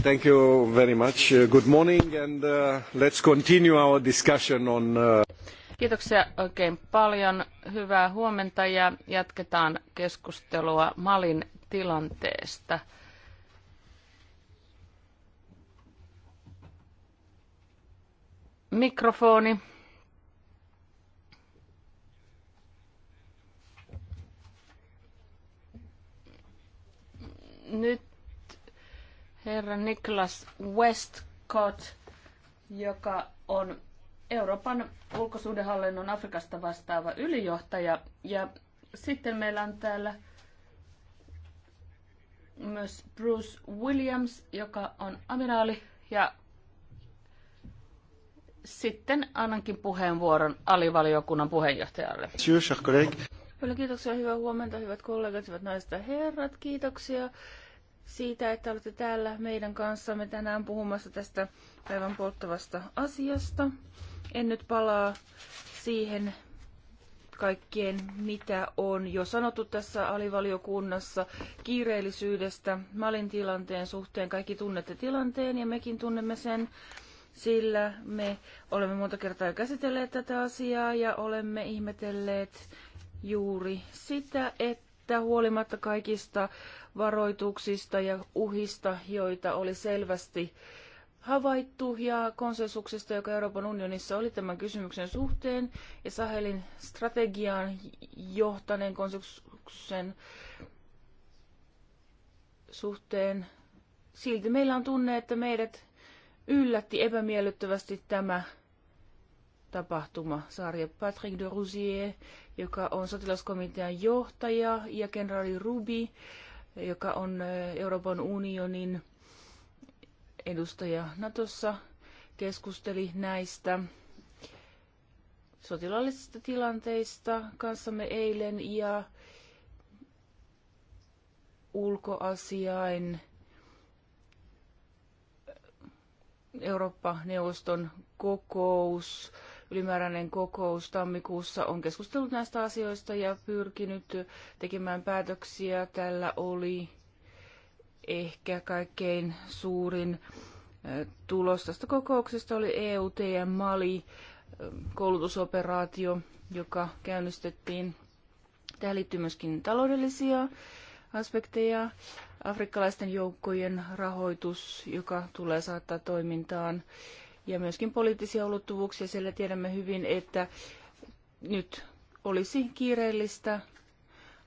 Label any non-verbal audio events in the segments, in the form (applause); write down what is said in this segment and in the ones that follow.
thank you very much. Uh, good morning and uh, let's continue our discussion on... Uh, Kiitoksia oikein paljon. Hyvää huomenta ja jatketaan keskustelua Malin tilanteesta. Mikrofoni. Nyt herra Niklas Westcott, joka on Euroopan ulkosuhdehallinnon Afrikasta vastaava ylijohtaja. Ja sitten meillä on täällä myös Bruce Williams, joka on amiraali. Ja sitten annankin puheenvuoron alivaliokunnan puheenjohtajalle. Paljon kiitoksia, hyvää huomenta, hyvät kollegat, hyvät naiset ja herrat. Kiitoksia siitä, että olette täällä meidän kanssamme tänään puhumassa tästä päivän polttavasta asiasta. En nyt palaa siihen kaikkeen, mitä on jo sanottu tässä alivaliokunnassa kiireellisyydestä Malin tilanteen suhteen. Kaikki tunnette tilanteen ja mekin tunnemme sen, sillä me olemme monta kertaa jo käsitelleet tätä asiaa ja olemme ihmetelleet juuri sitä, että siitä huolimatta kaikista varoituksista ja uhista, joita oli selvästi havaittu ja konsensuksesta, joka Euroopan unionissa oli tämän kysymyksen suhteen ja Sahelin strategiaan johtaneen konsensuksen suhteen. Silti meillä on tunne, että meidät yllätti epämiellyttävästi tämä tapahtuma. Sarja Patrick de Rousier joka on sotilaskomitean johtaja, ja kenraali Rubi, joka on Euroopan unionin edustaja Natossa, keskusteli näistä sotilaallisista tilanteista kanssamme eilen ja ulkoasiain Eurooppa-neuvoston kokous ylimääräinen kokous tammikuussa on keskustellut näistä asioista ja pyrkinyt tekemään päätöksiä. Tällä oli ehkä kaikkein suurin tulos tästä kokouksesta oli EUTM Mali koulutusoperaatio, joka käynnistettiin. Tähän liittyy myöskin taloudellisia aspekteja, afrikkalaisten joukkojen rahoitus, joka tulee saattaa toimintaan ja myöskin poliittisia ulottuvuuksia, sillä tiedämme hyvin, että nyt olisi kiireellistä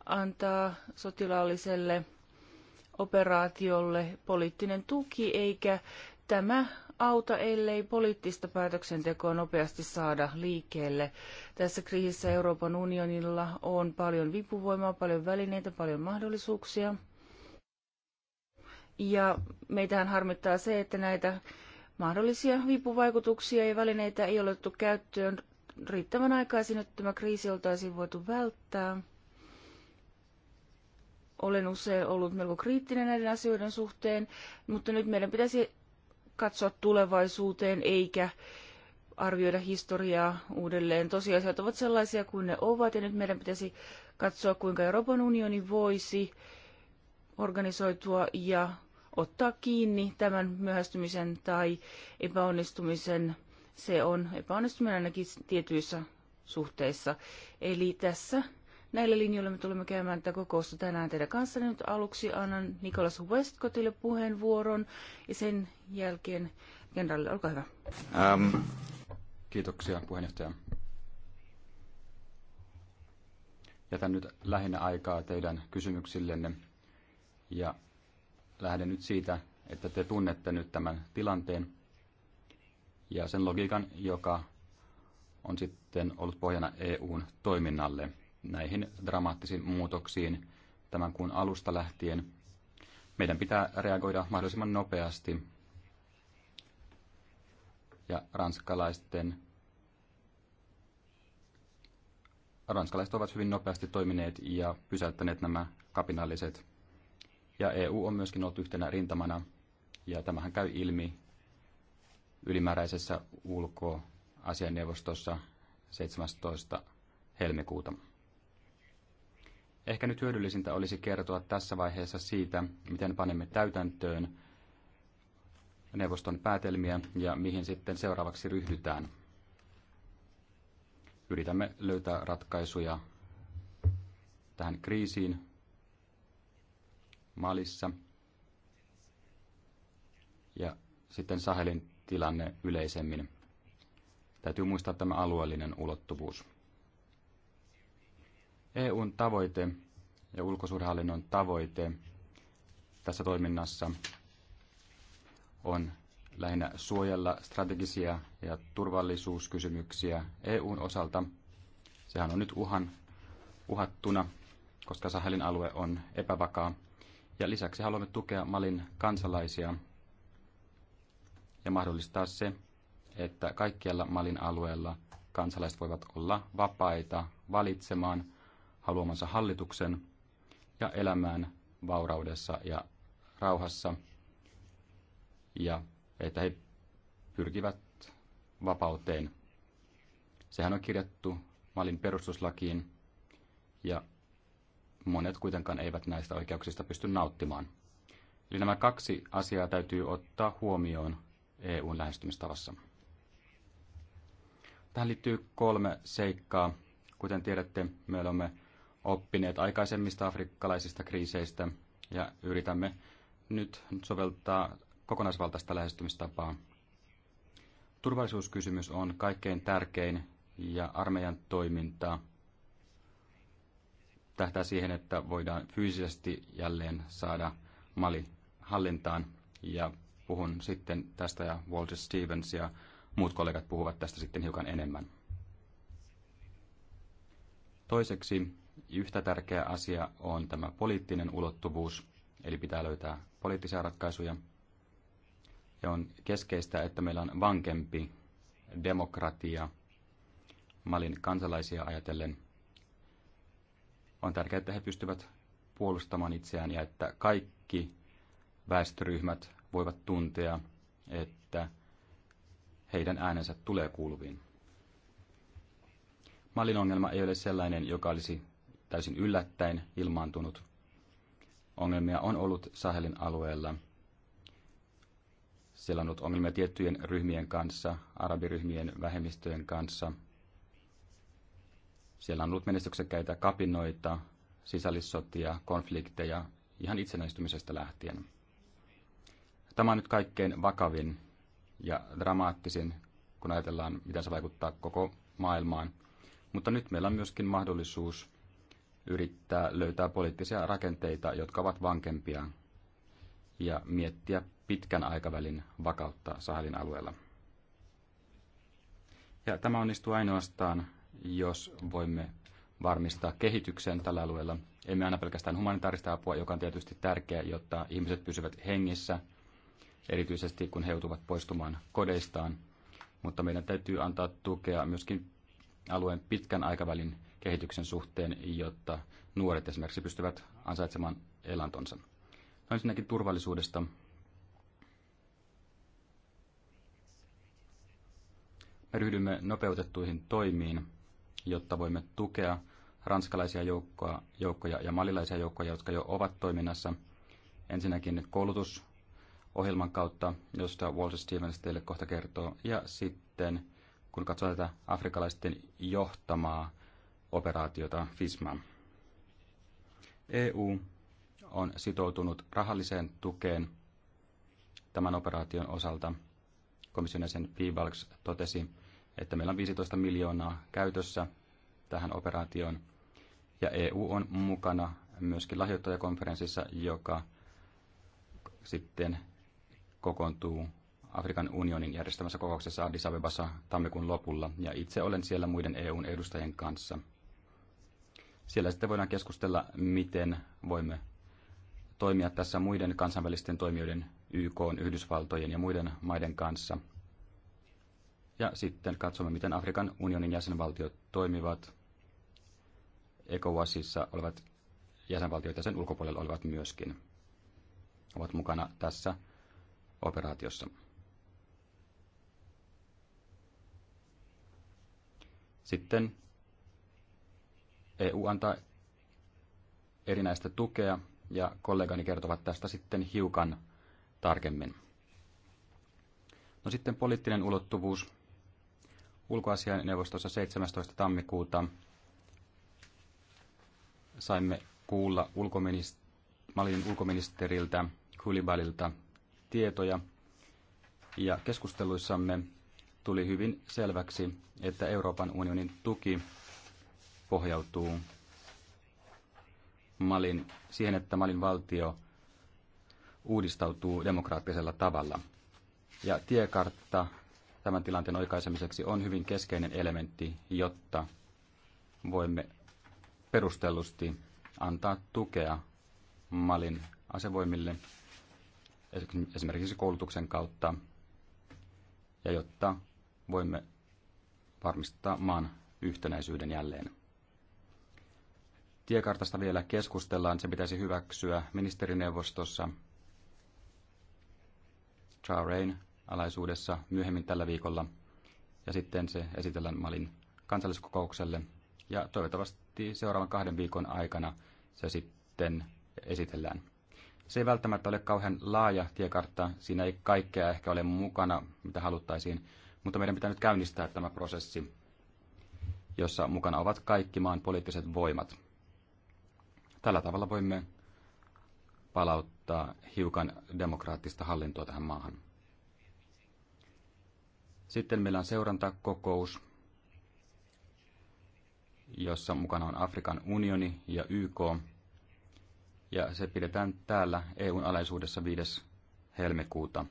antaa sotilaalliselle operaatiolle poliittinen tuki, eikä tämä auta, ellei poliittista päätöksentekoa nopeasti saada liikkeelle. Tässä kriisissä Euroopan unionilla on paljon vipuvoimaa, paljon välineitä, paljon mahdollisuuksia. Ja meitähän harmittaa se, että näitä mahdollisia vipuvaikutuksia ja välineitä ei ole otettu käyttöön riittävän aikaisin, että tämä kriisi oltaisiin voitu välttää. Olen usein ollut melko kriittinen näiden asioiden suhteen, mutta nyt meidän pitäisi katsoa tulevaisuuteen eikä arvioida historiaa uudelleen. Tosiasiat ovat sellaisia kuin ne ovat ja nyt meidän pitäisi katsoa, kuinka Euroopan unioni voisi organisoitua ja ottaa kiinni tämän myöhästymisen tai epäonnistumisen. Se on epäonnistuminen ainakin tietyissä suhteissa. Eli tässä näillä linjoilla me tulemme käymään tätä kokousta tänään teidän kanssa. Nyt aluksi annan Nikolas Westcottille puheenvuoron ja sen jälkeen kenraali, olkaa hyvä. Ähm, kiitoksia puheenjohtaja. Jätän nyt lähinnä aikaa teidän kysymyksillenne ja lähden nyt siitä, että te tunnette nyt tämän tilanteen ja sen logiikan, joka on sitten ollut pohjana EUn toiminnalle näihin dramaattisiin muutoksiin tämän kuun alusta lähtien. Meidän pitää reagoida mahdollisimman nopeasti ja ranskalaisten ranskalaiset ovat hyvin nopeasti toimineet ja pysäyttäneet nämä kapinalliset ja EU on myöskin ollut yhtenä rintamana, ja tämähän käy ilmi ylimääräisessä ulkoasianneuvostossa 17. helmikuuta. Ehkä nyt hyödyllisintä olisi kertoa tässä vaiheessa siitä, miten panemme täytäntöön neuvoston päätelmiä ja mihin sitten seuraavaksi ryhdytään. Yritämme löytää ratkaisuja tähän kriisiin, Malissa ja sitten Sahelin tilanne yleisemmin. Täytyy muistaa tämä alueellinen ulottuvuus. EUn tavoite ja ulkosuhdehallinnon tavoite tässä toiminnassa on lähinnä suojella strategisia ja turvallisuuskysymyksiä EUn osalta. Sehän on nyt uhan, uhattuna, koska Sahelin alue on epävakaa. Ja lisäksi haluamme tukea Malin kansalaisia ja mahdollistaa se, että kaikkialla Malin alueella kansalaiset voivat olla vapaita valitsemaan haluamansa hallituksen ja elämään vauraudessa ja rauhassa ja että he pyrkivät vapauteen. Sehän on kirjattu Malin perustuslakiin ja monet kuitenkaan eivät näistä oikeuksista pysty nauttimaan. Eli nämä kaksi asiaa täytyy ottaa huomioon EUn lähestymistavassa. Tähän liittyy kolme seikkaa. Kuten tiedätte, me olemme oppineet aikaisemmista afrikkalaisista kriiseistä ja yritämme nyt soveltaa kokonaisvaltaista lähestymistapaa. Turvallisuuskysymys on kaikkein tärkein ja armeijan toimintaa tähtää siihen, että voidaan fyysisesti jälleen saada Mali hallintaan. Ja puhun sitten tästä ja Walter Stevens ja muut kollegat puhuvat tästä sitten hiukan enemmän. Toiseksi yhtä tärkeä asia on tämä poliittinen ulottuvuus, eli pitää löytää poliittisia ratkaisuja. Ja on keskeistä, että meillä on vankempi demokratia Malin kansalaisia ajatellen – on tärkeää, että he pystyvät puolustamaan itseään ja että kaikki väestöryhmät voivat tuntea, että heidän äänensä tulee kuuluviin. Malin ongelma ei ole sellainen, joka olisi täysin yllättäen ilmaantunut. Ongelmia on ollut Sahelin alueella. Siellä on ollut ongelmia tiettyjen ryhmien kanssa, arabiryhmien vähemmistöjen kanssa – siellä on ollut menestyksekkäitä kapinoita, sisällissotia, konflikteja ihan itsenäistymisestä lähtien. Tämä on nyt kaikkein vakavin ja dramaattisin, kun ajatellaan, mitä se vaikuttaa koko maailmaan. Mutta nyt meillä on myöskin mahdollisuus yrittää löytää poliittisia rakenteita, jotka ovat vankempia, ja miettiä pitkän aikavälin vakautta Sahelin alueella. Ja tämä onnistuu ainoastaan, jos voimme varmistaa kehityksen tällä alueella. Emme aina pelkästään humanitaarista apua, joka on tietysti tärkeää, jotta ihmiset pysyvät hengissä, erityisesti kun he joutuvat poistumaan kodeistaan. Mutta meidän täytyy antaa tukea myöskin alueen pitkän aikavälin kehityksen suhteen, jotta nuoret esimerkiksi pystyvät ansaitsemaan elantonsa. No ensinnäkin turvallisuudesta. Me ryhdymme nopeutettuihin toimiin jotta voimme tukea ranskalaisia joukkoja, joukkoja ja malilaisia joukkoja, jotka jo ovat toiminnassa. Ensinnäkin koulutusohjelman kautta, josta Walter Stevens teille kohta kertoo, ja sitten kun katsoo tätä afrikalaisten johtamaa operaatiota FISMA. EU on sitoutunut rahalliseen tukeen tämän operaation osalta. Komission jäsen Piebalgs totesi, että meillä on 15 miljoonaa käytössä tähän operaatioon. Ja EU on mukana myöskin lahjoittajakonferenssissa, joka sitten kokoontuu Afrikan unionin järjestämässä kokouksessa Addis Abebassa tammikuun lopulla, ja itse olen siellä muiden EUn edustajien kanssa. Siellä sitten voidaan keskustella, miten voimme toimia tässä muiden kansainvälisten toimijoiden, YK, Yhdysvaltojen ja muiden maiden kanssa – ja sitten katsomme, miten Afrikan unionin jäsenvaltiot toimivat. ECOWASissa olevat jäsenvaltiot ja sen ulkopuolella olevat myöskin ovat mukana tässä operaatiossa. Sitten EU antaa erinäistä tukea ja kollegani kertovat tästä sitten hiukan tarkemmin. No sitten poliittinen ulottuvuus ulkoasiainneuvostossa 17. tammikuuta saimme kuulla ulkominist- Malin ulkoministeriltä Kulibalilta tietoja, ja keskusteluissamme tuli hyvin selväksi, että Euroopan unionin tuki pohjautuu Malin, siihen, että Malin valtio uudistautuu demokraattisella tavalla. Ja tiekartta tämän tilanteen oikaisemiseksi on hyvin keskeinen elementti, jotta voimme perustellusti antaa tukea Malin asevoimille esimerkiksi koulutuksen kautta ja jotta voimme varmistaa maan yhtenäisyyden jälleen. Tiekartasta vielä keskustellaan. Se pitäisi hyväksyä ministerineuvostossa. Charain alaisuudessa myöhemmin tällä viikolla. Ja sitten se esitellään Malin kansalliskokoukselle. Ja toivottavasti seuraavan kahden viikon aikana se sitten esitellään. Se ei välttämättä ole kauhean laaja tiekartta. Siinä ei kaikkea ehkä ole mukana, mitä haluttaisiin. Mutta meidän pitää nyt käynnistää tämä prosessi, jossa mukana ovat kaikki maan poliittiset voimat. Tällä tavalla voimme palauttaa hiukan demokraattista hallintoa tähän maahan. Sitten meillä on seurantakokous, jossa mukana on Afrikan unioni ja YK. Ja se pidetään täällä EUn alaisuudessa 5. helmikuuta.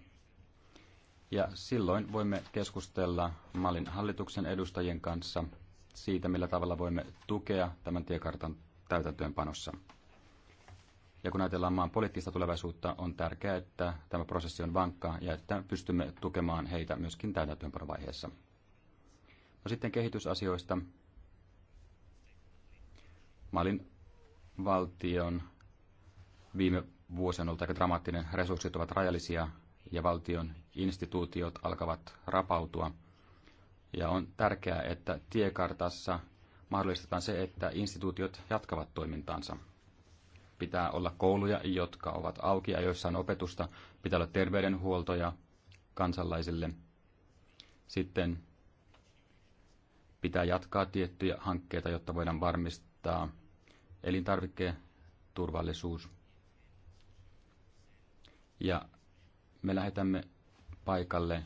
Ja silloin voimme keskustella Malin hallituksen edustajien kanssa siitä, millä tavalla voimme tukea tämän tiekartan täytäntöönpanossa. Ja kun ajatellaan maan poliittista tulevaisuutta, on tärkeää, että tämä prosessi on vankka ja että pystymme tukemaan heitä myöskin täytäntöönpanovaiheessa. No sitten kehitysasioista. Malin valtion viime vuosien on ollut aika dramaattinen. Resurssit ovat rajallisia ja valtion instituutiot alkavat rapautua. Ja on tärkeää, että tiekartassa mahdollistetaan se, että instituutiot jatkavat toimintaansa. Pitää olla kouluja, jotka ovat auki ja joissa on opetusta. Pitää olla terveydenhuoltoja kansalaisille. Sitten pitää jatkaa tiettyjä hankkeita, jotta voidaan varmistaa turvallisuus. Ja me lähetämme paikalle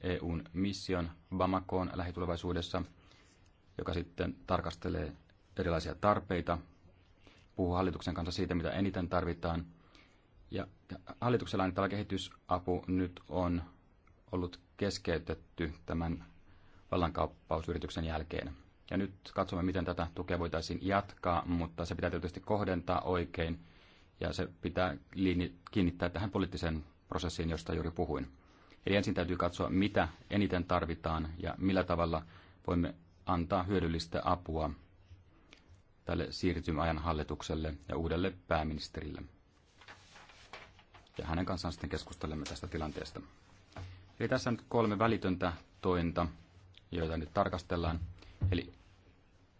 EUn mission Bamakoon lähitulevaisuudessa, joka sitten tarkastelee erilaisia tarpeita puhuu hallituksen kanssa siitä, mitä eniten tarvitaan. Ja hallituksella annettava kehitysapu nyt on ollut keskeytetty tämän vallankauppausyrityksen jälkeen. Ja nyt katsomme, miten tätä tukea voitaisiin jatkaa, mutta se pitää tietysti kohdentaa oikein ja se pitää kiinnittää tähän poliittiseen prosessiin, josta juuri puhuin. Eli ensin täytyy katsoa, mitä eniten tarvitaan ja millä tavalla voimme antaa hyödyllistä apua tälle siirtymäajan hallitukselle ja uudelle pääministerille. Ja hänen kanssaan sitten keskustelemme tästä tilanteesta. Eli tässä on nyt kolme välitöntä tointa, joita nyt tarkastellaan. Eli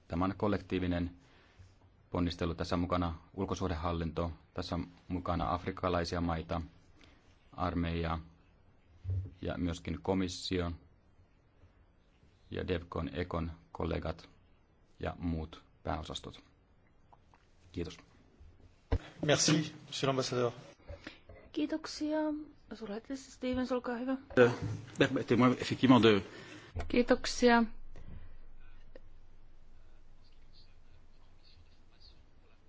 tämä on kollektiivinen ponnistelu. Tässä on mukana ulkosuhdehallinto, tässä on mukana afrikkalaisia maita, armeija ja myöskin komissio ja DevCon, ekon kollegat ja muut pääosastot. Kiitos. Merci, monsieur l'ambassadeur. Kiitoksia. Suurlähettiläs Stevens, olkaa hyvä. Eh, Kiitoksia.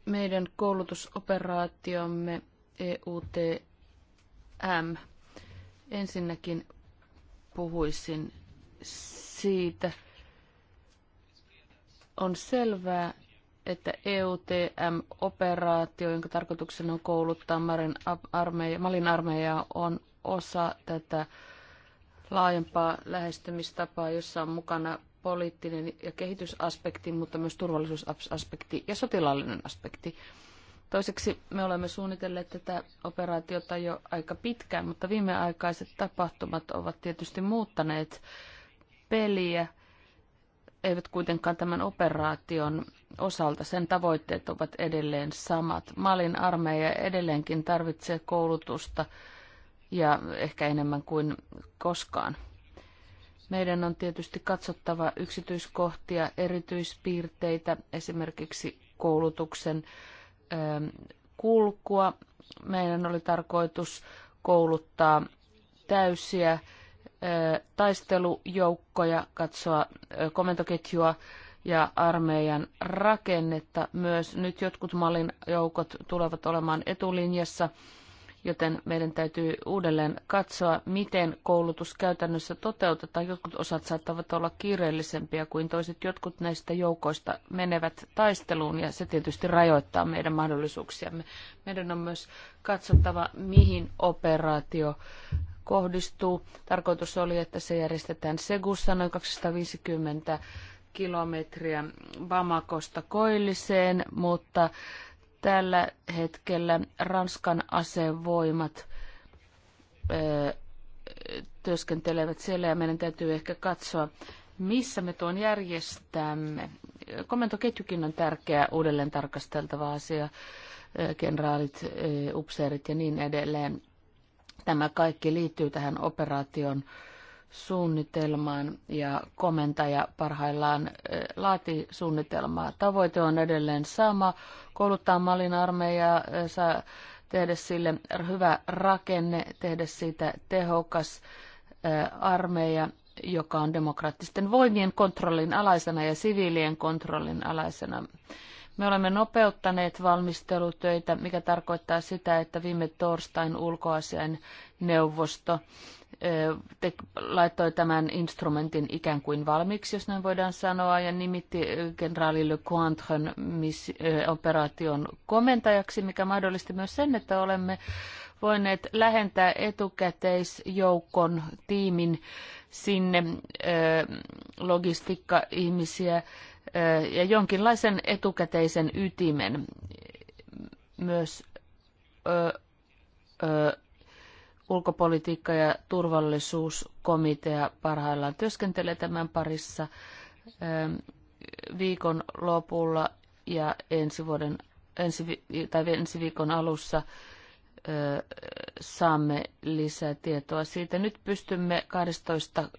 Meidän koulutusoperaatiomme EUTM. Ensinnäkin puhuisin siitä, on selvää, että EUTM-operaatio, jonka tarkoituksena on kouluttaa Malin, armeija, Malin armeijaa, on osa tätä laajempaa lähestymistapaa, jossa on mukana poliittinen ja kehitysaspekti, mutta myös turvallisuusaspekti ja sotilaallinen aspekti. Toiseksi me olemme suunnitelleet tätä operaatiota jo aika pitkään, mutta viimeaikaiset tapahtumat ovat tietysti muuttaneet peliä – eivät kuitenkaan tämän operaation osalta. Sen tavoitteet ovat edelleen samat. Malin armeija edelleenkin tarvitsee koulutusta ja ehkä enemmän kuin koskaan. Meidän on tietysti katsottava yksityiskohtia, erityispiirteitä, esimerkiksi koulutuksen ähm, kulkua. Meidän oli tarkoitus kouluttaa täysiä taistelujoukkoja, katsoa komentoketjua ja armeijan rakennetta. Myös nyt jotkut Malin joukot tulevat olemaan etulinjassa, joten meidän täytyy uudelleen katsoa, miten koulutus käytännössä toteutetaan. Jotkut osat saattavat olla kiireellisempiä kuin toiset. Jotkut näistä joukoista menevät taisteluun ja se tietysti rajoittaa meidän mahdollisuuksiamme. Meidän on myös katsottava, mihin operaatio kohdistuu. Tarkoitus oli, että se järjestetään Segussa noin 250 kilometriä Bamakosta koilliseen, mutta tällä hetkellä Ranskan asevoimat ö, työskentelevät siellä ja meidän täytyy ehkä katsoa, missä me tuon järjestämme. Komentoketjukin on tärkeä uudelleen tarkasteltava asia, kenraalit, upseerit ja niin edelleen. Tämä kaikki liittyy tähän operaation suunnitelmaan ja komentaja parhaillaan eh, laati suunnitelmaa. Tavoite on edelleen sama, kouluttaa Malin armeijaa, eh, tehdä sille hyvä rakenne, tehdä siitä tehokas eh, armeija, joka on demokraattisten voimien kontrollin alaisena ja siviilien kontrollin alaisena. Me olemme nopeuttaneet valmistelutöitä, mikä tarkoittaa sitä, että viime torstain ulkoasian neuvosto laittoi tämän instrumentin ikään kuin valmiiksi, jos näin voidaan sanoa, ja nimitti kenraali Le Cointren operaation komentajaksi, mikä mahdollisti myös sen, että olemme voineet lähentää etukäteisjoukon tiimin sinne logistiikka-ihmisiä ja jonkinlaisen etukäteisen ytimen myös ö, ö, ulkopolitiikka- ja turvallisuuskomitea parhaillaan työskentelee tämän parissa ö, viikon lopulla ja ensi, vuoden, ensi, tai ensi viikon alussa saamme lisää tietoa siitä. Nyt pystymme 12.2.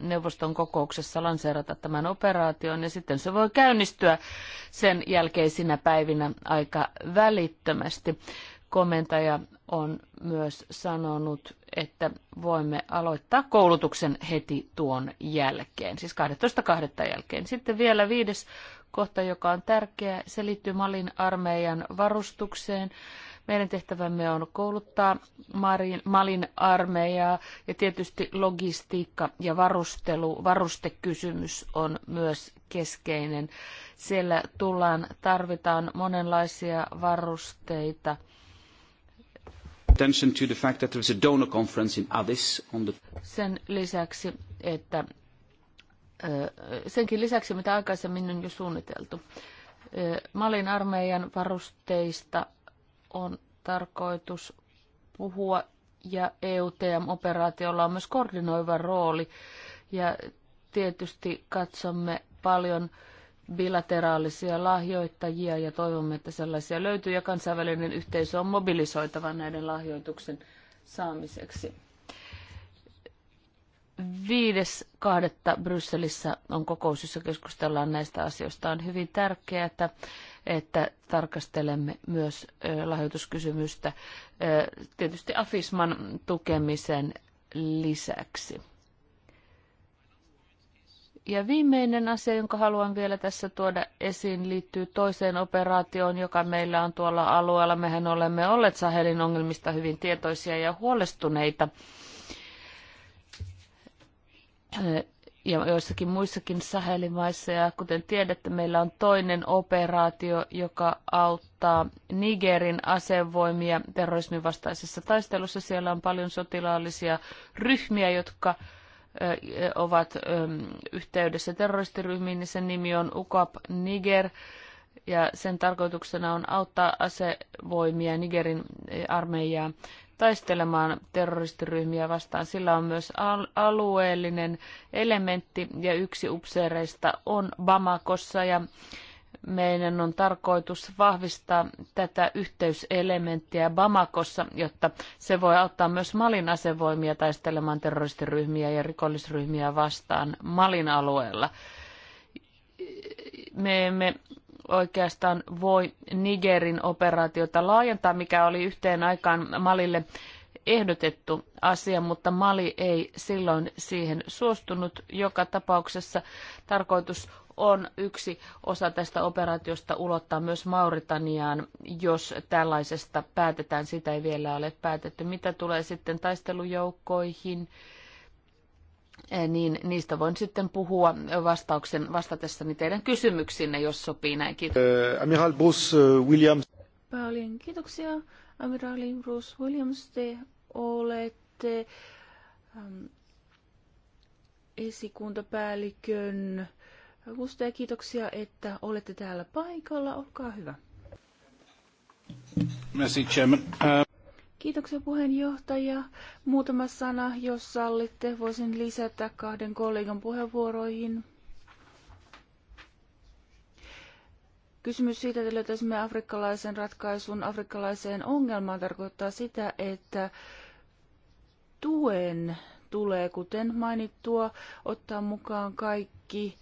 neuvoston kokouksessa lanseerata tämän operaation ja sitten se voi käynnistyä sen jälkeisinä päivinä aika välittömästi. Komentaja on myös sanonut, että voimme aloittaa koulutuksen heti tuon jälkeen, siis 12.2. jälkeen. Sitten vielä viides kohta, joka on tärkeä, se liittyy Malin armeijan varustukseen. Meidän tehtävämme on kouluttaa Marin, Malin armeijaa ja tietysti logistiikka ja varustelu, varustekysymys on myös keskeinen. Siellä tullaan, tarvitaan monenlaisia varusteita attention to the fact that there is a donor conference in Addis on the Sen lisäksi, että senkin lisäksi, mitä aikaisemmin on jo suunniteltu. Malin armeijan varusteista on tarkoitus puhua ja EUTM-operaatiolla on myös koordinoiva rooli ja tietysti katsomme paljon bilateraalisia lahjoittajia ja toivomme, että sellaisia löytyy ja kansainvälinen yhteisö on mobilisoitava näiden lahjoituksen saamiseksi. 5.2. Brysselissä on kokous, jossa keskustellaan näistä asioista. On hyvin tärkeää, että että tarkastelemme myös lahjoituskysymystä tietysti afisman tukemisen lisäksi. Ja viimeinen asia, jonka haluan vielä tässä tuoda esiin, liittyy toiseen operaatioon, joka meillä on tuolla alueella. Mehän olemme olleet Sahelin ongelmista hyvin tietoisia ja huolestuneita ja joissakin muissakin sahelimaissa. Ja kuten tiedätte, meillä on toinen operaatio, joka auttaa Nigerin asevoimia terrorismin vastaisessa taistelussa. Siellä on paljon sotilaallisia ryhmiä, jotka ovat yhteydessä terroristiryhmiin, niin sen nimi on UKAP Niger, ja sen tarkoituksena on auttaa asevoimia Nigerin armeijaa taistelemaan terroristiryhmiä vastaan. Sillä on myös alueellinen elementti ja yksi upseereista on Bamakossa ja meidän on tarkoitus vahvistaa tätä yhteyselementtiä Bamakossa, jotta se voi auttaa myös Malin asevoimia taistelemaan terroristiryhmiä ja rikollisryhmiä vastaan Malin alueella. Me emme oikeastaan voi Nigerin operaatiota laajentaa, mikä oli yhteen aikaan Malille ehdotettu asia, mutta Mali ei silloin siihen suostunut. Joka tapauksessa tarkoitus on yksi osa tästä operaatiosta ulottaa myös Mauritaniaan, jos tällaisesta päätetään. Sitä ei vielä ole päätetty. Mitä tulee sitten taistelujoukkoihin? Eh, niin niistä voin sitten puhua vastauksen vastatessani teidän kysymyksinne, jos sopii näin. Kiitos. Eh, Amiral Bruce eh, Williams. Paljon kiitoksia. Amiraali Bruce Williams, te olette ähm, esikuntapäällikön Augusta kiitoksia, että olette täällä paikalla. Olkaa hyvä. Merci, Chairman. Kiitoksia puheenjohtaja. Muutama sana, jos sallitte, voisin lisätä kahden kollegan puheenvuoroihin. Kysymys siitä, että löytäisimme afrikkalaisen ratkaisun afrikkalaiseen ongelmaan, tarkoittaa sitä, että tuen tulee, kuten mainittua, ottaa mukaan kaikki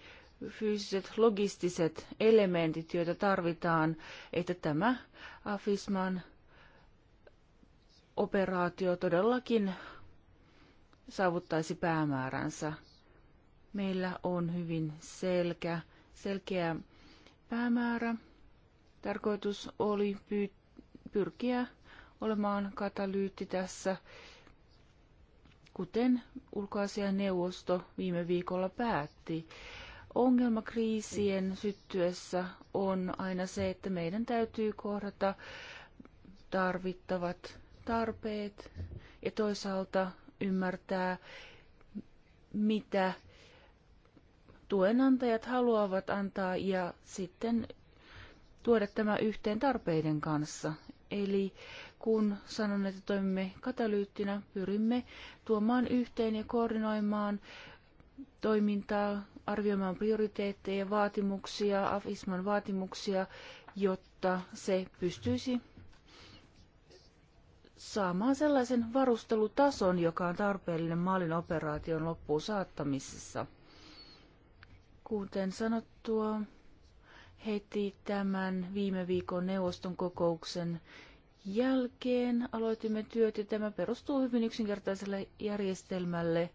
fyysiset, logistiset elementit, joita tarvitaan, että tämä AFISMAN operaatio todellakin saavuttaisi päämääränsä. Meillä on hyvin selkeä, selkeä päämäärä. Tarkoitus oli pyrkiä olemaan katalyytti tässä, kuten ulkoasianneuvosto viime viikolla päätti. Ongelma kriisien syttyessä on aina se, että meidän täytyy kohdata tarvittavat tarpeet ja toisaalta ymmärtää, mitä tuenantajat haluavat antaa ja sitten tuoda tämä yhteen tarpeiden kanssa. Eli kun sanon, että toimimme katalyyttinä, pyrimme tuomaan yhteen ja koordinoimaan toimintaa, arvioimaan prioriteetteja, vaatimuksia, AFISMAN vaatimuksia, jotta se pystyisi saamaan sellaisen varustelutason, joka on tarpeellinen maalin operaation loppuun saattamisessa. Kuten sanottua, heti tämän viime viikon neuvoston kokouksen jälkeen aloitimme työt ja tämä perustuu hyvin yksinkertaiselle järjestelmälle.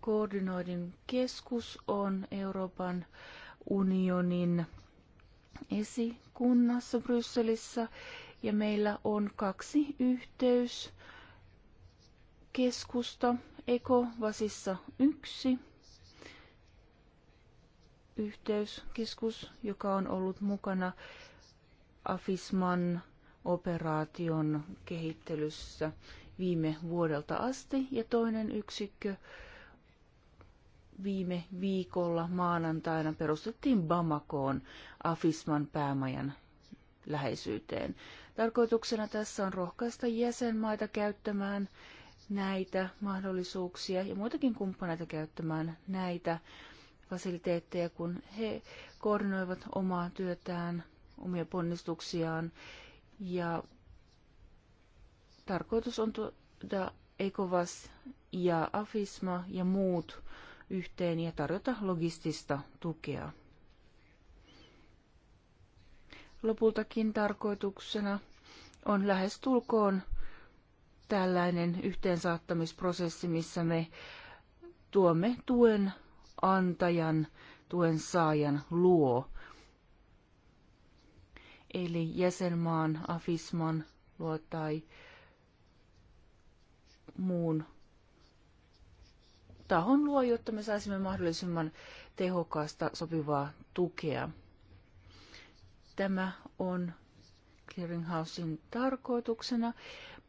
Koordinoidin keskus on Euroopan unionin esikunnassa Brysselissä ja meillä on kaksi yhteyskeskusta. Ekovasissa yksi yhteyskeskus, joka on ollut mukana Afisman operaation kehittelyssä viime vuodelta asti ja toinen yksikkö viime viikolla maanantaina perustettiin Bamakoon Afisman päämajan läheisyyteen. Tarkoituksena tässä on rohkaista jäsenmaita käyttämään näitä mahdollisuuksia ja muitakin kumppaneita käyttämään näitä fasiliteetteja, kun he koordinoivat omaa työtään, omia ponnistuksiaan. Ja tarkoitus on tuoda ECOVAS ja AFISMA ja muut yhteen ja tarjota logistista tukea. Lopultakin tarkoituksena on lähestulkoon tällainen yhteensaattamisprosessi, missä me tuomme tuen antajan, tuen saajan luo. Eli jäsenmaan, afisman luo tai muun tahon luo, jotta me saisimme mahdollisimman tehokasta sopivaa tukea. Tämä on clearinghousein tarkoituksena,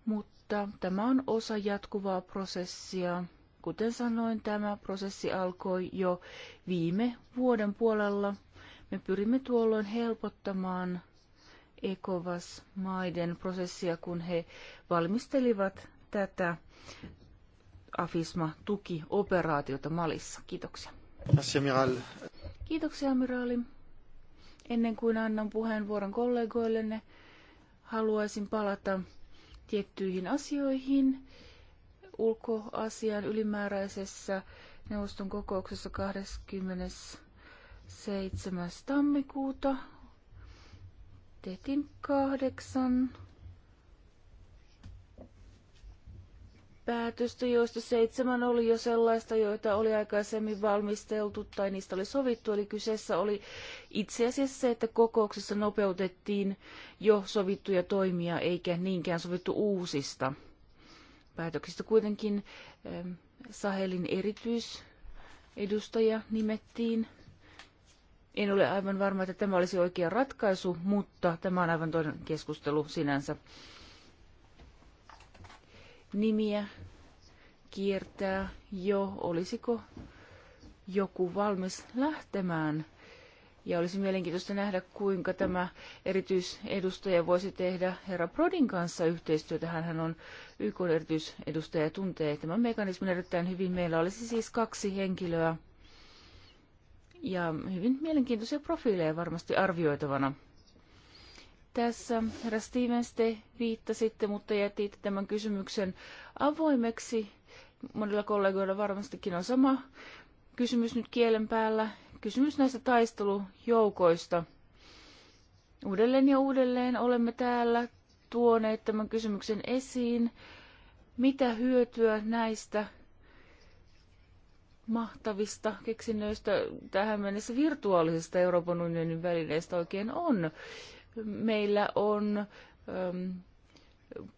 mutta tämä on osa jatkuvaa prosessia. Kuten sanoin, tämä prosessi alkoi jo viime vuoden puolella. Me pyrimme tuolloin helpottamaan ECOVAS-maiden prosessia, kun he valmistelivat tätä AFISMA-tukioperaatiota Malissa. Kiitoksia. Kiitoksia, amiraali. Ennen kuin annan puheenvuoron kollegoillenne, haluaisin palata tiettyihin asioihin ulkoasian ylimääräisessä neuvoston kokouksessa 27. tammikuuta tehtiin kahdeksan päätöstä, joista seitsemän oli jo sellaista, joita oli aikaisemmin valmisteltu tai niistä oli sovittu. Eli kyseessä oli itse asiassa se, että kokouksessa nopeutettiin jo sovittuja toimia eikä niinkään sovittu uusista päätöksistä. Kuitenkin Sahelin erityisedustaja nimettiin. En ole aivan varma, että tämä olisi oikea ratkaisu, mutta tämä on aivan toinen keskustelu sinänsä nimiä kiertää jo. Olisiko joku valmis lähtemään? Ja olisi mielenkiintoista nähdä, kuinka tämä erityisedustaja voisi tehdä herra Prodin kanssa yhteistyötä. Hän on YK erityisedustaja ja tuntee tämän mekanismin erittäin hyvin. Meillä olisi siis kaksi henkilöä ja hyvin mielenkiintoisia profiileja varmasti arvioitavana tässä, herra Stevens, te viittasitte, mutta jätitte tämän kysymyksen avoimeksi. Monilla kollegoilla varmastikin on sama kysymys nyt kielen päällä. Kysymys näistä taistelujoukoista. Uudelleen ja uudelleen olemme täällä tuoneet tämän kysymyksen esiin. Mitä hyötyä näistä mahtavista keksinnöistä tähän mennessä virtuaalisesta Euroopan unionin välineistä oikein on? meillä on ähm,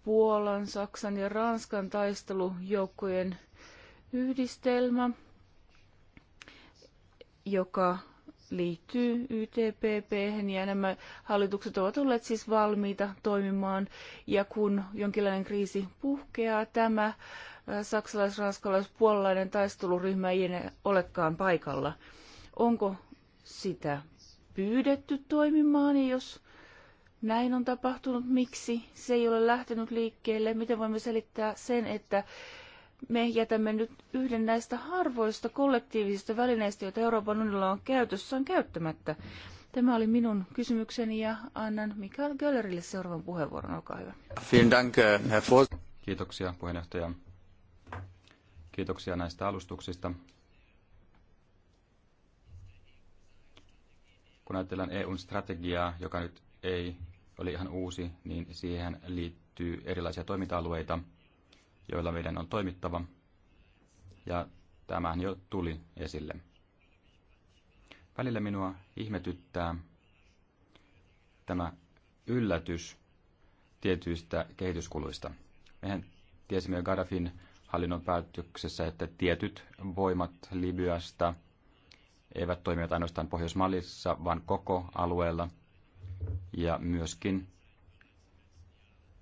Puolan, Saksan ja Ranskan taistelujoukkojen yhdistelmä, joka liittyy YTPP, ja nämä hallitukset ovat olleet siis valmiita toimimaan, ja kun jonkinlainen kriisi puhkeaa, tämä äh, saksalais ranskalais puolalainen taisteluryhmä ei enää olekaan paikalla. Onko sitä pyydetty toimimaan, jos näin on tapahtunut, miksi se ei ole lähtenyt liikkeelle, miten voimme selittää sen, että me jätämme nyt yhden näistä harvoista kollektiivisista välineistä, joita Euroopan unionilla on käytössään käyttämättä. Tämä oli minun kysymykseni ja annan Mikael Göllerille seuraavan puheenvuoron. Olkaa hyvä. Eh, Kiitoksia puheenjohtaja. Kiitoksia näistä alustuksista. Kun ajatellaan EUn strategiaa, joka nyt ei oli ihan uusi, niin siihen liittyy erilaisia toiminta-alueita, joilla meidän on toimittava. Ja tämähän jo tuli esille. Välillä minua ihmetyttää tämä yllätys tietyistä kehityskuluista. Mehän tiesimme jo Gaddafin hallinnon päätöksessä, että tietyt voimat Libyasta eivät toimivat ainoastaan Pohjois-Malissa, vaan koko alueella. Ja myöskin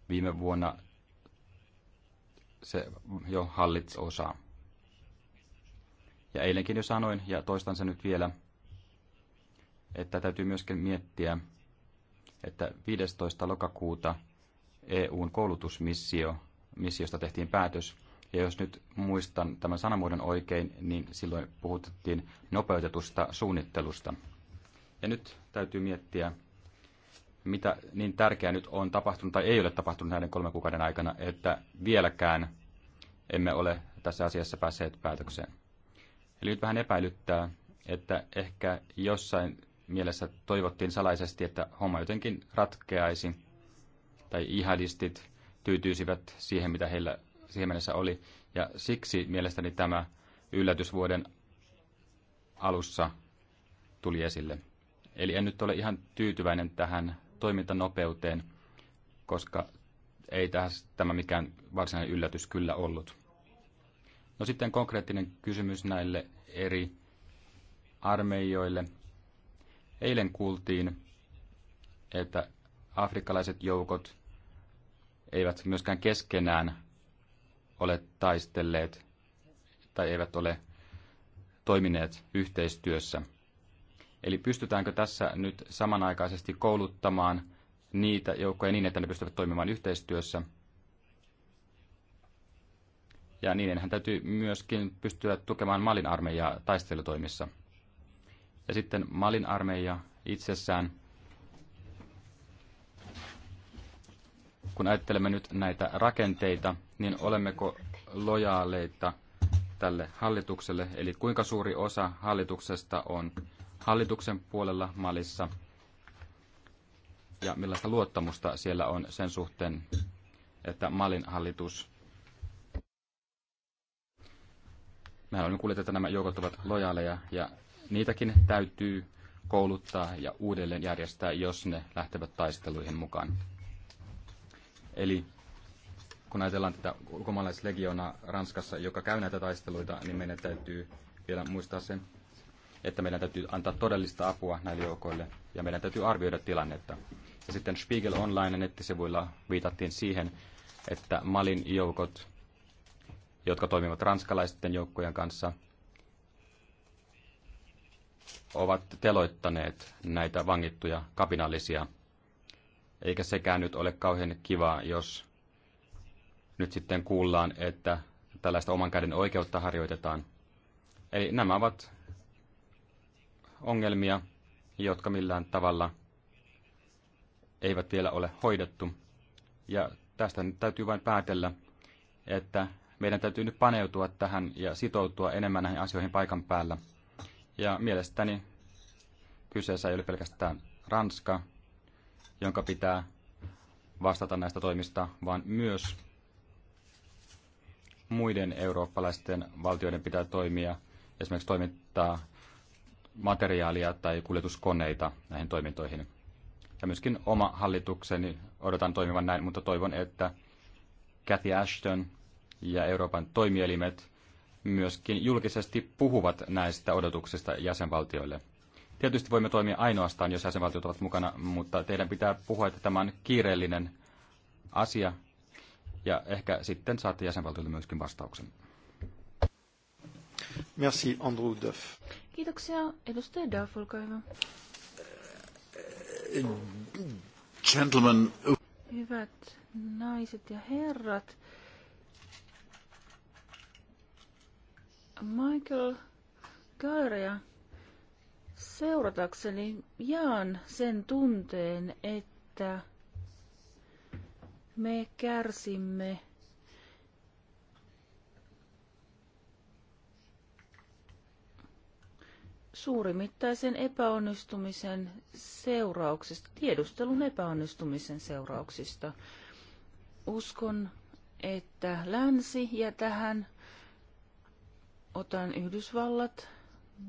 viime vuonna se jo hallitsi osaa. Ja eilenkin jo sanoin, ja toistan sen nyt vielä, että täytyy myöskin miettiä, että 15. lokakuuta EUn koulutusmissio, missiosta tehtiin päätös, ja jos nyt muistan tämän sanamuodon oikein, niin silloin puhuttiin nopeutetusta suunnittelusta. Ja nyt täytyy miettiä, mitä niin tärkeää nyt on tapahtunut tai ei ole tapahtunut näiden kolmen kuukauden aikana, että vieläkään emme ole tässä asiassa päässeet päätökseen. Eli nyt vähän epäilyttää, että ehkä jossain mielessä toivottiin salaisesti, että homma jotenkin ratkeaisi, tai ihadistit tyytyisivät siihen, mitä heillä siihen mennessä oli. Ja siksi mielestäni tämä yllätysvuoden alussa tuli esille. Eli en nyt ole ihan tyytyväinen tähän toimintanopeuteen, koska ei tässä tämä mikään varsinainen yllätys kyllä ollut. No sitten konkreettinen kysymys näille eri armeijoille. Eilen kuultiin, että afrikkalaiset joukot eivät myöskään keskenään ole taistelleet tai eivät ole toimineet yhteistyössä – Eli pystytäänkö tässä nyt samanaikaisesti kouluttamaan niitä joukkoja niin, että ne pystyvät toimimaan yhteistyössä? Ja niidenhän täytyy myöskin pystyä tukemaan Malin armeijaa taistelutoimissa. Ja sitten Malin armeija itsessään, kun ajattelemme nyt näitä rakenteita, niin olemmeko lojaaleita tälle hallitukselle, eli kuinka suuri osa hallituksesta on hallituksen puolella Malissa ja millaista luottamusta siellä on sen suhteen, että Malin hallitus Mehän olemme kuulleet, että nämä joukot ovat lojaaleja ja niitäkin täytyy kouluttaa ja uudelleen järjestää, jos ne lähtevät taisteluihin mukaan. Eli kun ajatellaan tätä ulkomaalaislegioonaa Ranskassa, joka käy näitä taisteluita, niin meidän täytyy vielä muistaa sen että meidän täytyy antaa todellista apua näille joukoille ja meidän täytyy arvioida tilannetta. Ja sitten Spiegel Online nettisivuilla viitattiin siihen, että Malin joukot, jotka toimivat ranskalaisten joukkojen kanssa, ovat teloittaneet näitä vangittuja kapinallisia. Eikä sekään nyt ole kauhean kivaa, jos nyt sitten kuullaan, että tällaista oman käden oikeutta harjoitetaan. Eli nämä ovat ongelmia, jotka millään tavalla eivät vielä ole hoidettu. Ja tästä nyt täytyy vain päätellä, että meidän täytyy nyt paneutua tähän ja sitoutua enemmän näihin asioihin paikan päällä. Ja mielestäni kyseessä ei ole pelkästään Ranska, jonka pitää vastata näistä toimista, vaan myös muiden eurooppalaisten valtioiden pitää toimia, esimerkiksi toimittaa materiaalia tai kuljetuskoneita näihin toimintoihin. Ja myöskin oma hallitukseni odotan toimivan näin, mutta toivon, että Cathy Ashton ja Euroopan toimielimet myöskin julkisesti puhuvat näistä odotuksista jäsenvaltioille. Tietysti voimme toimia ainoastaan, jos jäsenvaltiot ovat mukana, mutta teidän pitää puhua, että tämä on kiireellinen asia, ja ehkä sitten saatte jäsenvaltiolta myöskin vastauksen. Merci, Andrew Duff. Kiitoksia. Edustaja Duff, olkaa hyvä. Gentlemen. Hyvät naiset ja herrat. Michael Gairea seuratakseni jaan sen tunteen, että me kärsimme suurimittaisen epäonnistumisen seurauksista, tiedustelun epäonnistumisen seurauksista. Uskon, että länsi ja tähän otan Yhdysvallat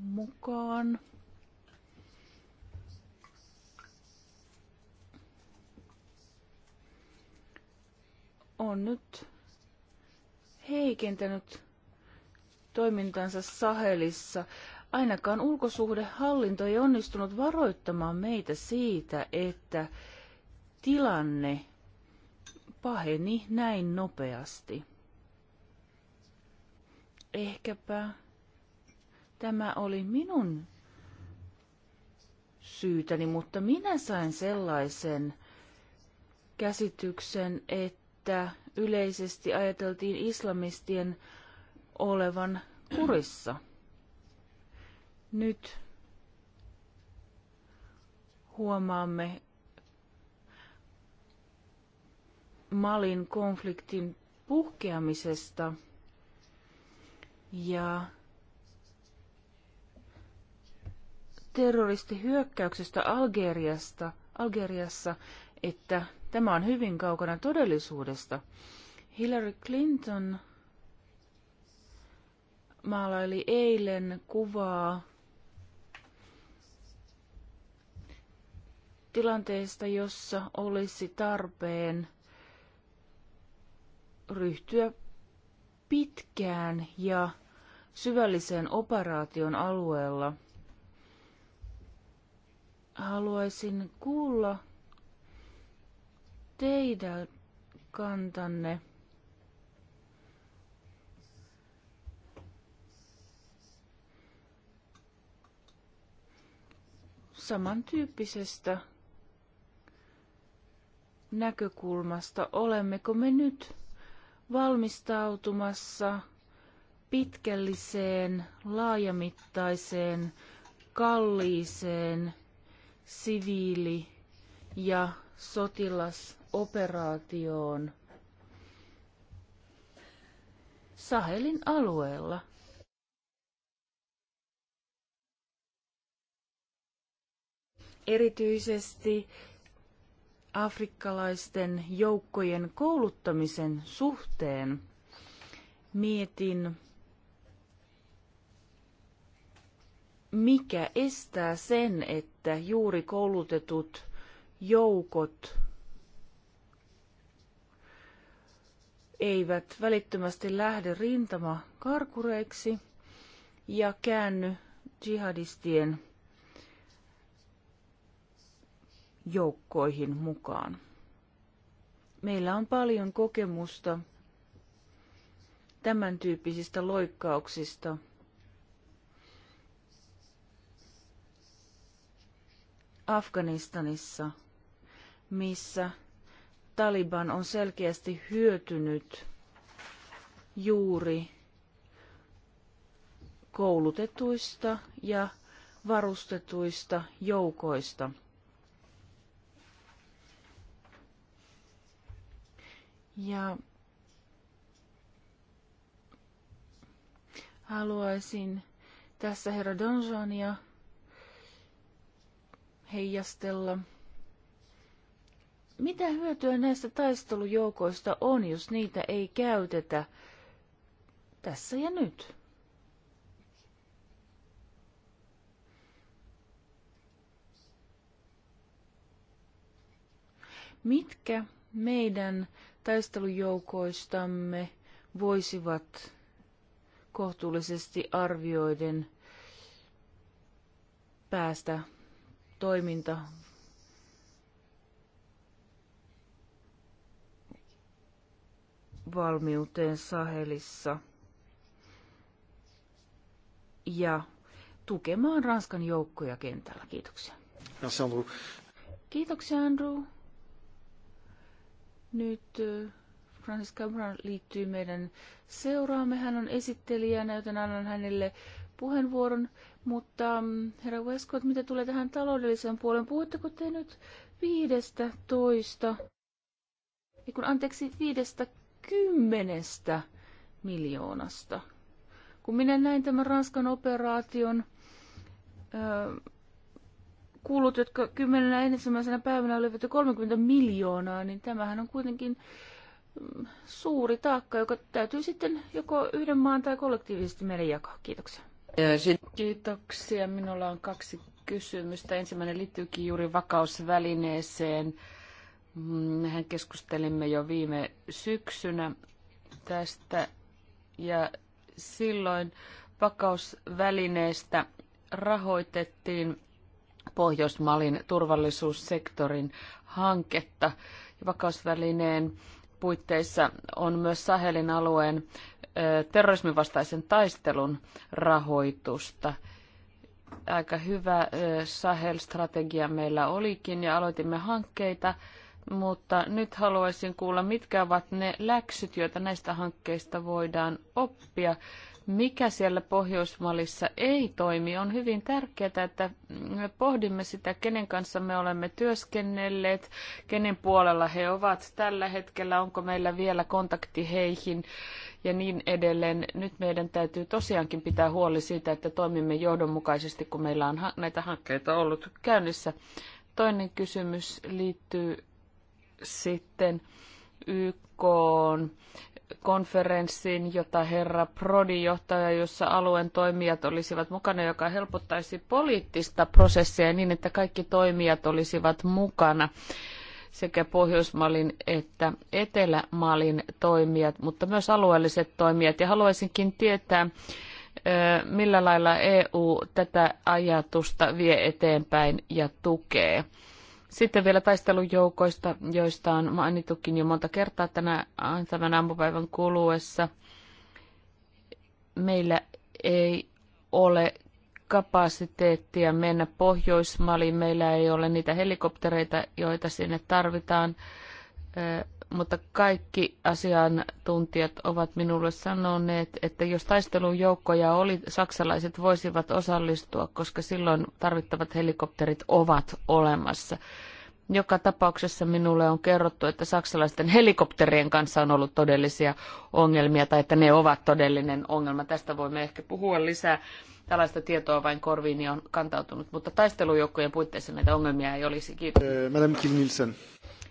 mukaan. On nyt heikentänyt toimintansa Sahelissa. Ainakaan ulkosuhdehallinto ei onnistunut varoittamaan meitä siitä, että tilanne paheni näin nopeasti. Ehkäpä tämä oli minun syytäni, mutta minä sain sellaisen käsityksen, että yleisesti ajateltiin islamistien olevan kurissa. Nyt huomaamme Malin konfliktin puhkeamisesta ja terroristihyökkäyksestä Algeriasta, Algeriassa, että tämä on hyvin kaukana todellisuudesta. Hillary Clinton maalaili eilen kuvaa tilanteesta, jossa olisi tarpeen ryhtyä pitkään ja syvälliseen operaation alueella. Haluaisin kuulla teidän kantanne. samantyyppisestä näkökulmasta, olemmeko me nyt valmistautumassa pitkälliseen, laajamittaiseen, kalliiseen siviili- ja sotilasoperaatioon Sahelin alueella. Erityisesti afrikkalaisten joukkojen kouluttamisen suhteen mietin, mikä estää sen, että juuri koulutetut joukot eivät välittömästi lähde rintama karkureiksi ja käänny jihadistien joukkoihin mukaan. Meillä on paljon kokemusta tämän tyyppisistä loikkauksista. Afganistanissa, missä Taliban on selkeästi hyötynyt juuri koulutetuista ja varustetuista joukoista – Ja haluaisin tässä herra Donjania heijastella. Mitä hyötyä näistä taistelujoukoista on, jos niitä ei käytetä tässä ja nyt? Mitkä meidän taistelujoukoistamme voisivat kohtuullisesti arvioiden päästä toiminta valmiuteen Sahelissa ja tukemaan Ranskan joukkoja kentällä. Kiitoksia. Kiitoksia Andrew. Nyt Francis Cameron liittyy meidän seuraamme. Hän on esittelijänä, joten annan hänelle puheenvuoron. Mutta mm, herra Westcott, mitä tulee tähän taloudelliseen puoleen, puhutteko te nyt viidestä toista, ei kun anteeksi, viidestä kymmenestä miljoonasta? Kun minä näin tämän Ranskan operaation, öö, kulut, jotka kymmenenä ensimmäisenä päivänä olivat jo 30 miljoonaa, niin tämähän on kuitenkin mm, suuri taakka, joka täytyy sitten joko yhden maan tai kollektiivisesti meille jakaa. Kiitoksia. Kiitoksia. Minulla on kaksi kysymystä. Ensimmäinen liittyykin juuri vakausvälineeseen. Mm, mehän keskustelimme jo viime syksynä tästä ja silloin vakausvälineestä rahoitettiin Pohjoismalin turvallisuussektorin hanketta. Vakausvälineen puitteissa on myös Sahelin alueen terrorisminvastaisen taistelun rahoitusta. Aika hyvä Sahel-strategia meillä olikin ja aloitimme hankkeita, mutta nyt haluaisin kuulla, mitkä ovat ne läksyt, joita näistä hankkeista voidaan oppia mikä siellä Pohjoismalissa ei toimi. On hyvin tärkeää, että me pohdimme sitä, kenen kanssa me olemme työskennelleet, kenen puolella he ovat tällä hetkellä, onko meillä vielä kontakti heihin ja niin edelleen. Nyt meidän täytyy tosiaankin pitää huoli siitä, että toimimme johdonmukaisesti, kun meillä on näitä hankkeita ollut käynnissä. Toinen kysymys liittyy sitten YK on konferenssin, jota herra Prodi johtaja, jossa alueen toimijat olisivat mukana, joka helpottaisi poliittista prosessia niin, että kaikki toimijat olisivat mukana sekä Pohjoismalin että Etelämalin toimijat, mutta myös alueelliset toimijat. Ja haluaisinkin tietää, millä lailla EU tätä ajatusta vie eteenpäin ja tukee. Sitten vielä taistelujoukoista, joista on mainitukin jo monta kertaa tänä, tämän ampupäivän kuluessa. Meillä ei ole kapasiteettia mennä Pohjoismaliin. Meillä ei ole niitä helikoptereita, joita sinne tarvitaan mutta kaikki asiantuntijat ovat minulle sanoneet, että jos taistelun joukkoja oli, saksalaiset voisivat osallistua, koska silloin tarvittavat helikopterit ovat olemassa. Joka tapauksessa minulle on kerrottu, että saksalaisten helikopterien kanssa on ollut todellisia ongelmia tai että ne ovat todellinen ongelma. Tästä voimme ehkä puhua lisää. Tällaista tietoa vain korviini on kantautunut, mutta taistelujoukkojen puitteissa näitä ongelmia ei olisi. Kiitos. Eh, Madame Kilnilsen.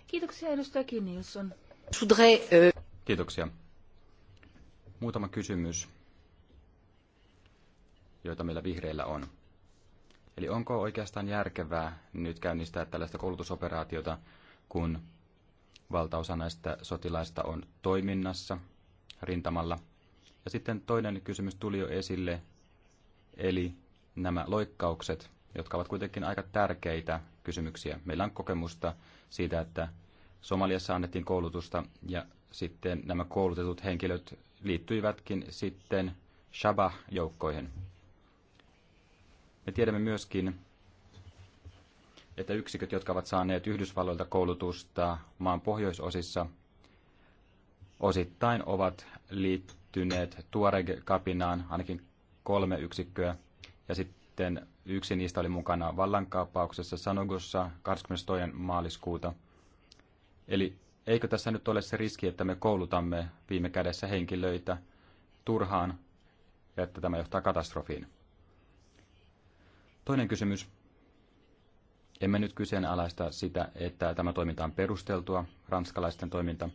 Kiitoksia edustaja Kinnilsson. Euh, Kiitoksia. Muutama kysymys, joita meillä vihreillä on. Eli onko oikeastaan järkevää nyt käynnistää tällaista koulutusoperaatiota, kun valtaosa näistä sotilaista on toiminnassa rintamalla? Ja sitten toinen kysymys tuli jo esille, eli nämä loikkaukset, jotka ovat kuitenkin aika tärkeitä kysymyksiä. Meillä on kokemusta siitä, että Somaliassa annettiin koulutusta ja sitten nämä koulutetut henkilöt liittyivätkin sitten Shabah-joukkoihin. Me tiedämme myöskin, että yksiköt, jotka ovat saaneet Yhdysvalloilta koulutusta maan pohjoisosissa, osittain ovat liittyneet Tuareg-kapinaan, ainakin kolme yksikköä, ja sitten Yksi niistä oli mukana vallankaappauksessa Sanogossa 22. maaliskuuta. Eli eikö tässä nyt ole se riski, että me koulutamme viime kädessä henkilöitä turhaan ja että tämä johtaa katastrofiin? Toinen kysymys. Emme nyt kyseenalaista sitä, että tämä toiminta on perusteltua, ranskalaisten toiminta,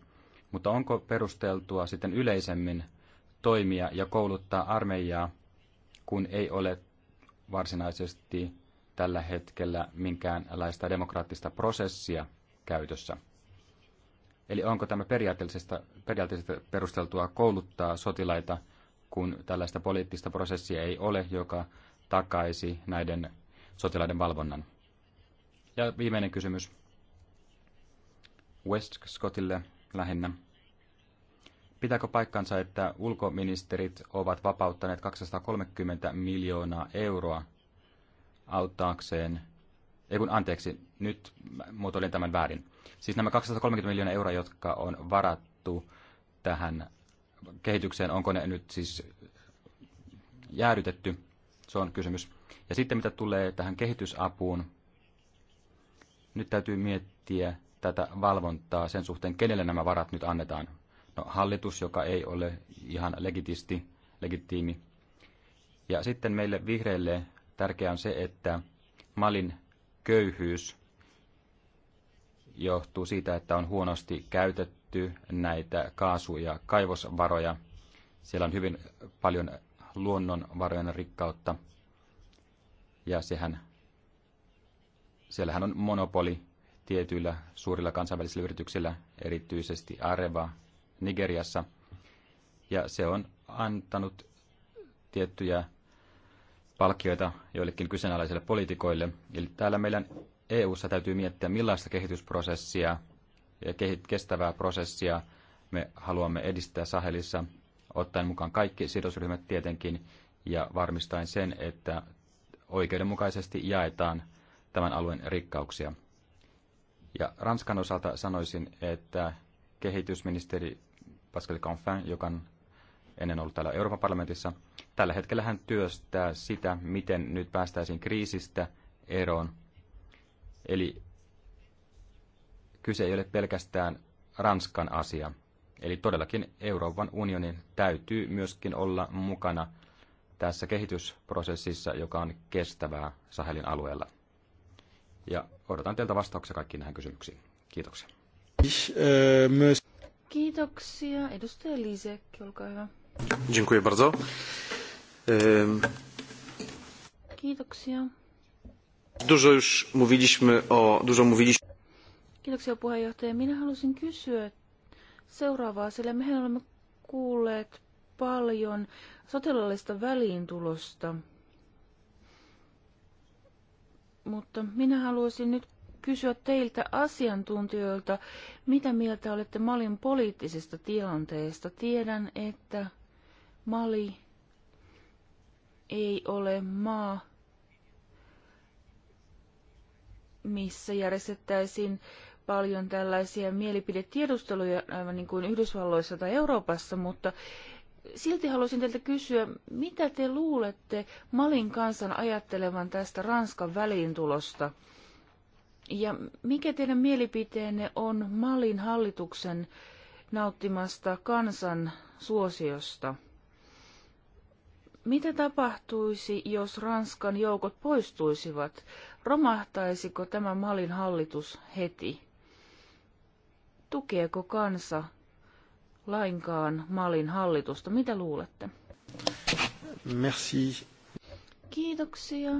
mutta onko perusteltua sitten yleisemmin toimia ja kouluttaa armeijaa, kun ei ole varsinaisesti tällä hetkellä minkäänlaista demokraattista prosessia käytössä. Eli onko tämä periaatteellisesta, periaatteellisesta perusteltua kouluttaa sotilaita, kun tällaista poliittista prosessia ei ole, joka takaisi näiden sotilaiden valvonnan? Ja viimeinen kysymys West Scottille lähinnä. Pitääkö paikkansa, että ulkoministerit ovat vapauttaneet 230 miljoonaa euroa auttaakseen, ei kun anteeksi, nyt muotoilin tämän väärin. Siis nämä 230 miljoonaa euroa, jotka on varattu tähän kehitykseen, onko ne nyt siis jäädytetty? Se on kysymys. Ja sitten mitä tulee tähän kehitysapuun, nyt täytyy miettiä tätä valvontaa sen suhteen, kenelle nämä varat nyt annetaan no, hallitus, joka ei ole ihan legitisti, legitiimi. Ja sitten meille vihreille tärkeää on se, että Malin köyhyys johtuu siitä, että on huonosti käytetty näitä kaasu- ja kaivosvaroja. Siellä on hyvin paljon luonnonvarojen rikkautta. Ja sehän, siellähän on monopoli tietyillä suurilla kansainvälisillä yrityksillä, erityisesti Areva Nigeriassa. Ja se on antanut tiettyjä palkkioita joillekin kyseenalaisille poliitikoille. Eli täällä meidän EU-ssa täytyy miettiä, millaista kehitysprosessia ja kestävää prosessia me haluamme edistää Sahelissa, ottaen mukaan kaikki sidosryhmät tietenkin ja varmistaen sen, että oikeudenmukaisesti jaetaan tämän alueen rikkauksia. Ja Ranskan osalta sanoisin, että kehitysministeri Pascal Canfin, joka on ennen ollut täällä Euroopan parlamentissa. Tällä hetkellä hän työstää sitä, miten nyt päästäisiin kriisistä eroon. Eli kyse ei ole pelkästään Ranskan asia. Eli todellakin Euroopan unionin täytyy myöskin olla mukana tässä kehitysprosessissa, joka on kestävää Sahelin alueella. Ja odotan teiltä vastauksia kaikkiin näihin kysymyksiin. Kiitoksia. Äh, myös Kiitoksia. Edustaja Lisek, olkaa hyvä. Dziękuję bardzo. Kiitoksia. Dużo już mówiliśmy o... Dużo mówiliśmy... Kiitoksia puheenjohtaja. Minä halusin kysyä seuraavaa, sillä mehän olemme kuulleet paljon sotilaallista väliintulosta. Mutta minä haluaisin nyt kysyä teiltä asiantuntijoilta, mitä mieltä olette Malin poliittisesta tilanteesta. Tiedän, että Mali ei ole maa, missä järjestettäisiin paljon tällaisia mielipidetiedusteluja, aivan niin kuin Yhdysvalloissa tai Euroopassa, mutta silti haluaisin teiltä kysyä, mitä te luulette Malin kansan ajattelevan tästä Ranskan väliintulosta? Ja mikä teidän mielipiteenne on Malin hallituksen nauttimasta kansan suosiosta? Mitä tapahtuisi, jos Ranskan joukot poistuisivat? Romahtaisiko tämä Malin hallitus heti? Tukeeko kansa lainkaan Malin hallitusta? Mitä luulette? Merci. Kiitoksia.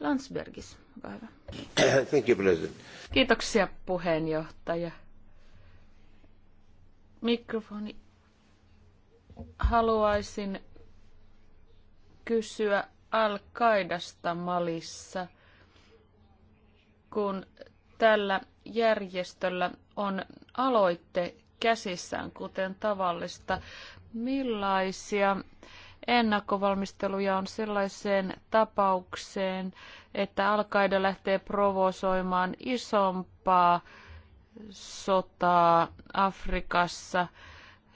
Landsbergis. Olkaa hyvä. Thank you, President. Kiitoksia puheenjohtaja. Mikrofoni. Haluaisin kysyä Al-Qaidasta Malissa, kun tällä järjestöllä on aloitte käsissään, kuten tavallista. Millaisia ennakkovalmisteluja on sellaiseen tapaukseen, että Al-Qaida lähtee provosoimaan isompaa sotaa Afrikassa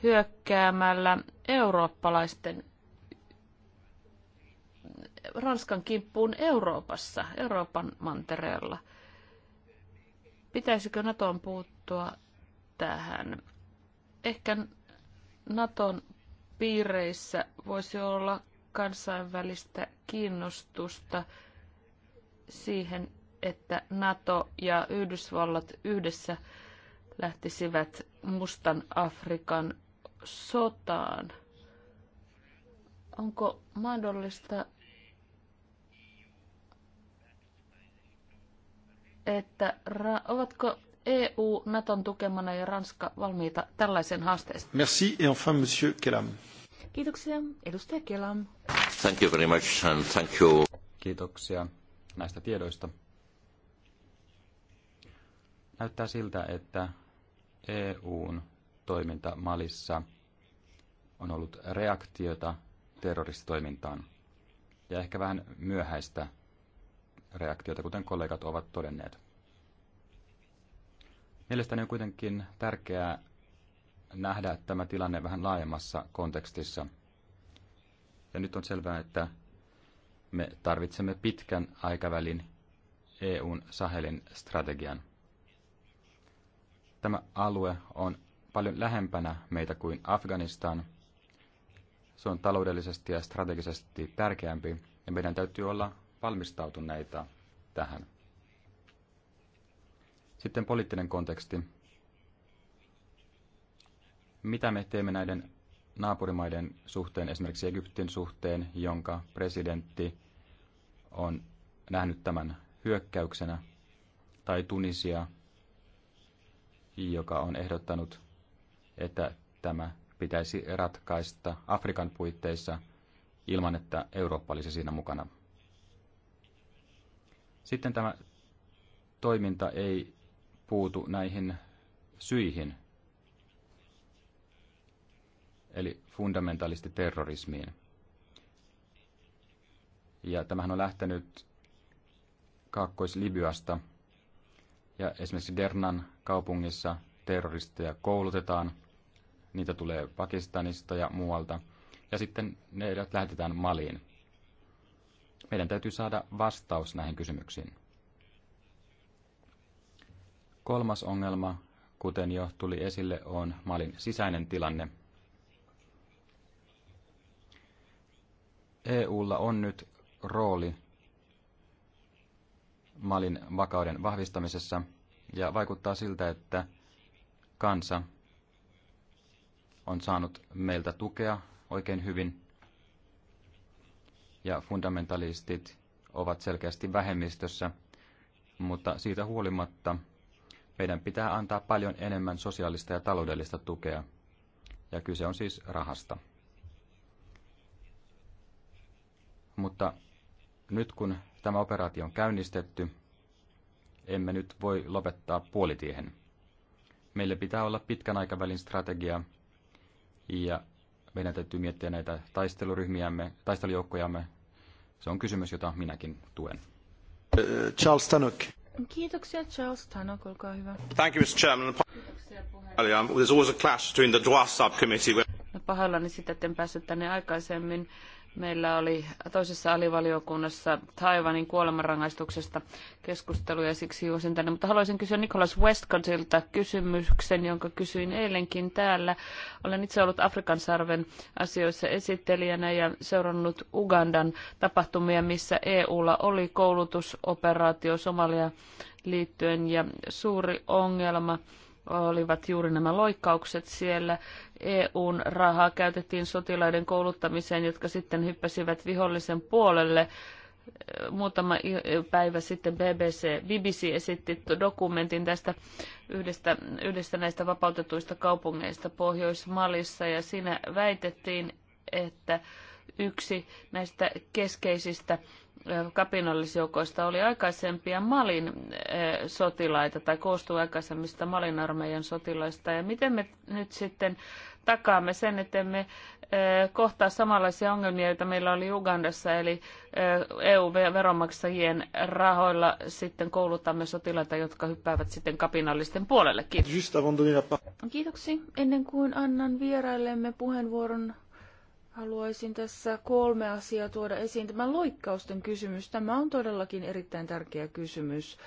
hyökkäämällä eurooppalaisten Ranskan kimppuun Euroopassa, Euroopan mantereella. Pitäisikö Naton puuttua tähän? Ehkä Naton piireissä voisi olla kansainvälistä kiinnostusta siihen, että NATO ja Yhdysvallat yhdessä lähtisivät Mustan Afrikan sotaan. Onko mahdollista, että ra- ovatko EU, Naton tukemana ja Ranska valmiita tällaisen haasteeseen? Merci et enfin monsieur Kelam. Kiitoksia. Edustaja Kelam. Thank you very much and thank you. Kiitoksia näistä tiedoista. Näyttää siltä, että EUn toiminta Malissa on ollut reaktiota terroristitoimintaan ja ehkä vähän myöhäistä reaktiota, kuten kollegat ovat todenneet. Mielestäni on kuitenkin tärkeää nähdä tämä tilanne vähän laajemmassa kontekstissa. Ja nyt on selvää, että me tarvitsemme pitkän aikavälin EUn Sahelin strategian. Tämä alue on paljon lähempänä meitä kuin Afganistan. Se on taloudellisesti ja strategisesti tärkeämpi ja meidän täytyy olla valmistautuneita tähän. Sitten poliittinen konteksti. Mitä me teemme näiden naapurimaiden suhteen, esimerkiksi Egyptin suhteen, jonka presidentti on nähnyt tämän hyökkäyksenä, tai Tunisia, joka on ehdottanut, että tämä pitäisi ratkaista Afrikan puitteissa ilman, että Eurooppa olisi siinä mukana. Sitten tämä toiminta ei puutu näihin syihin, eli fundamentalistiterrorismiin. terrorismiin. Ja tämähän on lähtenyt Kaakkois-Libyasta. Ja esimerkiksi Dernan kaupungissa terroristeja koulutetaan. Niitä tulee Pakistanista ja muualta. Ja sitten ne lähetetään Maliin. Meidän täytyy saada vastaus näihin kysymyksiin. Kolmas ongelma, kuten jo tuli esille, on Malin sisäinen tilanne. EUlla on nyt rooli Malin vakauden vahvistamisessa ja vaikuttaa siltä, että kansa on saanut meiltä tukea oikein hyvin ja fundamentalistit ovat selkeästi vähemmistössä, mutta siitä huolimatta – meidän pitää antaa paljon enemmän sosiaalista ja taloudellista tukea. Ja kyse on siis rahasta. Mutta nyt kun tämä operaatio on käynnistetty, emme nyt voi lopettaa puolitiehen. Meillä pitää olla pitkän aikavälin strategia ja meidän täytyy miettiä näitä taisteluryhmiämme, taistelujoukkojamme. Se on kysymys, jota minäkin tuen. Charles Tanuk. Kiitoksia Charles Tanok, olkaa hyvä. Thank you, Mr. Chairman. There's always a clash between the DROA subcommittee. No, pahoillani sitä, että en päässyt tänne aikaisemmin. Meillä oli toisessa alivaliokunnassa Taiwanin kuolemanrangaistuksesta keskustelu ja siksi juosin tänne. Mutta haluaisin kysyä Nicholas Westcottilta kysymyksen, jonka kysyin eilenkin täällä. Olen itse ollut Afrikan sarven asioissa esittelijänä ja seurannut Ugandan tapahtumia, missä EUlla oli koulutusoperaatio Somalia liittyen ja suuri ongelma olivat juuri nämä loikkaukset siellä. EUn rahaa käytettiin sotilaiden kouluttamiseen, jotka sitten hyppäsivät vihollisen puolelle. Muutama päivä sitten BBC, BBC esitti dokumentin tästä yhdestä, yhdestä näistä vapautetuista kaupungeista Pohjois-Malissa ja siinä väitettiin, että yksi näistä keskeisistä kapinallisjoukoista oli aikaisempia Malin sotilaita tai koostui aikaisemmista Malin armeijan sotilaista. Ja miten me nyt sitten takaamme sen, että me kohtaa samanlaisia ongelmia, joita meillä oli Ugandassa, eli EU-veronmaksajien rahoilla sitten koulutamme sotilaita, jotka hyppäävät sitten kapinallisten puolelle. Kiitos. Kiitoksia. Ennen kuin annan vieraillemme puheenvuoron Haluaisin tässä kolme asiaa tuoda esiin. Tämä loikkausten kysymys, tämä on todellakin erittäin tärkeä kysymys.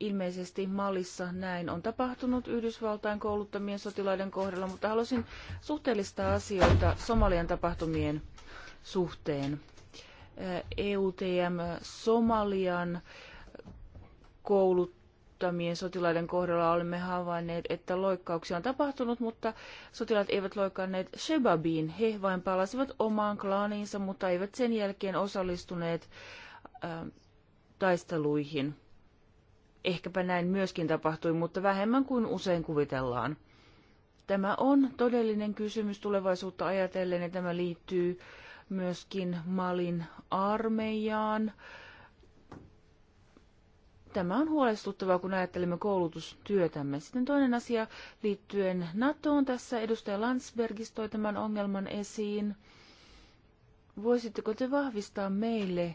Ilmeisesti Malissa näin on tapahtunut Yhdysvaltain kouluttamien sotilaiden kohdalla, mutta haluaisin suhteellistaa asioita Somalian tapahtumien suhteen. EUTM Somalian koulut loukkauttamien sotilaiden kohdalla olemme havainneet, että loikkauksia on tapahtunut, mutta sotilaat eivät loikanneet Shebabiin. He vain palasivat omaan klaaniinsa, mutta eivät sen jälkeen osallistuneet ä, ähm, taisteluihin. Ehkäpä näin myöskin tapahtui, mutta vähemmän kuin usein kuvitellaan. Tämä on todellinen kysymys tulevaisuutta ajatellen ja tämä liittyy myöskin Malin armeijaan. Tämä on huolestuttavaa, kun ajattelemme koulutustyötämme. Sitten toinen asia liittyen NATOon. Tässä edustaja Landsbergis toi tämän ongelman esiin. Voisitteko te vahvistaa meille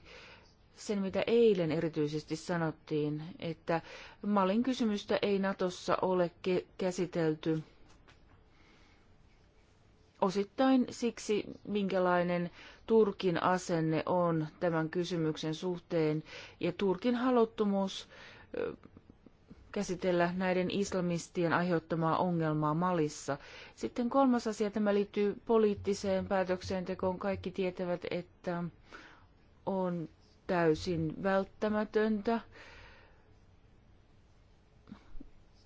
sen, mitä eilen erityisesti sanottiin, että Malin kysymystä ei Natossa ole käsitelty osittain siksi, minkälainen Turkin asenne on tämän kysymyksen suhteen ja Turkin haluttomuus käsitellä näiden islamistien aiheuttamaa ongelmaa Malissa. Sitten kolmas asia, tämä liittyy poliittiseen päätöksentekoon. Kaikki tietävät, että on täysin välttämätöntä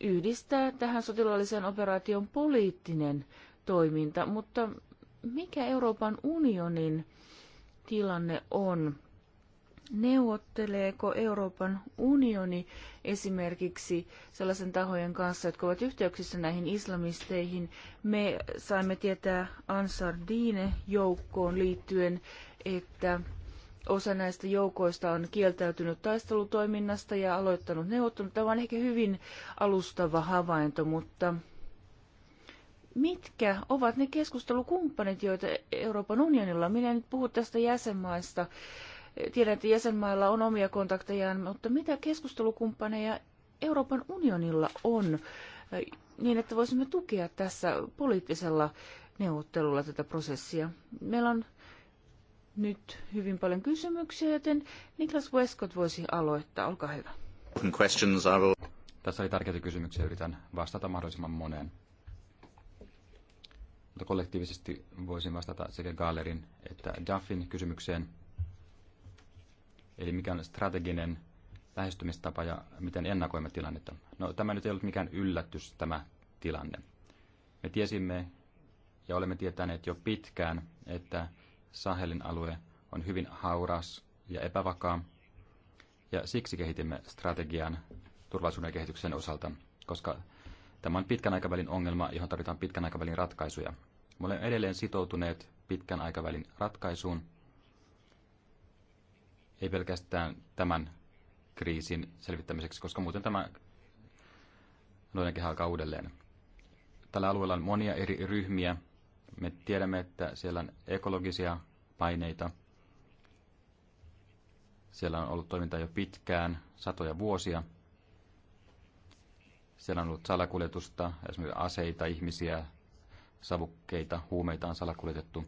yhdistää tähän sotilaalliseen operaation poliittinen toiminta, mutta mikä Euroopan unionin tilanne on? Neuvotteleeko Euroopan unioni esimerkiksi sellaisen tahojen kanssa, jotka ovat yhteyksissä näihin islamisteihin? Me saimme tietää Ansar Dine-joukkoon liittyen, että osa näistä joukoista on kieltäytynyt taistelutoiminnasta ja aloittanut neuvottelut. Tämä on ehkä hyvin alustava havainto, mutta mitkä ovat ne keskustelukumppanit, joita Euroopan unionilla, minä en nyt puhu tästä jäsenmaista, tiedän, että jäsenmailla on omia kontaktejaan, mutta mitä keskustelukumppaneja Euroopan unionilla on, niin että voisimme tukea tässä poliittisella neuvottelulla tätä prosessia. Meillä on nyt hyvin paljon kysymyksiä, joten Niklas Westcott voisi aloittaa. Olkaa hyvä. Tässä oli tärkeitä kysymyksiä, yritän vastata mahdollisimman moneen. Mutta kollektiivisesti voisin vastata sekä Gallerin että Duffin kysymykseen. Eli mikä on strateginen lähestymistapa ja miten ennakoimme tilannetta. No tämä nyt ei ollut mikään yllätys tämä tilanne. Me tiesimme ja olemme tietäneet jo pitkään, että Sahelin alue on hyvin hauras ja epävakaa. Ja siksi kehitimme strategian turvallisuuden kehityksen osalta, koska Tämä on pitkän aikavälin ongelma, johon tarvitaan pitkän aikavälin ratkaisuja. Me olemme edelleen sitoutuneet pitkän aikavälin ratkaisuun, ei pelkästään tämän kriisin selvittämiseksi, koska muuten tämä kehä alkaa uudelleen. Tällä alueella on monia eri ryhmiä. Me tiedämme, että siellä on ekologisia paineita. Siellä on ollut toimintaa jo pitkään, satoja vuosia – siellä on ollut salakuljetusta, esimerkiksi aseita, ihmisiä, savukkeita, huumeita on salakuljetettu.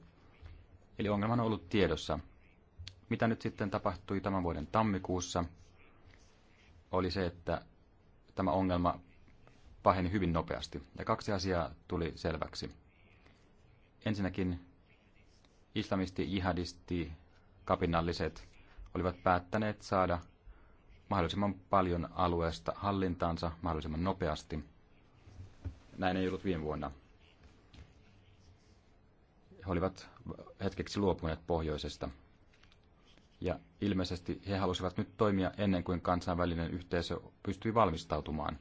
Eli ongelma on ollut tiedossa. Mitä nyt sitten tapahtui tämän vuoden tammikuussa, oli se, että tämä ongelma paheni hyvin nopeasti. Ja kaksi asiaa tuli selväksi. Ensinnäkin islamisti-jihadisti kapinalliset olivat päättäneet saada mahdollisimman paljon alueesta hallintaansa mahdollisimman nopeasti. Näin ei ollut viime vuonna. He olivat hetkeksi luopuneet pohjoisesta. Ja ilmeisesti he halusivat nyt toimia ennen kuin kansainvälinen yhteisö pystyi valmistautumaan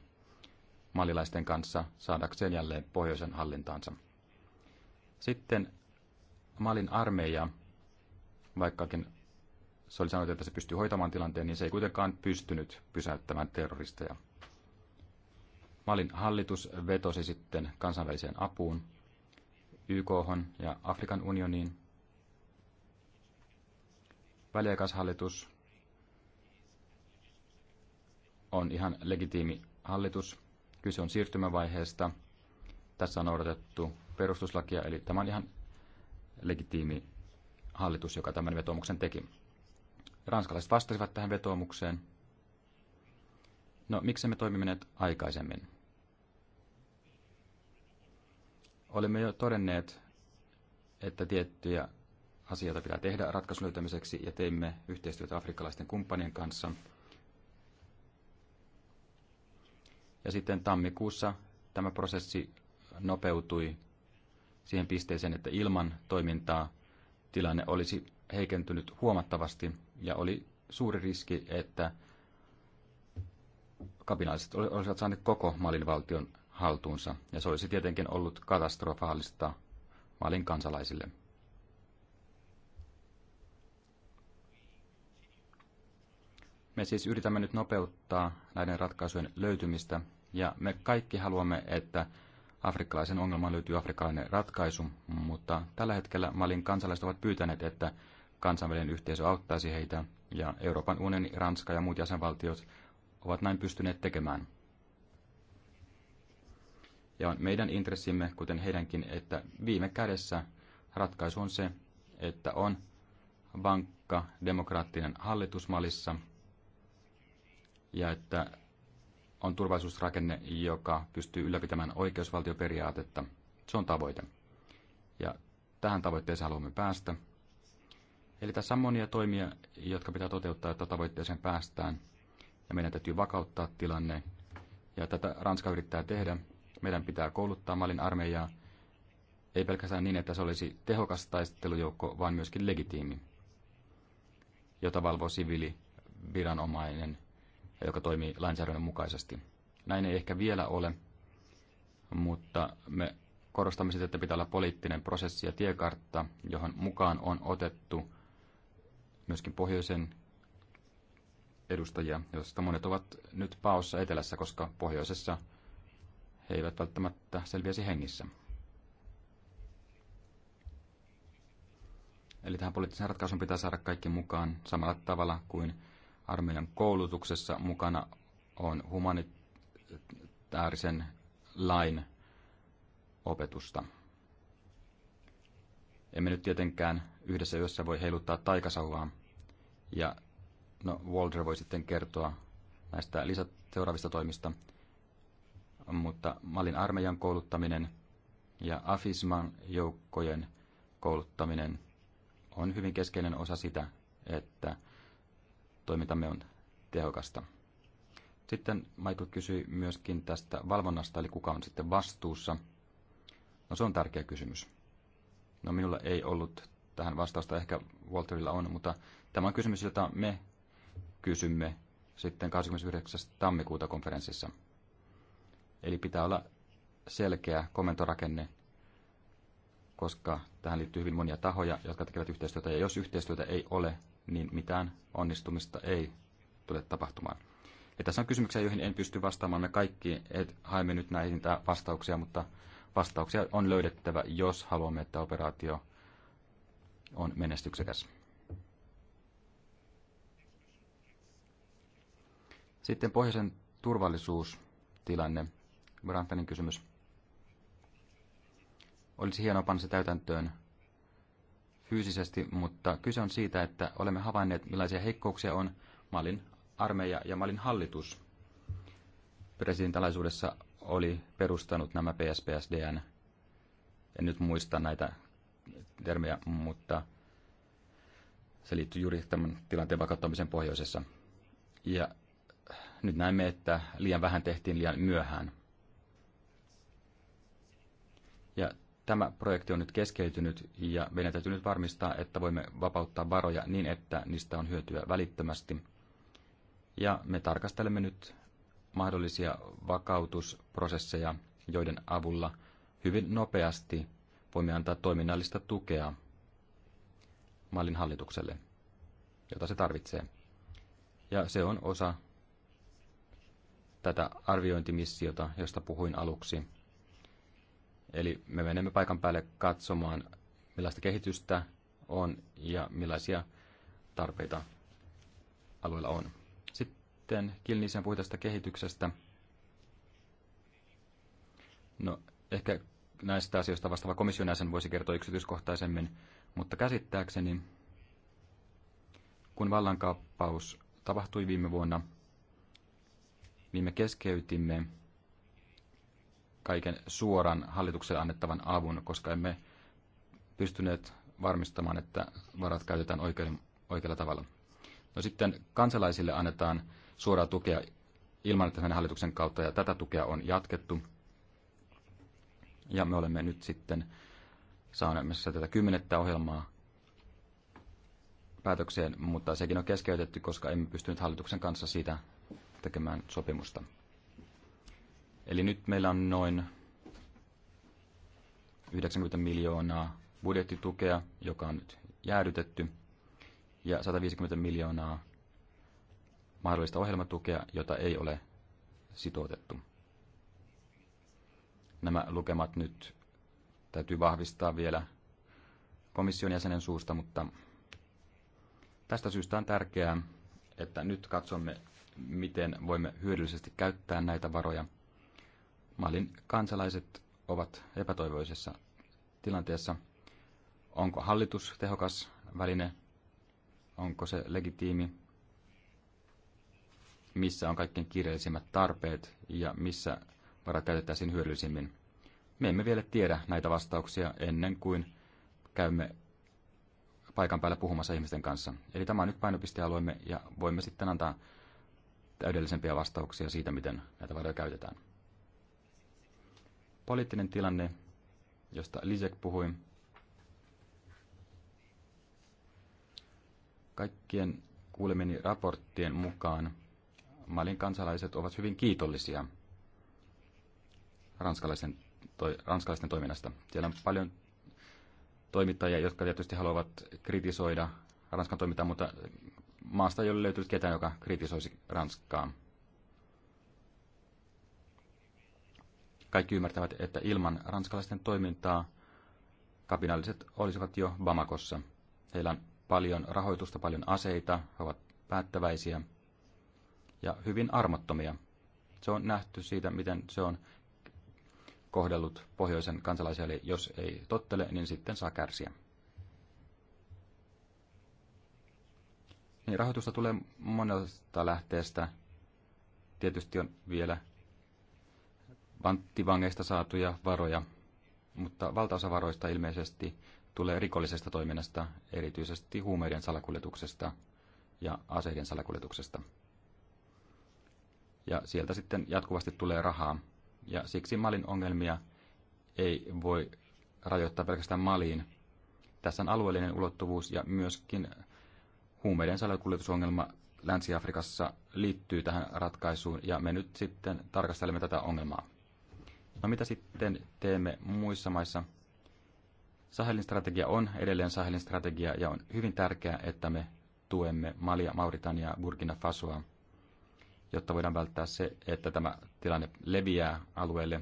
malilaisten kanssa saadakseen jälleen pohjoisen hallintaansa. Sitten Malin armeija, vaikkakin se oli sanonut, että se pystyy hoitamaan tilanteen, niin se ei kuitenkaan pystynyt pysäyttämään terroristeja. Malin hallitus vetosi sitten kansainväliseen apuun, YK ja Afrikan unioniin. Väliaikaishallitus on ihan legitiimi hallitus. Kyse on siirtymävaiheesta. Tässä on noudatettu perustuslakia, eli tämä on ihan legitiimi hallitus, joka tämän vetomuksen teki ranskalaiset vastasivat tähän vetoomukseen. No, miksi me toimineet aikaisemmin? Olemme jo todenneet, että tiettyjä asioita pitää tehdä ratkaisun löytämiseksi ja teimme yhteistyötä afrikkalaisten kumppanien kanssa. Ja sitten tammikuussa tämä prosessi nopeutui siihen pisteeseen, että ilman toimintaa tilanne olisi heikentynyt huomattavasti – ja oli suuri riski, että kapinalliset olisivat saaneet koko Malin valtion haltuunsa, ja se olisi tietenkin ollut katastrofaalista Malin kansalaisille. Me siis yritämme nyt nopeuttaa näiden ratkaisujen löytymistä, ja me kaikki haluamme, että afrikkalaisen ongelman löytyy afrikkalainen ratkaisu, mutta tällä hetkellä Malin kansalaiset ovat pyytäneet, että kansainvälinen yhteisö auttaisi heitä, ja Euroopan unioni, Ranska ja muut jäsenvaltiot ovat näin pystyneet tekemään. Ja on meidän intressimme, kuten heidänkin, että viime kädessä ratkaisu on se, että on vankka demokraattinen hallitusmalissa ja että on turvallisuusrakenne, joka pystyy ylläpitämään oikeusvaltioperiaatetta. Se on tavoite. Ja tähän tavoitteeseen haluamme päästä. Eli tässä on monia toimia, jotka pitää toteuttaa, että tavoitteeseen päästään. Ja meidän täytyy vakauttaa tilanne. Ja tätä Ranska yrittää tehdä. Meidän pitää kouluttaa Malin armeijaa. Ei pelkästään niin, että se olisi tehokas taistelujoukko, vaan myöskin legitiimi, jota valvoo siviiliviranomainen, joka toimii lainsäädännön mukaisesti. Näin ei ehkä vielä ole, mutta me korostamme sitä, että pitää olla poliittinen prosessi ja tiekartta, johon mukaan on otettu myöskin pohjoisen edustajia, joista monet ovat nyt paossa etelässä, koska pohjoisessa he eivät välttämättä selviäisi hengissä. Eli tähän poliittiseen ratkaisuun pitää saada kaikki mukaan samalla tavalla kuin armeijan koulutuksessa mukana on humanitaarisen lain opetusta. Emme nyt tietenkään yhdessä yössä voi heiluttaa taikasauvaa, ja no, Walter voi sitten kertoa näistä lisä, toimista. Mutta Malin armeijan kouluttaminen ja Afisman joukkojen kouluttaminen on hyvin keskeinen osa sitä, että toimintamme on tehokasta. Sitten Michael kysyi myöskin tästä valvonnasta, eli kuka on sitten vastuussa. No se on tärkeä kysymys. No minulla ei ollut tähän vastausta, ehkä Walterilla on, mutta Tämä on kysymys, jota me kysymme sitten 29. tammikuuta konferenssissa. Eli pitää olla selkeä komentorakenne, koska tähän liittyy hyvin monia tahoja, jotka tekevät yhteistyötä. Ja jos yhteistyötä ei ole, niin mitään onnistumista ei tule tapahtumaan. Ja tässä on kysymyksiä, joihin en pysty vastaamaan. Me kaikki et haemme nyt näihin vastauksia, mutta vastauksia on löydettävä, jos haluamme, että operaatio on menestyksekäs. Sitten pohjoisen turvallisuustilanne. Brantanin kysymys. Olisi hienoa panna se täytäntöön fyysisesti, mutta kyse on siitä, että olemme havainneet, millaisia heikkouksia on Malin armeija ja Malin hallitus. Presidentalaisuudessa oli perustanut nämä PSPSDN. En nyt muista näitä termejä, mutta se liittyy juuri tämän tilanteen vakauttamiseen pohjoisessa. Ja nyt näemme, että liian vähän tehtiin liian myöhään. Ja tämä projekti on nyt keskeytynyt ja meidän täytyy nyt varmistaa, että voimme vapauttaa varoja niin, että niistä on hyötyä välittömästi. Ja me tarkastelemme nyt mahdollisia vakautusprosesseja, joiden avulla hyvin nopeasti voimme antaa toiminnallista tukea mallin hallitukselle, jota se tarvitsee. Ja se on osa tätä arviointimissiota, josta puhuin aluksi. Eli me menemme paikan päälle katsomaan, millaista kehitystä on ja millaisia tarpeita alueella on. Sitten Kilnisen puhui tästä kehityksestä. No, ehkä näistä asioista vastaava komission jäsen voisi kertoa yksityiskohtaisemmin, mutta käsittääkseni, kun vallankaappaus tapahtui viime vuonna, niin me keskeytimme kaiken suoran hallitukselle annettavan avun, koska emme pystyneet varmistamaan, että varat käytetään oikein, oikealla tavalla. No sitten kansalaisille annetaan suoraa tukea ilman, että hallituksen kautta, ja tätä tukea on jatkettu. Ja me olemme nyt sitten saaneet tätä kymmenettä ohjelmaa päätökseen, mutta sekin on keskeytetty, koska emme pystyneet hallituksen kanssa siitä tekemään sopimusta. Eli nyt meillä on noin 90 miljoonaa budjettitukea, joka on nyt jäädytetty, ja 150 miljoonaa mahdollista ohjelmatukea, jota ei ole sitoutettu. Nämä lukemat nyt täytyy vahvistaa vielä komission jäsenen suusta, mutta tästä syystä on tärkeää, että nyt katsomme miten voimme hyödyllisesti käyttää näitä varoja. Malin kansalaiset ovat epätoivoisessa tilanteessa. Onko hallitus tehokas väline? Onko se legitiimi? Missä on kaikkein kiireellisimmät tarpeet ja missä varat käytettäisiin hyödyllisimmin? Me emme vielä tiedä näitä vastauksia ennen kuin käymme paikan päällä puhumassa ihmisten kanssa. Eli tämä on nyt painopistealueemme ja voimme sitten antaa täydellisempiä vastauksia siitä, miten näitä varoja käytetään. Poliittinen tilanne, josta Lisek puhui, kaikkien kuulemini raporttien mukaan Malin kansalaiset ovat hyvin kiitollisia ranskalaisen, toi, ranskalaisten toiminnasta. Siellä on paljon toimittajia, jotka tietysti haluavat kritisoida Ranskan toimintaa, mutta maasta ei ole löytynyt ketään, joka kritisoisi Ranskaa. Kaikki ymmärtävät, että ilman ranskalaisten toimintaa kapinalliset olisivat jo Bamakossa. Heillä on paljon rahoitusta, paljon aseita, he ovat päättäväisiä ja hyvin armottomia. Se on nähty siitä, miten se on kohdellut pohjoisen kansalaisia, eli jos ei tottele, niin sitten saa kärsiä. Niin rahoitusta tulee monelta lähteestä. Tietysti on vielä vanttivangeista saatuja varoja, mutta valtaosa varoista ilmeisesti tulee rikollisesta toiminnasta, erityisesti huumeiden salakuljetuksesta ja aseiden salakuljetuksesta. Ja sieltä sitten jatkuvasti tulee rahaa, ja siksi Malin ongelmia ei voi rajoittaa pelkästään Maliin. Tässä on alueellinen ulottuvuus ja myöskin huumeiden salakuljetusongelma Länsi-Afrikassa liittyy tähän ratkaisuun ja me nyt sitten tarkastelemme tätä ongelmaa. No mitä sitten teemme muissa maissa? Sahelin strategia on edelleen Sahelin strategia ja on hyvin tärkeää, että me tuemme Malia, Mauritania, Burkina Fasoa, jotta voidaan välttää se, että tämä tilanne leviää alueelle.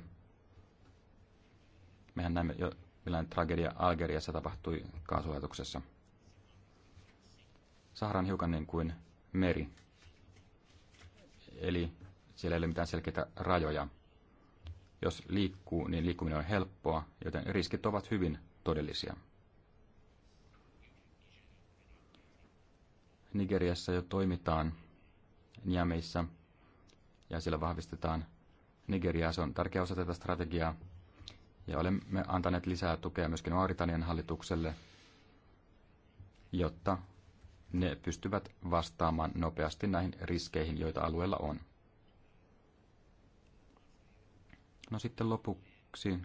Mehän näemme jo millainen tragedia Algeriassa tapahtui kaasulaitoksessa. Sahara on hiukan niin kuin meri. Eli siellä ei ole mitään selkeitä rajoja. Jos liikkuu, niin liikkuminen on helppoa, joten riskit ovat hyvin todellisia. Nigeriassa jo toimitaan Niameissa ja siellä vahvistetaan Nigeriaa. Se on tärkeä osa tätä strategiaa. Ja olemme antaneet lisää tukea myöskin Mauritanian hallitukselle, jotta ne pystyvät vastaamaan nopeasti näihin riskeihin, joita alueella on. No sitten lopuksi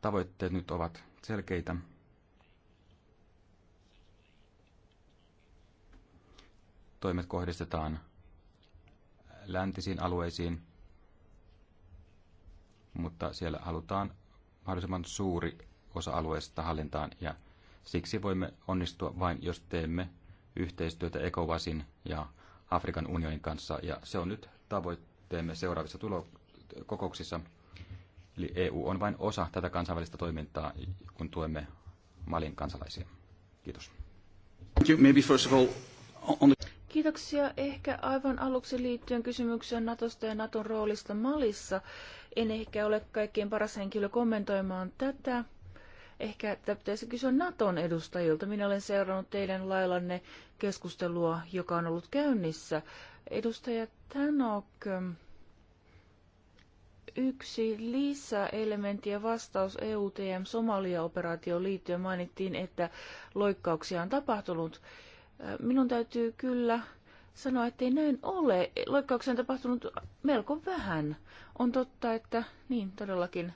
tavoitteet nyt ovat selkeitä. Toimet kohdistetaan läntisiin alueisiin, mutta siellä halutaan mahdollisimman suuri osa alueesta hallintaan ja hallintaan Siksi voimme onnistua vain, jos teemme yhteistyötä ECOWASin ja Afrikan unionin kanssa, ja se on nyt tavoitteemme seuraavissa tulo- kokouksissa. Eli EU on vain osa tätä kansainvälistä toimintaa, kun tuemme Malin kansalaisia. Kiitos. Kiitoksia. Ehkä aivan aluksi liittyen kysymykseen Natosta ja Naton roolista Malissa. En ehkä ole kaikkien paras henkilö kommentoimaan tätä. Ehkä tätä pitäisi kysyä Naton edustajilta. Minä olen seurannut teidän laillanne keskustelua, joka on ollut käynnissä. Edustaja Tanok, yksi lisäelementti ja vastaus EUTM Somalia-operaatioon liittyen mainittiin, että loikkauksia on tapahtunut. Minun täytyy kyllä sanoa, että ei näin ole. Loikkauksia on tapahtunut melko vähän. On totta, että niin todellakin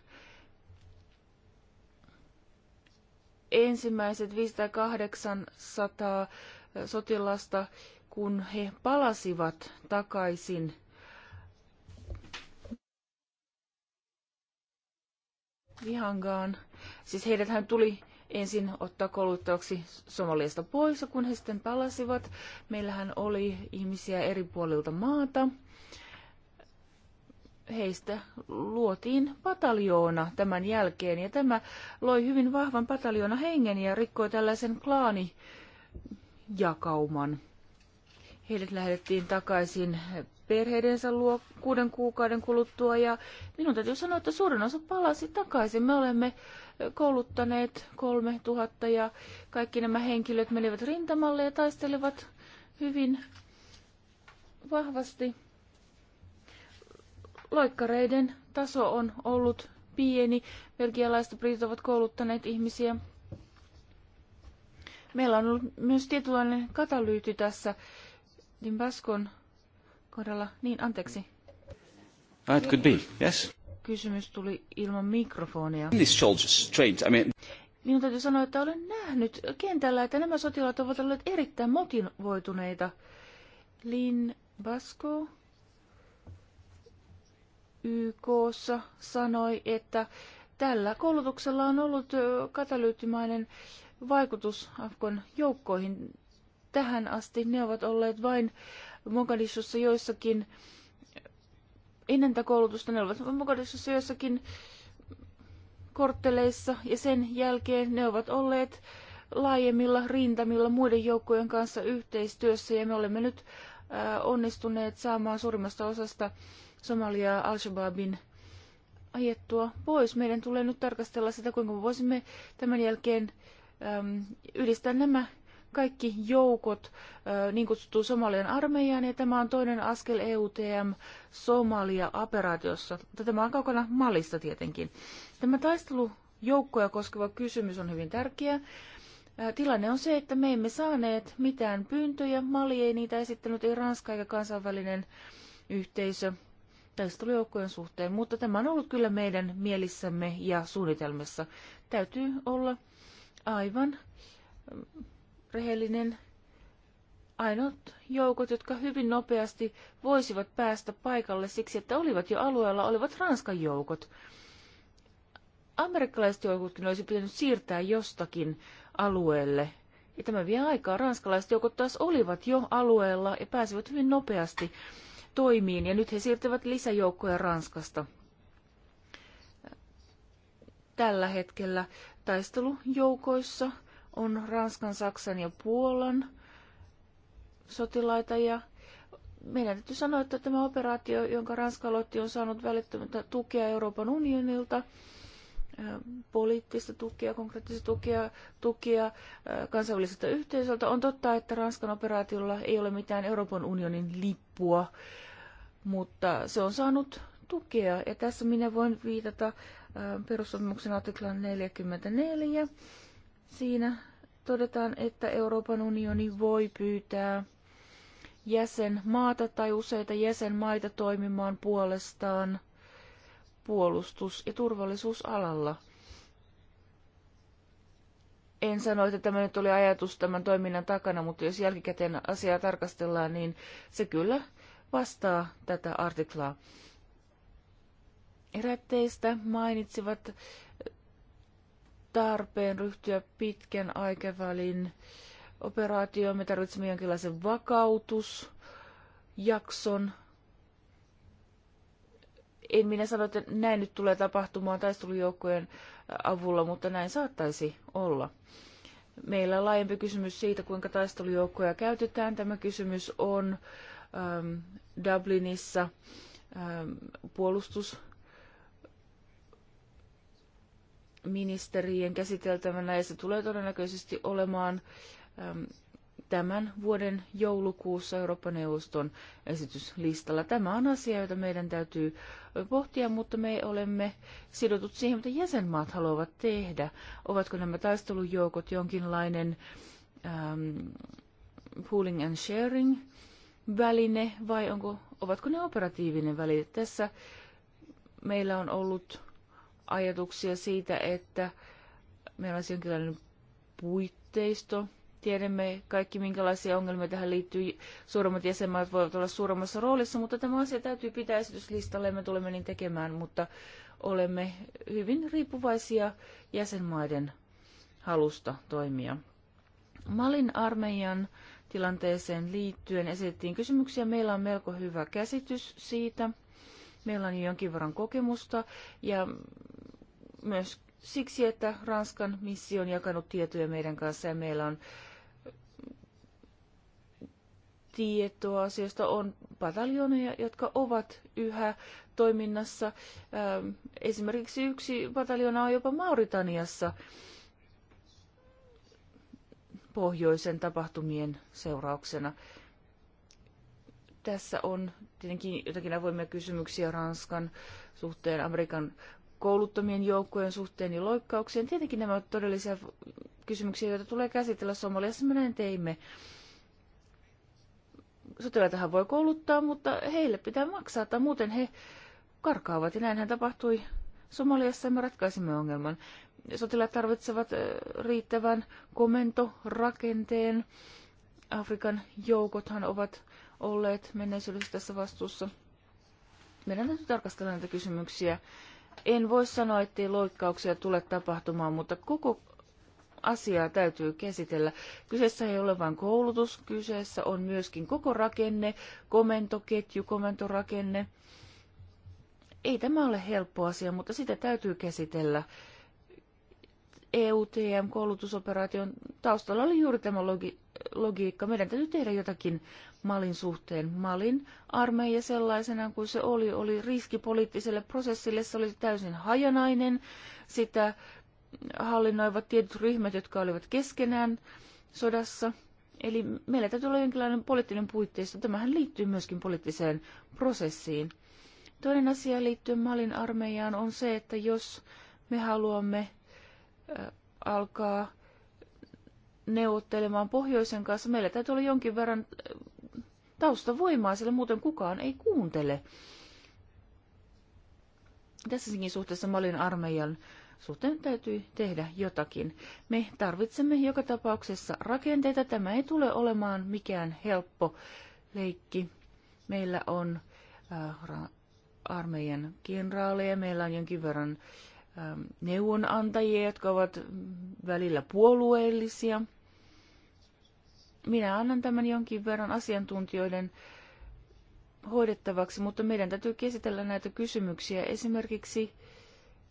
ensimmäiset 5800 sotilasta, kun he palasivat takaisin Vihangaan. Siis heidät hän tuli ensin ottaa kouluttajaksi Somaliasta pois, kun he sitten palasivat, meillähän oli ihmisiä eri puolilta maata – heistä luotiin pataljoona tämän jälkeen, ja tämä loi hyvin vahvan pataljoona hengen ja rikkoi tällaisen klaanijakauman. Heidät lähdettiin takaisin perheidensä luo kuuden kuukauden kuluttua ja minun täytyy sanoa, että suurin osa palasi takaisin. Me olemme kouluttaneet kolme tuhatta ja kaikki nämä henkilöt menivät rintamalle ja taistelevat hyvin vahvasti Loikkareiden taso on ollut pieni. Belgialaiset britit ovat kouluttaneet ihmisiä. Meillä on ollut myös tietynlainen katalyyty tässä Dimbaskon kohdalla. Niin, anteeksi. Oh, it could be, yes. Kysymys tuli ilman mikrofonia. These soldiers trained, I mean... Minun täytyy sanoa, että olen nähnyt kentällä, että nämä sotilaat ovat olleet erittäin motivoituneita. Lin Basko YKssa sanoi, että tällä koulutuksella on ollut katalyyttimainen vaikutus Afgon joukkoihin. Tähän asti ne ovat olleet vain Mogadishussa joissakin ennen tätä koulutusta, ne ovat Mogadishussa joissakin kortteleissa ja sen jälkeen ne ovat olleet laajemmilla rintamilla muiden joukkojen kanssa yhteistyössä ja me olemme nyt onnistuneet saamaan suurimmasta osasta äh, somalia Al-Shabaabin ajettua pois. Meidän tulee nyt tarkastella sitä, kuinka me voisimme tämän jälkeen äm, yhdistää nämä kaikki joukot äh, niin kutsuttuun Somalian armeijaan, ja tämä on toinen askel EUTM Somalia-operaatiossa. Tämä on kaukana Malista tietenkin. Tämä taistelujoukkoja koskeva kysymys on hyvin tärkeä. Tilanne on se, että me emme saaneet mitään pyyntöjä. Mali ei niitä esittänyt, ei Ranska eikä kansainvälinen yhteisö taistelujoukkojen suhteen, mutta tämä on ollut kyllä meidän mielissämme ja suunnitelmissa. Täytyy olla aivan mm, rehellinen. Ainoat joukot, jotka hyvin nopeasti voisivat päästä paikalle siksi, että olivat jo alueella, olivat Ranskan joukot. Amerikkalaiset joukotkin olisi pitänyt siirtää jostakin alueelle. Ja tämä vie aikaa. Ranskalaiset joukot taas olivat jo alueella ja pääsivät hyvin nopeasti toimiin ja nyt he siirtyvät lisäjoukkoja Ranskasta. Tällä hetkellä taistelujoukoissa on Ranskan, Saksan ja Puolan sotilaita ja meidän täytyy sanoa, että tämä operaatio, jonka Ranska aloitti, on saanut välittömäntä tukea Euroopan unionilta, ähm, poliittista tukea, konkreettista tukea, tukea äh, kansainväliseltä yhteisöltä. On totta, että Ranskan operaatiolla ei ole mitään Euroopan unionin lippua mutta se on saanut tukea. Ja tässä minä voin viitata perussopimuksen artiklan 44. Siinä todetaan, että Euroopan unioni voi pyytää jäsenmaata tai useita jäsenmaita toimimaan puolestaan puolustus- ja turvallisuusalalla. En sano, että tämä nyt oli ajatus tämän toiminnan takana, mutta jos jälkikäteen asiaa tarkastellaan, niin se kyllä opastaa tätä artiklaa. Eräät teistä mainitsivat tarpeen ryhtyä pitkän aikavälin operaatioon. Me tarvitsemme jonkinlaisen vakautusjakson. En minä sano, että näin nyt tulee tapahtumaan taistelujoukkojen avulla, mutta näin saattaisi olla. Meillä on laajempi kysymys siitä, kuinka taistelujoukkoja käytetään. Tämä kysymys on äh, äm, Dublinissa äm, puolustus käsiteltävänä ja se tulee todennäköisesti olemaan äm, tämän vuoden joulukuussa Eurooppa-neuvoston esityslistalla. Tämä on asia, jota meidän täytyy pohtia, mutta me olemme sidotut siihen, mitä jäsenmaat haluavat tehdä. Ovatko nämä taistelujoukot jonkinlainen ähm, pooling and sharing väline vai onko, ovatko ne operatiivinen väline? Tässä meillä on ollut ajatuksia siitä, että meillä on jonkinlainen puitteisto. Tiedämme kaikki, minkälaisia ongelmia tähän liittyy. Suuremmat jäsenmaat voivat olla suuremmassa roolissa, mutta tämä asia täytyy pitää esityslistalle ja me tulemme niin tekemään, mutta olemme hyvin riippuvaisia jäsenmaiden halusta toimia. Malin armeijan tilanteeseen liittyen esitettiin kysymyksiä. Meillä on melko hyvä käsitys siitä. Meillä on jo jonkin verran kokemusta ja myös siksi, että Ranskan missio on jakanut tietoja meidän kanssa ja meillä on tietoa asioista. On pataljoneja, jotka ovat yhä toiminnassa. Esimerkiksi yksi pataljona on jopa Mauritaniassa pohjoisen tapahtumien seurauksena. Tässä on tietenkin jotakin avoimia kysymyksiä Ranskan suhteen, Amerikan kouluttomien joukkojen suhteen ja loikkauksien. Tietenkin nämä ovat todellisia kysymyksiä, joita tulee käsitellä Somaliassa. Me näin teimme. Sotilaitahan voi kouluttaa, mutta heille pitää maksaa, tai muuten he karkaavat. Ja näinhän tapahtui Somaliassa, ja me ratkaisimme ongelman sotilaat tarvitsevat riittävän komentorakenteen. Afrikan joukothan ovat olleet menneisyydessä tässä vastuussa. Meidän täytyy tarkastella näitä kysymyksiä. En voi sanoa, ettei loikkauksia tule tapahtumaan, mutta koko asiaa täytyy käsitellä. Kyseessä ei ole vain koulutus, kyseessä on myöskin koko rakenne, komentoketju, komentorakenne. Ei tämä ole helppo asia, mutta sitä täytyy käsitellä. EUTM-koulutusoperaation taustalla oli juuri tämä logi- logiikka. Meidän täytyy tehdä jotakin Malin suhteen. Malin armeija sellaisena kuin se oli, oli riski poliittiselle prosessille. Se oli täysin hajanainen. Sitä hallinnoivat tietyt ryhmät, jotka olivat keskenään sodassa. Eli meillä täytyy olla jonkinlainen poliittinen puitteisto. Tämähän liittyy myöskin poliittiseen prosessiin. Toinen asia liittyen Malin armeijaan on se, että jos me haluamme alkaa neuvottelemaan pohjoisen kanssa, meillä täytyy olla jonkin verran taustavoimaa, sillä muuten kukaan ei kuuntele. Tässäkin suhteessa Malin armeijan suhteen täytyy tehdä jotakin. Me tarvitsemme joka tapauksessa rakenteita. Tämä ei tule olemaan mikään helppo leikki. Meillä on äh, armeijan kenraaleja, meillä on jonkin verran äh, Ähm, neuvonantajia, jotka ovat välillä puolueellisia. Minä annan tämän jonkin verran asiantuntijoiden hoidettavaksi, mutta meidän täytyy käsitellä näitä kysymyksiä. Esimerkiksi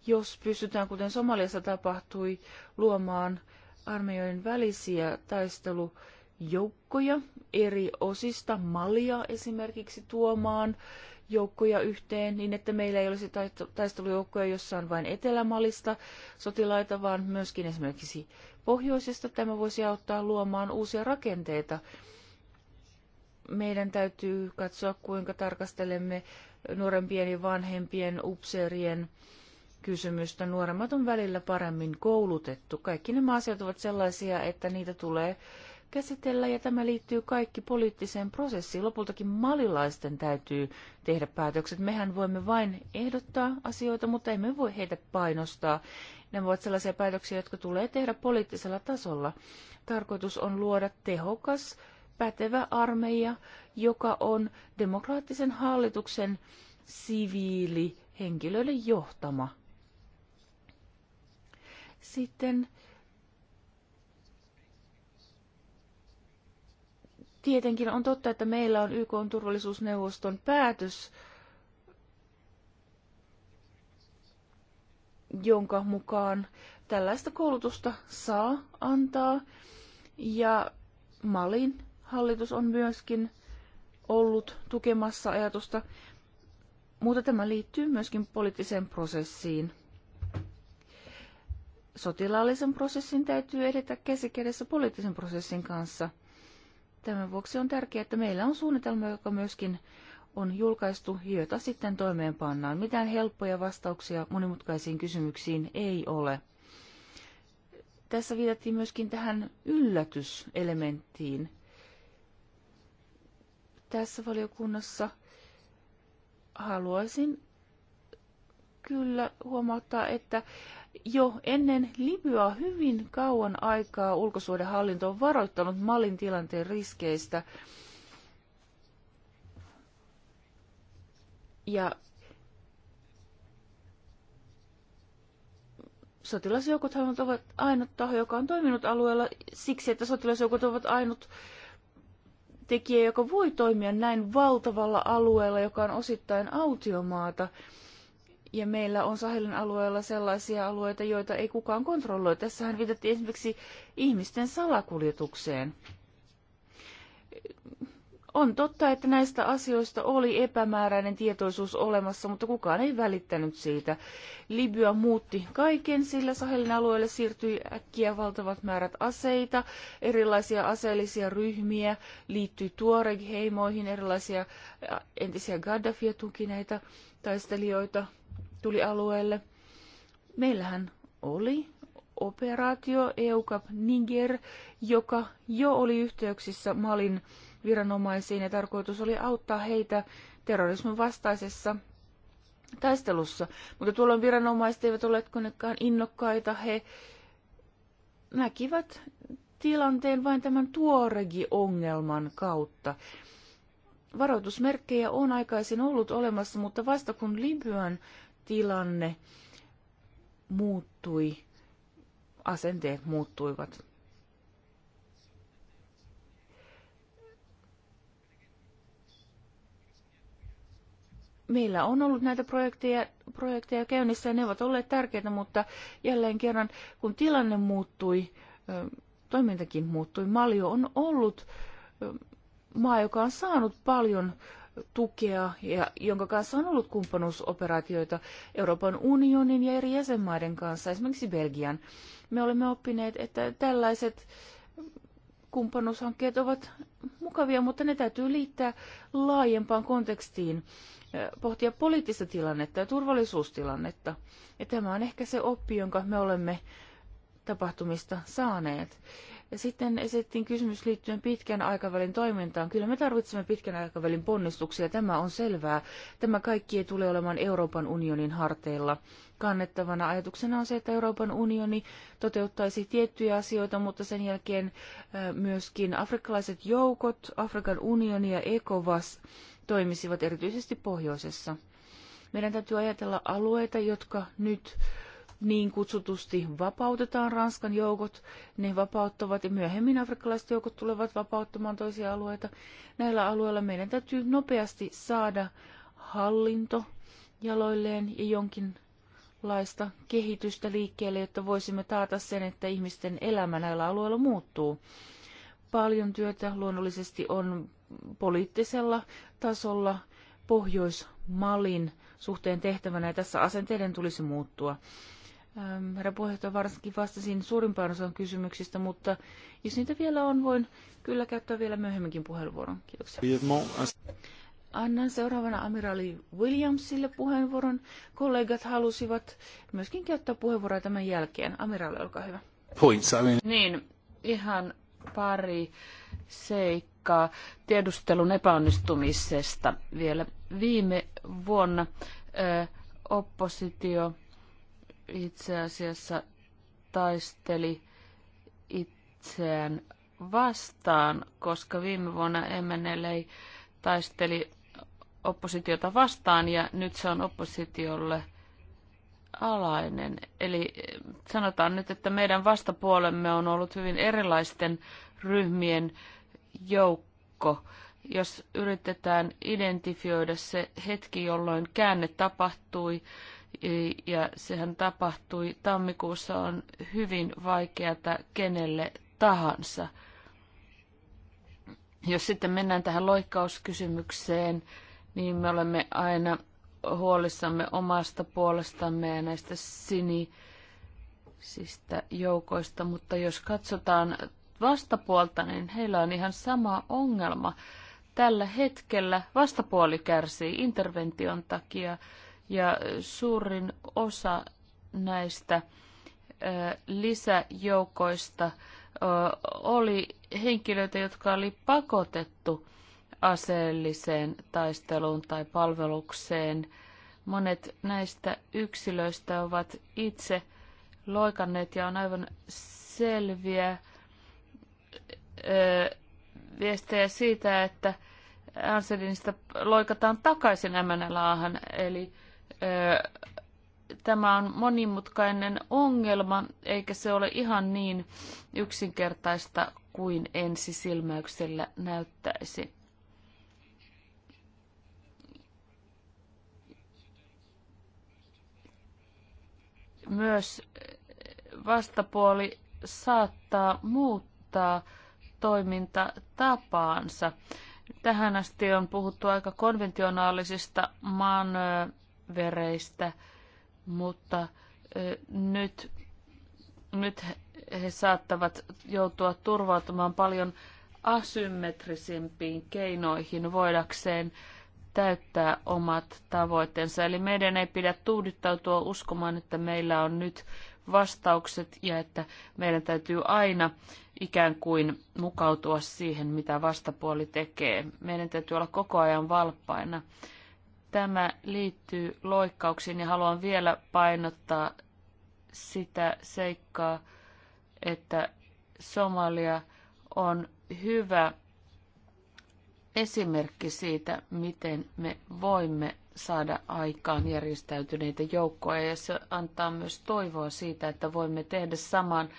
jos pystytään, kuten Somaliassa tapahtui, luomaan armeijoiden välisiä taistelujoukkoja eri osista, malia esimerkiksi tuomaan joukkoja yhteen niin, että meillä ei olisi taistelujoukkoja, jossa on vain Etelämalista sotilaita, vaan myöskin esimerkiksi pohjoisesta. Tämä voisi auttaa luomaan uusia rakenteita. Meidän täytyy katsoa, kuinka tarkastelemme nuorempien ja vanhempien upseerien kysymystä. Nuoremmat on välillä paremmin koulutettu. Kaikki nämä asiat ovat sellaisia, että niitä tulee käsitellä ja tämä liittyy kaikki poliittiseen prosessiin. Lopultakin malilaisten täytyy tehdä päätökset. Mehän voimme vain ehdottaa asioita, mutta emme voi heitä painostaa. Ne ovat sellaisia päätöksiä, jotka tulee tehdä poliittisella tasolla. Tarkoitus on luoda tehokas, pätevä armeija, joka on demokraattisen hallituksen siviili henkilöiden johtama. Sitten Tietenkin on totta, että meillä on YK on turvallisuusneuvoston päätös, jonka mukaan tällaista koulutusta saa antaa. Ja Malin hallitus on myöskin ollut tukemassa ajatusta, mutta tämä liittyy myöskin poliittiseen prosessiin. Sotilaallisen prosessin täytyy edetä käsikädessä poliittisen prosessin kanssa – Tämän vuoksi on tärkeää, että meillä on suunnitelma, joka myöskin on julkaistu, jota sitten toimeenpannaan. Mitään helppoja vastauksia monimutkaisiin kysymyksiin ei ole. Tässä viitattiin myöskin tähän yllätyselementtiin. Tässä valiokunnassa haluaisin kyllä huomauttaa, että jo ennen Libyaa hyvin kauan aikaa ulkosuhdehallinto on varoittanut Malin tilanteen riskeistä. Ja sotilasjoukot ovat ainut taho, joka on toiminut alueella siksi, että sotilasjoukot ovat ainut tekijä, joka voi toimia näin valtavalla alueella, joka on osittain autiomaata. Ja meillä on Sahelin alueella sellaisia alueita, joita ei kukaan kontrolloi. Tässähän viitattiin esimerkiksi ihmisten salakuljetukseen. On totta, että näistä asioista oli epämääräinen tietoisuus olemassa, mutta kukaan ei välittänyt siitä. Libya muutti kaiken, sillä Sahelin alueelle siirtyi äkkiä valtavat määrät aseita, erilaisia aseellisia ryhmiä, liittyi Tuareg-heimoihin, erilaisia entisiä Gaddafia tukineita taistelijoita tuli alueelle. Meillähän oli operaatio EUCAP Niger, joka jo oli yhteyksissä Malin viranomaisiin ja tarkoitus oli auttaa heitä terrorismin vastaisessa taistelussa. Mutta tuolloin viranomaiset eivät ole konekaan innokkaita. He näkivät tilanteen vain tämän tuoregi-ongelman kautta. Varoitusmerkkejä on aikaisin ollut olemassa, mutta vasta kun Libyan tilanne muuttui, asenteet muuttuivat. meillä on ollut näitä projekteja, projekteja käynnissä ja ne ovat olleet tärkeitä, mutta jälleen kerran kun tilanne muuttui, toimintakin muuttui, Malio on ollut maa, joka on saanut paljon tukea ja jonka kanssa on ollut kumppanuusoperaatioita Euroopan unionin ja eri jäsenmaiden kanssa, esimerkiksi Belgian. Me olemme oppineet, että tällaiset kumppanuushankkeet ovat mukavia, mutta ne täytyy liittää laajempaan kontekstiin pohtia poliittista tilannetta ja turvallisuustilannetta. Ja tämä on ehkä se oppi, jonka me olemme tapahtumista saaneet. Ja sitten esitettiin kysymys liittyen pitkän aikavälin toimintaan. Kyllä me tarvitsemme pitkän aikavälin ponnistuksia, tämä on selvää. Tämä kaikki ei tule olemaan Euroopan unionin harteilla kannettavana. Ajatuksena on se, että Euroopan unioni toteuttaisi tiettyjä asioita, mutta sen jälkeen myöskin afrikkalaiset joukot, Afrikan unioni ja ECOWAS – toimisivat erityisesti pohjoisessa. Meidän täytyy ajatella alueita, jotka nyt niin kutsutusti vapautetaan Ranskan joukot, ne vapauttavat ja myöhemmin afrikkalaiset joukot tulevat vapauttamaan toisia alueita. Näillä alueilla meidän täytyy nopeasti saada hallinto jaloilleen ja jonkinlaista kehitystä liikkeelle, jotta voisimme taata sen, että ihmisten elämä näillä alueilla muuttuu. Paljon työtä luonnollisesti on poliittisella tasolla Pohjois-Malin suhteen tehtävänä, ja tässä asenteiden tulisi muuttua. Ähm, herra puheenjohtaja, varsinkin vastasin suurimpaan osaan kysymyksistä, mutta jos niitä vielä on, voin kyllä käyttää vielä myöhemminkin puheenvuoron. Kiitoksia. Annan seuraavana amiraali Williamsille puheenvuoron. Kollegat halusivat myöskin käyttää puheenvuoroa tämän jälkeen. Amiraali, olkaa hyvä. Points, I mean. Niin, ihan pari seikkaa taakkaa tiedustelun epäonnistumisesta vielä. Viime vuonna ö, oppositio itse asiassa taisteli itseään vastaan, koska viime vuonna MNL taisteli oppositiota vastaan ja nyt se on oppositiolle alainen. Eli sanotaan nyt, että meidän vastapuolemme on ollut hyvin erilaisten ryhmien joukko, jos yritetään identifioida se hetki, jolloin käänne tapahtui, ja sehän tapahtui tammikuussa, on hyvin vaikeata kenelle tahansa. Jos sitten mennään tähän loikkauskysymykseen, niin me olemme aina huolissamme omasta puolestamme ja näistä sinisistä joukoista, mutta jos katsotaan vastapuolta, niin heillä on ihan sama ongelma. Tällä hetkellä vastapuoli kärsii intervention takia ja suurin osa näistä lisäjoukoista oli henkilöitä, jotka oli pakotettu aseelliseen taisteluun tai palvelukseen. Monet näistä yksilöistä ovat itse loikanneet ja on aivan selviä viestejä siitä, että Anselinista loikataan takaisin MNLAhan, eli ö, tämä on monimutkainen ongelma, eikä se ole ihan niin yksinkertaista kuin ensisilmäyksellä näyttäisi. Myös vastapuoli saattaa muuttaa toimintatapaansa. Tähän asti on puhuttu aika konventionaalisista maanvereistä, mutta nyt, nyt he saattavat joutua turvautumaan paljon asymmetrisimpiin keinoihin voidakseen täyttää omat tavoitteensa. Eli meidän ei pidä tuudittautua uskomaan, että meillä on nyt vastaukset ja että meidän täytyy aina ikään kuin mukautua siihen, mitä vastapuoli tekee. Meidän täytyy olla koko ajan valppaina. Tämä liittyy loikkauksiin ja haluan vielä painottaa sitä seikkaa, että Somalia on hyvä esimerkki siitä, miten me voimme saada aikaan järjestäytyneitä joukkoja ja se antaa myös toivoa siitä, että voimme tehdä saman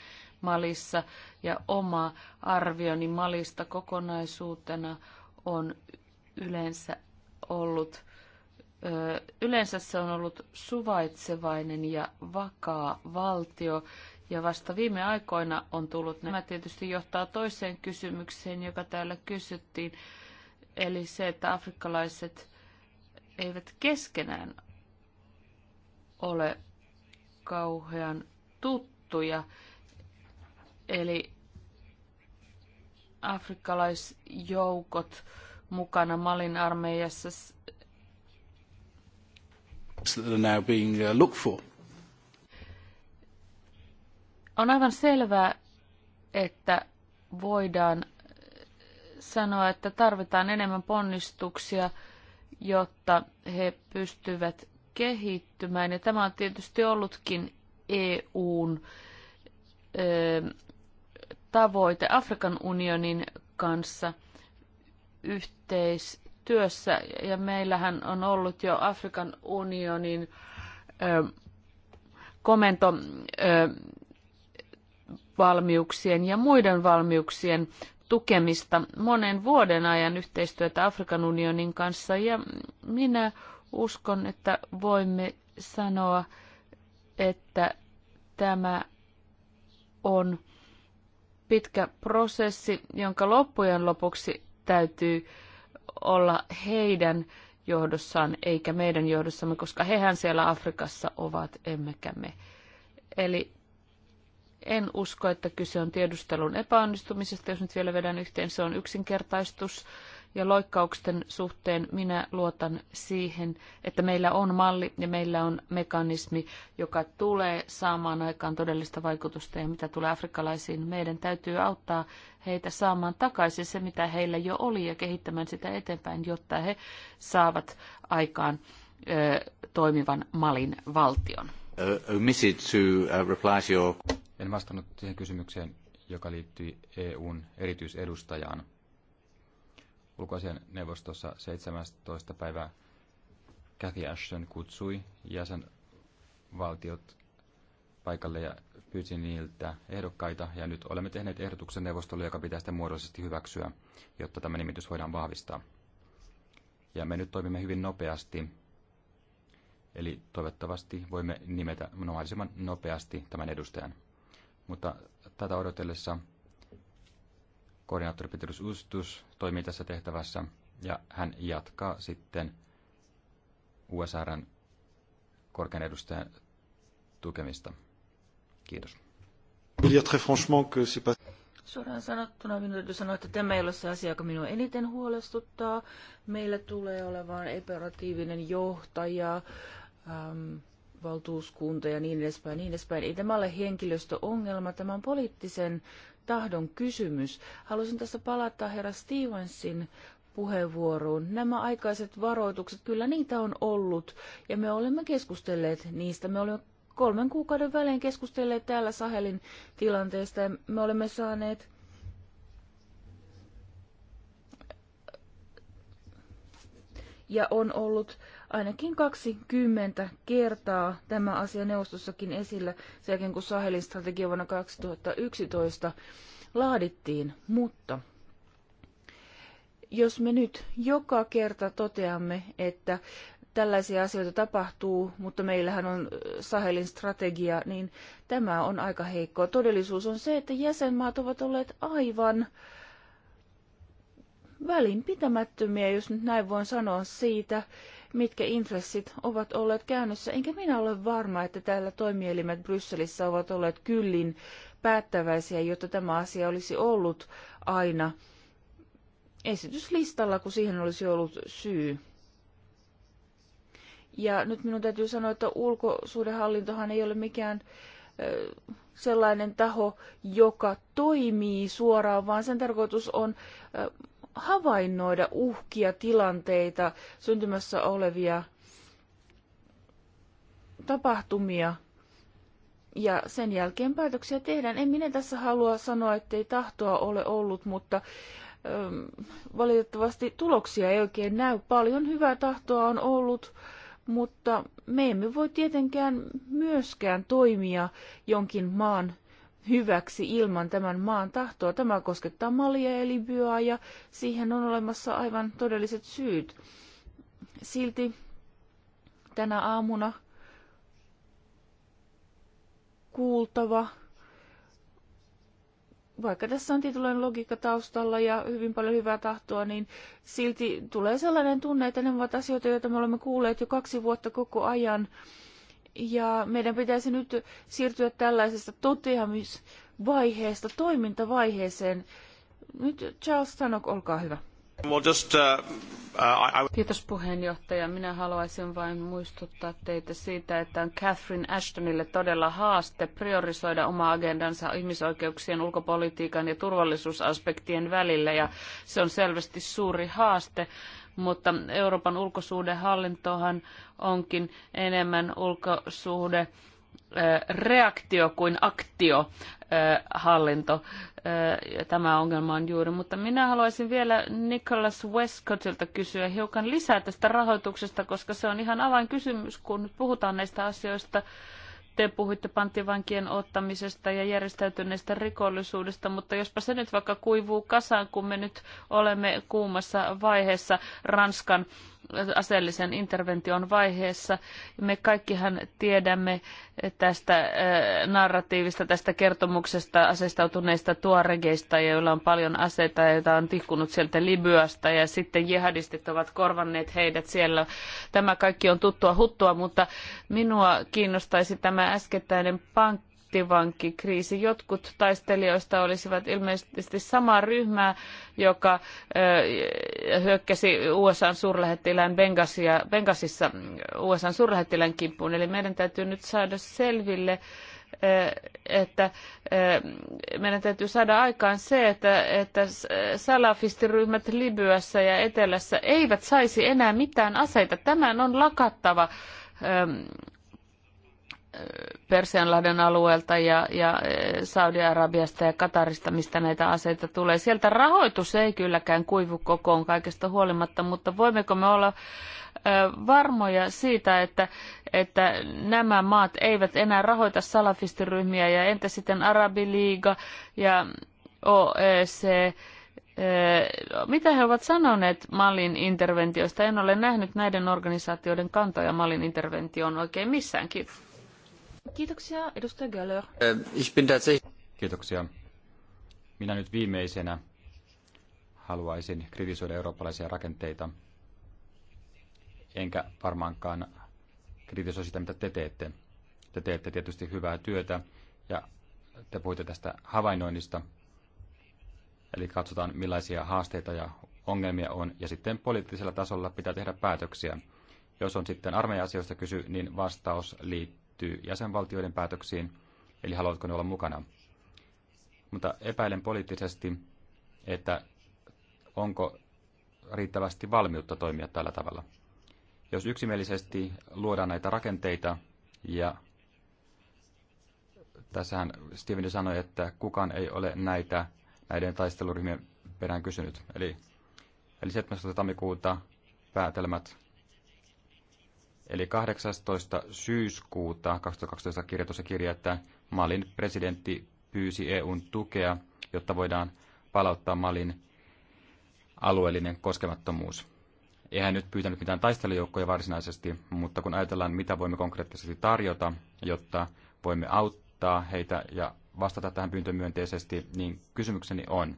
Malissa ja oma arvioni Malista kokonaisuutena on yleensä ollut, yleensä se on ollut suvaitsevainen ja vakaa valtio ja vasta viime aikoina on tullut. Nämä tietysti johtaa toiseen kysymykseen, joka täällä kysyttiin, eli se, että afrikkalaiset eivät keskenään ole kauhean tuttuja. Eli afrikkalaisjoukot mukana Malin armeijassa. Uh, On aivan selvää, että voidaan sanoa, että tarvitaan enemmän ponnistuksia – jotta he pystyvät kehittymään. Ja tämä on tietysti ollutkin EUn ö, tavoite Afrikan unionin kanssa yhteistyössä. Ja meillähän on ollut jo Afrikan unionin ö, komento ö, valmiuksien ja muiden valmiuksien tukemista monen vuoden ajan yhteistyötä Afrikan unionin kanssa ja minä uskon, että voimme sanoa, että tämä on pitkä prosessi, jonka loppujen lopuksi täytyy olla heidän johdossaan eikä meidän johdossamme, koska hehän siellä Afrikassa ovat, emmekä me. Eli en usko, että kyse on tiedustelun epäonnistumisesta, jos nyt vielä vedän yhteen. Se on yksinkertaistus ja loikkausten suhteen minä luotan siihen, että meillä on malli ja meillä on mekanismi, joka tulee saamaan aikaan todellista vaikutusta ja mitä tulee afrikkalaisiin, meidän täytyy auttaa heitä saamaan takaisin se, mitä heillä jo oli ja kehittämään sitä eteenpäin, jotta he saavat aikaan ö, toimivan Malin valtion. A, a message to uh, en vastannut siihen kysymykseen, joka liittyi EUn erityisedustajaan. Ulkoasian neuvostossa 17. päivää Cathy Ashton kutsui jäsenvaltiot paikalle ja pyysi niiltä ehdokkaita. Ja nyt olemme tehneet ehdotuksen neuvostolle, joka pitää sitten muodollisesti hyväksyä, jotta tämä nimitys voidaan vahvistaa. Ja me nyt toimimme hyvin nopeasti. Eli toivottavasti voimme nimetä mahdollisimman nopeasti tämän edustajan. Mutta tätä odotellessa koordinaattori Petrus Ustus toimii tässä tehtävässä ja hän jatkaa sitten USRn korkean edustajan tukemista. Kiitos. Suoraan sanottuna minun täytyy sanoa, että tämä ei ole se asia, joka minua eniten huolestuttaa. Meillä tulee olemaan operatiivinen johtaja, ähm, valtuuskunta ja niin edespäin, niin edespäin. Ei tämä ole henkilöstöongelma, tämä on poliittisen tahdon kysymys. Haluaisin tässä palata herra Stevensin puheenvuoroon. Nämä aikaiset varoitukset, kyllä niitä on ollut, ja me olemme keskustelleet niistä. Me olemme kolmen kuukauden välein keskustelleet täällä Sahelin tilanteesta, ja me olemme saaneet ja on ollut ainakin 20 kertaa tämä asia neuvostossakin esillä sen jälkeen, kun Sahelin strategia vuonna 2011 laadittiin, mutta jos me nyt joka kerta toteamme, että tällaisia asioita tapahtuu, mutta meillähän on Sahelin strategia, niin tämä on aika heikkoa. Todellisuus on se, että jäsenmaat ovat olleet aivan välinpitämättömiä, jos nyt näin voin sanoa siitä, mitkä intressit ovat olleet käynnissä, enkä minä ole varma, että täällä toimielimet Brysselissä ovat olleet kyllin päättäväisiä, jotta tämä asia olisi ollut aina esityslistalla, kun siihen olisi ollut syy. Ja nyt minun täytyy sanoa, että ulkosuhdehallintohan ei ole mikään sellainen taho, joka toimii suoraan, vaan sen tarkoitus on havainnoida uhkia, tilanteita, syntymässä olevia tapahtumia ja sen jälkeen päätöksiä tehdään. En minä tässä halua sanoa, ettei tahtoa ole ollut, mutta ähm, valitettavasti tuloksia ei oikein näy. Paljon hyvää tahtoa on ollut, mutta me emme voi tietenkään myöskään toimia jonkin maan hyväksi ilman tämän maan tahtoa. Tämä koskettaa Malia ja Libyaa ja siihen on olemassa aivan todelliset syyt. Silti tänä aamuna kuultava, vaikka tässä on tietynlainen logiikka taustalla ja hyvin paljon hyvää tahtoa, niin silti tulee sellainen tunne, että ne ovat asioita, joita me olemme kuulleet jo kaksi vuotta koko ajan. Ja meidän pitäisi nyt siirtyä tällaisesta toteamisvaiheesta toimintavaiheeseen. Nyt Charles Tanok, olkaa hyvä. Uh, uh, Kiitos puheenjohtaja. Minä haluaisin vain muistuttaa teitä siitä, että on Catherine Ashtonille todella haaste priorisoida oma agendansa ihmisoikeuksien, ulkopolitiikan ja turvallisuusaspektien välillä, ja se on selvästi suuri haaste mutta Euroopan ulkosuhdehallintohan onkin enemmän ulkosuhde reaktio kuin aktio hallinto. Tämä ongelma on juuri, mutta minä haluaisin vielä Nicholas Westcottilta kysyä hiukan lisää tästä rahoituksesta, koska se on ihan avainkysymys, kun puhutaan näistä asioista. Te puhuitte panttivankien ottamisesta ja järjestäytyneestä rikollisuudesta, mutta jospa se nyt vaikka kuivuu kasaan, kun me nyt olemme kuumassa vaiheessa Ranskan aseellisen intervention vaiheessa. Me kaikkihan tiedämme tästä äh, narratiivista, tästä kertomuksesta asestautuneista tuoregeista, joilla on paljon aseita, joita on tihkunut sieltä Libyasta ja sitten jihadistit ovat korvanneet heidät siellä. Tämä kaikki on tuttua huttua, mutta minua kiinnostaisi tämä äskettäinen pankki panttivankikriisi. Jotkut taistelijoista olisivat ilmeisesti samaa ryhmää, joka hyökkäsi USAn suurlähettilään Bengasia, Bengasissa USAn suurlähettilään kimppuun. Eli meidän täytyy nyt saada selville, että meidän täytyy saada aikaan se, että, että salafistiryhmät Libyassa ja Etelässä eivät saisi enää mitään aseita. Tämän on lakattava Persianlahden alueelta ja, ja e, Saudi-Arabiasta ja Katarista, mistä näitä aseita tulee. Sieltä rahoitus ei kylläkään kuivu kokoon kaikesta huolimatta, mutta voimmeko me olla e, varmoja siitä, että, että nämä maat eivät enää rahoita salafistiryhmiä ja entä sitten Arabiliiga ja OEC? E, mitä he ovat sanoneet Malin interventiosta? En ole nähnyt näiden organisaatioiden kantoja Malin intervention oikein missään. Kiitos. Kiitoksia, edustaja Göller. Ähm, Kiitoksia. Minä nyt viimeisenä haluaisin kritisoida eurooppalaisia rakenteita, enkä varmaankaan kritisoi sitä, mitä te teette. Te teette tietysti hyvää työtä ja te puhuitte tästä havainnoinnista, eli katsotaan millaisia haasteita ja ongelmia on, ja sitten poliittisella tasolla pitää tehdä päätöksiä. Jos on sitten armeijan asioista kysy, niin vastaus liittyy liittyy jäsenvaltioiden päätöksiin, eli haluatko ne olla mukana. Mutta epäilen poliittisesti, että onko riittävästi valmiutta toimia tällä tavalla. Jos yksimielisesti luodaan näitä rakenteita, ja tässähän Steven sanoi, että kukaan ei ole näitä näiden taisteluryhmien perään kysynyt. Eli, eli 17. tammikuuta päätelmät Eli 18. syyskuuta 2012 kirjoitussa kirja, että Malin presidentti pyysi EUn tukea, jotta voidaan palauttaa Malin alueellinen koskemattomuus. Eihän nyt pyytänyt mitään taistelujoukkoja varsinaisesti, mutta kun ajatellaan, mitä voimme konkreettisesti tarjota, jotta voimme auttaa heitä ja vastata tähän pyyntöön myönteisesti, niin kysymykseni on,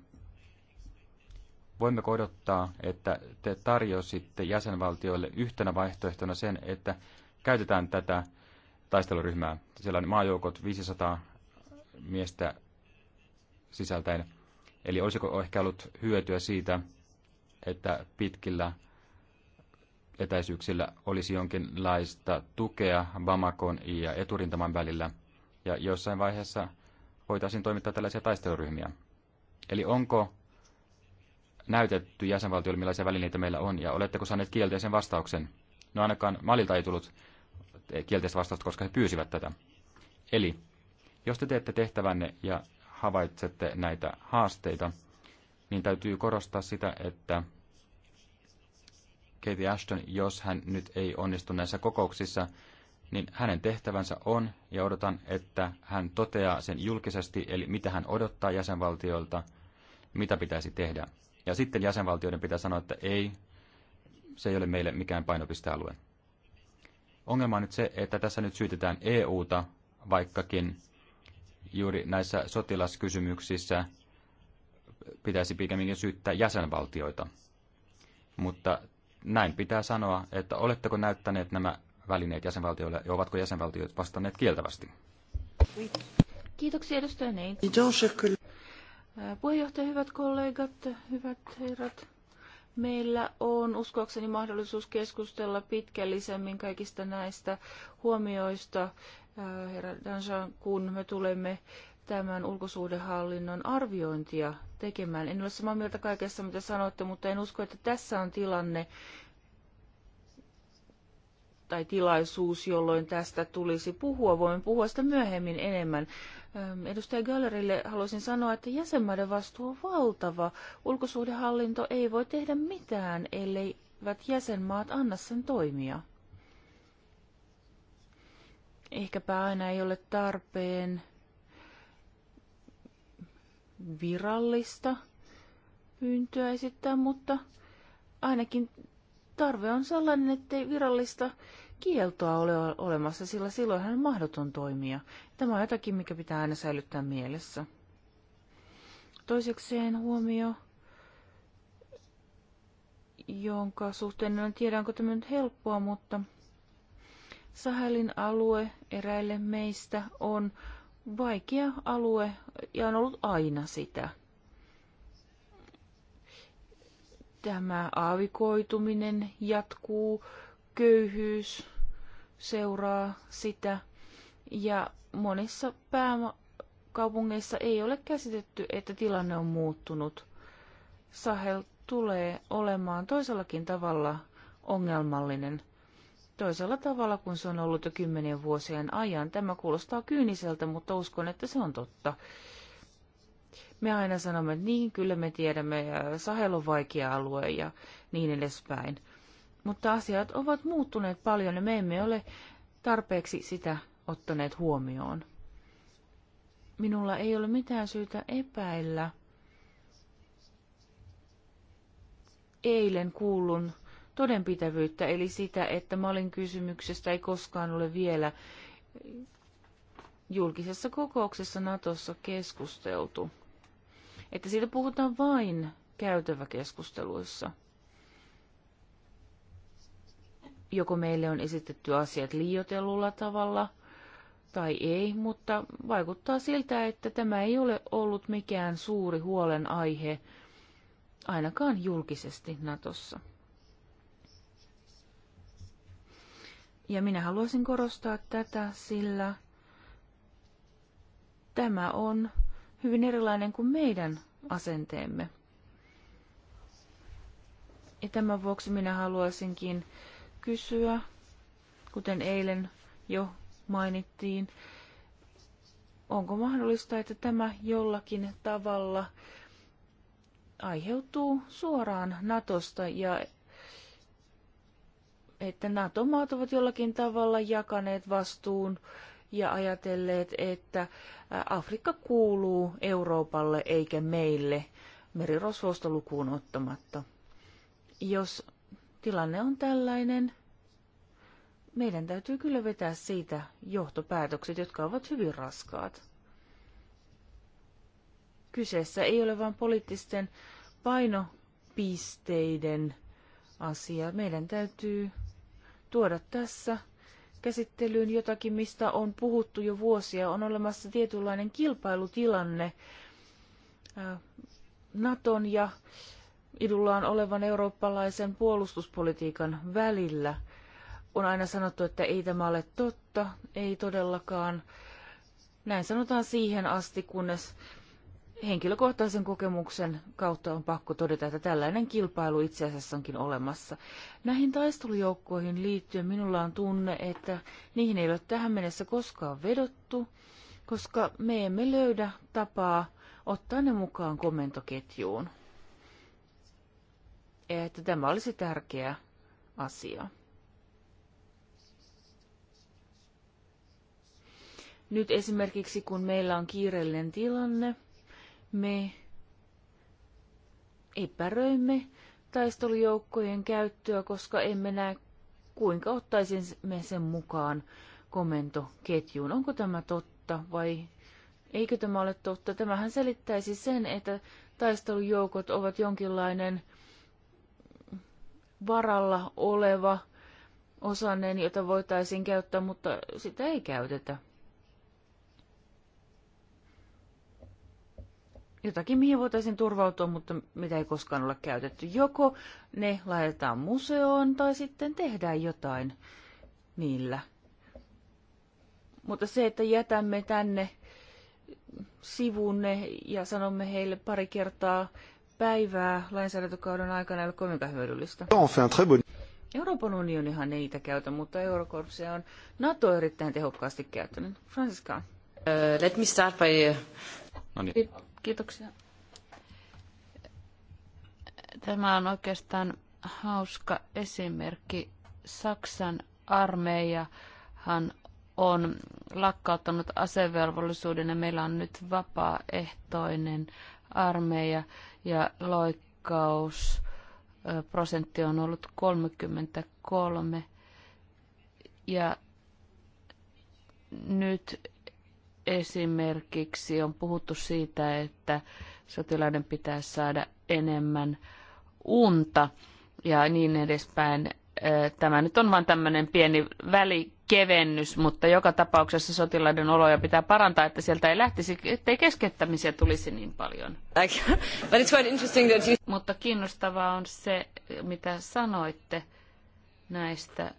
voimmeko odottaa, että te tarjositte jäsenvaltioille yhtenä vaihtoehtona sen, että käytetään tätä taisteluryhmää. Siellä on maajoukot 500 miestä sisältäen. Eli olisiko ehkä ollut hyötyä siitä, että pitkillä etäisyyksillä olisi jonkinlaista tukea Bamakon ja eturintaman välillä, ja jossain vaiheessa voitaisiin toimittaa tällaisia taisteluryhmiä. Eli onko näytetty jäsenvaltioille, millaisia välineitä meillä on, ja oletteko saaneet kielteisen vastauksen? No ainakaan Malilta ei tullut eh, kielteistä vastausta, koska he pyysivät tätä. Eli jos te teette tehtävänne ja havaitsette näitä haasteita, niin täytyy korostaa sitä, että Katie Ashton, jos hän nyt ei onnistu näissä kokouksissa, niin hänen tehtävänsä on, ja odotan, että hän toteaa sen julkisesti, eli mitä hän odottaa jäsenvaltioilta, mitä pitäisi tehdä. Ja sitten jäsenvaltioiden pitää sanoa, että ei, se ei ole meille mikään painopistealue. Ongelma on nyt se, että tässä nyt syytetään EUta, vaikkakin juuri näissä sotilaskysymyksissä pitäisi pikemminkin syyttää jäsenvaltioita. Mutta näin pitää sanoa, että oletteko näyttäneet nämä välineet jäsenvaltioille ja ovatko jäsenvaltiot vastanneet kieltävästi? Kiitoksia edustaja Neitz. Puheenjohtaja, hyvät kollegat, hyvät herrat. Meillä on uskoakseni mahdollisuus keskustella pitkällisemmin kaikista näistä huomioista, herra Danjan, kun me tulemme tämän ulkosuhdehallinnon arviointia tekemään. En ole samaa mieltä kaikessa, mitä sanoitte, mutta en usko, että tässä on tilanne tai tilaisuus, jolloin tästä tulisi puhua. Voimme puhua sitä myöhemmin enemmän. Edustaja Gallerille haluaisin sanoa, että jäsenmaiden vastuu on valtava. Ulkosuhdehallinto ei voi tehdä mitään, elleivät jäsenmaat anna sen toimia. Ehkäpä aina ei ole tarpeen virallista pyyntöä esittää, mutta ainakin tarve on sellainen, ettei virallista kieltoa ole olemassa, sillä silloinhan on mahdoton toimia. Tämä on jotakin, mikä pitää aina säilyttää mielessä. Toisekseen huomio, jonka suhteen en tiedä, onko tämä nyt helppoa, mutta Sahelin alue eräille meistä on vaikea alue ja on ollut aina sitä. Tämä aavikoituminen jatkuu, köyhyys seuraa sitä. Ja monissa pääkaupungeissa ei ole käsitetty, että tilanne on muuttunut. Sahel tulee olemaan toisellakin tavalla ongelmallinen. Toisella tavalla kuin se on ollut jo kymmenien vuosien ajan. Tämä kuulostaa kyyniseltä, mutta uskon, että se on totta. Me aina sanomme, että niin, kyllä me tiedämme, Sahel on vaikea alue ja niin edespäin. Mutta asiat ovat muuttuneet paljon ja me emme ole tarpeeksi sitä ottaneet huomioon. Minulla ei ole mitään syytä epäillä eilen kuullun todenpitävyyttä, eli sitä, että Malin kysymyksestä ei koskaan ole vielä julkisessa kokouksessa Natossa keskusteltu. Että siitä puhutaan vain käytäväkeskusteluissa. Joko meille on esitetty asiat liiotellulla tavalla – tai ei, mutta vaikuttaa siltä, että tämä ei ole ollut mikään suuri huolenaihe, ainakaan julkisesti Natossa. Ja minä haluaisin korostaa tätä, sillä tämä on hyvin erilainen kuin meidän asenteemme. Ja tämän vuoksi minä haluaisinkin kysyä, kuten eilen jo mainittiin. Onko mahdollista, että tämä jollakin tavalla aiheutuu suoraan Natosta ja että NATO-maat ovat jollakin tavalla jakaneet vastuun ja ajatelleet, että Afrikka kuuluu Euroopalle eikä meille merirosvoista lukuun ottamatta. Jos tilanne on tällainen, meidän täytyy kyllä vetää siitä johtopäätökset, jotka ovat hyvin raskaat. Kyseessä ei ole vain poliittisten painopisteiden asia. Meidän täytyy tuoda tässä käsittelyyn jotakin, mistä on puhuttu jo vuosia. On olemassa tietynlainen kilpailutilanne Naton ja idullaan olevan eurooppalaisen puolustuspolitiikan välillä – on aina sanottu, että ei tämä ole totta, ei todellakaan. Näin sanotaan siihen asti, kunnes henkilökohtaisen kokemuksen kautta on pakko todeta, että tällainen kilpailu itse asiassa onkin olemassa. Näihin taistelujoukkoihin liittyen minulla on tunne, että niihin ei ole tähän mennessä koskaan vedottu, koska me emme löydä tapaa ottaa ne mukaan komentoketjuun. että tämä olisi tärkeä asia. Nyt esimerkiksi kun meillä on kiireellinen tilanne, me epäröimme taistelujoukkojen käyttöä, koska emme näe, kuinka ottaisimme sen mukaan komentoketjuun. Onko tämä totta vai eikö tämä ole totta? Tämähän selittäisi sen, että taistelujoukot ovat jonkinlainen varalla oleva osanen, jota voitaisiin käyttää, mutta sitä ei käytetä. jotakin, mihin voitaisiin turvautua, mutta mitä ei koskaan ole käytetty. Joko ne laitetaan museoon tai sitten tehdään jotain niillä. Mutta se, että jätämme tänne sivunne ja sanomme heille pari kertaa päivää lainsäädäntökauden aikana ei ole kovinkaan hyödyllistä. No, Euroopan unionihan ei niitä käytä, mutta Eurokorpsia on NATO erittäin tehokkaasti käyttänyt. Francisca. Uh, let me start by... Uh, no niin. Kiitoksia. Tämä on oikeastaan hauska esimerkki. Saksan armeijahan on lakkauttanut asevelvollisuuden ja meillä on nyt vapaaehtoinen armeija ja loikkausprosentti on ollut 33 ja nyt Esimerkiksi on puhuttu siitä, että sotilaiden pitää saada enemmän unta ja niin edespäin. Tämä nyt on vain tämmöinen pieni välikevennys, mutta joka tapauksessa sotilaiden oloja pitää parantaa, että sieltä ei lähtisi, ettei keskeyttämisiä tulisi niin paljon. (laughs) Mutta kiinnostavaa on se, mitä sanoitte näistä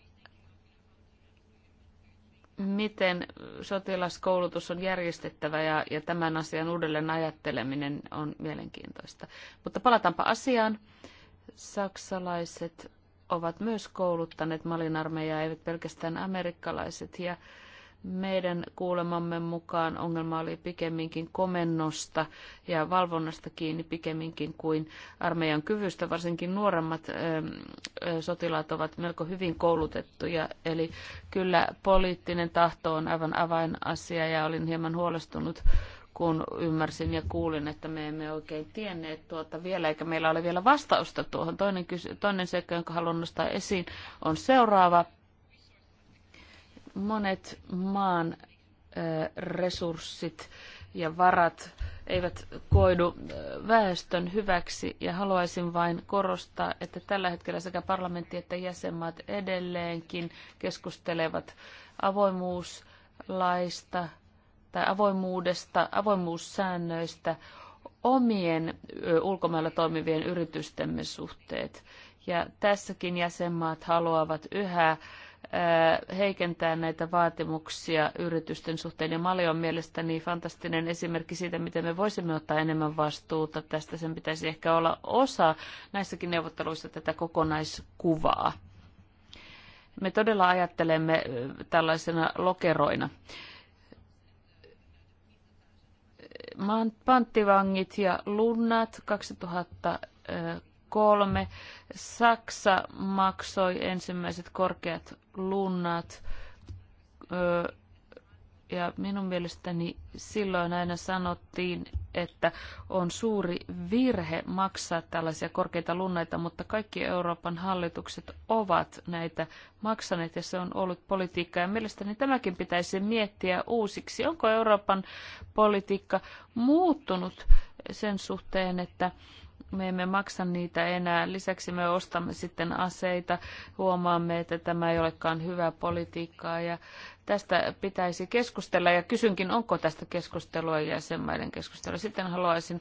miten sotilaskoulutus on järjestettävä ja, ja tämän asian uudelleen ajatteleminen on mielenkiintoista. Mutta palataanpa asiaan. Saksalaiset ovat myös kouluttaneet Malin armeijaa, eivät pelkästään amerikkalaiset. Ja meidän kuulemamme mukaan ongelma oli pikemminkin komennosta ja valvonnasta kiinni pikemminkin kuin armeijan kyvystä. Varsinkin nuoremmat sotilaat ovat melko hyvin koulutettuja, eli kyllä poliittinen tahto on aivan avainasia ja olin hieman huolestunut kun ymmärsin ja kuulin, että me emme oikein tienneet tuota vielä, eikä meillä ole vielä vastausta tuohon. Toinen, kysy- toinen seikka, jonka haluan nostaa esiin, on seuraava monet maan resurssit ja varat eivät koidu väestön hyväksi ja haluaisin vain korostaa, että tällä hetkellä sekä parlamentti että jäsenmaat edelleenkin keskustelevat avoimuuslaista tai avoimuudesta, avoimuussäännöistä omien ulkomailla toimivien yritystemme suhteet. Ja tässäkin jäsenmaat haluavat yhä Äh, heikentää näitä vaatimuksia yritysten suhteen. Ja Mali on mielestäni fantastinen esimerkki siitä, miten me voisimme ottaa enemmän vastuuta. Tästä sen pitäisi ehkä olla osa näissäkin neuvotteluissa tätä kokonaiskuvaa. Me todella ajattelemme äh, tällaisena lokeroina. Äh, panttivangit ja lunnat 2000 kolme. Saksa maksoi ensimmäiset korkeat lunnat. Öö, ja minun mielestäni silloin aina sanottiin, että on suuri virhe maksaa tällaisia korkeita lunnaita, mutta kaikki Euroopan hallitukset ovat näitä maksaneet ja se on ollut politiikkaa. Ja mielestäni tämäkin pitäisi miettiä uusiksi. Onko Euroopan politiikka muuttunut sen suhteen, että me emme maksa niitä enää. Lisäksi me ostamme sitten aseita, huomaamme, että tämä ei olekaan hyvää politiikkaa ja Tästä pitäisi keskustella ja kysynkin, onko tästä keskustelua jäsenmaiden keskustelua. Sitten haluaisin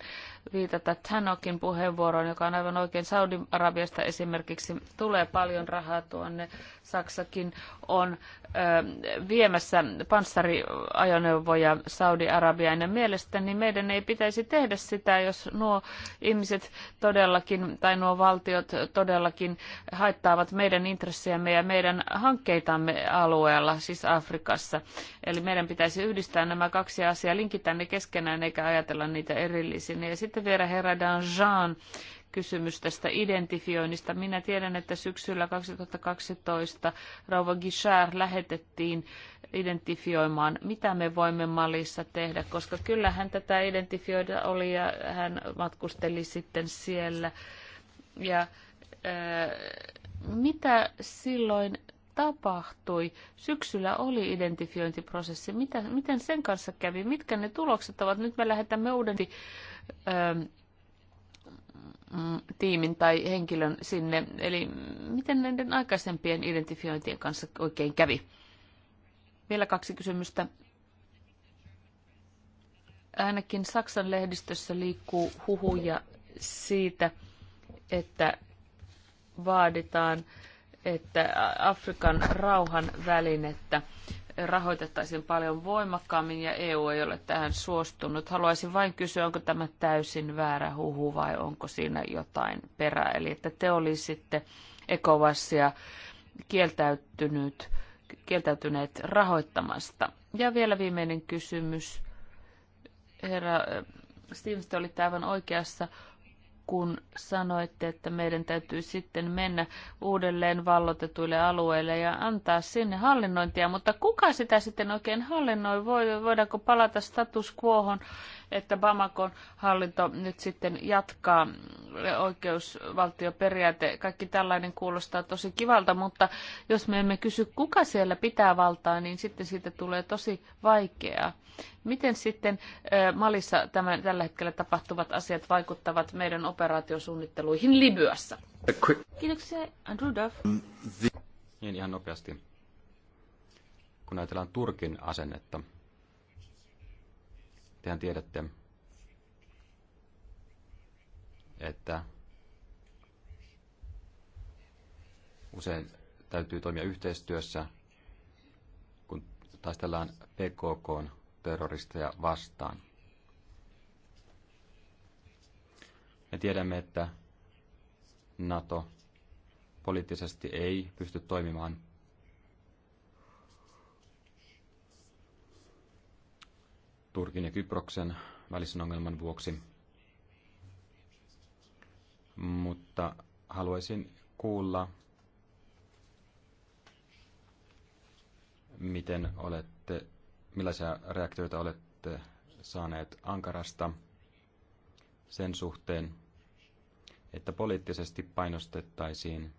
viitata Tanokin puheenvuoroon, joka on aivan oikein. Saudi-Arabiasta esimerkiksi tulee paljon rahaa tuonne. Saksakin on ö, viemässä panssariajoneuvoja Saudi-Arabiaan ja mielestäni meidän ei pitäisi tehdä sitä, jos nuo ihmiset todellakin tai nuo valtiot todellakin haittaavat meidän intressejämme ja meidän hankkeitamme alueella, siis Afrikassa Afrikassa. Eli meidän pitäisi yhdistää nämä kaksi asiaa, linkittää ne keskenään eikä ajatella niitä erillisinä. Ja sitten vielä herra Danjean kysymys tästä identifioinnista. Minä tiedän, että syksyllä 2012 rouva Gishar lähetettiin identifioimaan, mitä me voimme Malissa tehdä, koska kyllähän tätä identifioida oli ja hän matkusteli sitten siellä. Ja ää, mitä silloin tapahtui? Syksyllä oli identifiointiprosessi. Mitä, miten sen kanssa kävi? Mitkä ne tulokset ovat? Nyt me lähetämme uuden ähm, mm, tiimin tai henkilön sinne. Eli miten näiden aikaisempien identifiointien kanssa oikein kävi? Vielä kaksi kysymystä. Ainakin Saksan lehdistössä liikkuu huhuja siitä, että vaaditaan että Afrikan rauhan välinettä rahoitettaisiin paljon voimakkaammin ja EU ei ole tähän suostunut. Haluaisin vain kysyä, onko tämä täysin väärä huhu vai onko siinä jotain perää? Eli että te olisitte ECOWASia kieltäytynyt, kieltäytyneet rahoittamasta. Ja vielä viimeinen kysymys. Herra eh, Stevens, te olitte aivan oikeassa kun sanoitte, että meidän täytyy sitten mennä uudelleen vallotetuille alueille ja antaa sinne hallinnointia, mutta kuka sitä sitten oikein hallinnoi? Voidaanko palata status quohon että Bamakon hallinto nyt sitten jatkaa oikeusvaltioperiaate. Kaikki tällainen kuulostaa tosi kivalta, mutta jos me emme kysy, kuka siellä pitää valtaa, niin sitten siitä tulee tosi vaikeaa. Miten sitten Malissa tämän, tällä hetkellä tapahtuvat asiat vaikuttavat meidän operaatiosuunnitteluihin Libyassa? Kiitoksia, Andrew Duff. Mm, niin ihan nopeasti. Kun ajatellaan Turkin asennetta, Tehän tiedätte, että usein täytyy toimia yhteistyössä, kun taistellaan PKK terroristeja vastaan. Me tiedämme, että NATO poliittisesti ei pysty toimimaan Turkin ja Kyproksen välisen ongelman vuoksi. Mutta haluaisin kuulla, miten olette, millaisia reaktioita olette saaneet Ankarasta sen suhteen, että poliittisesti painostettaisiin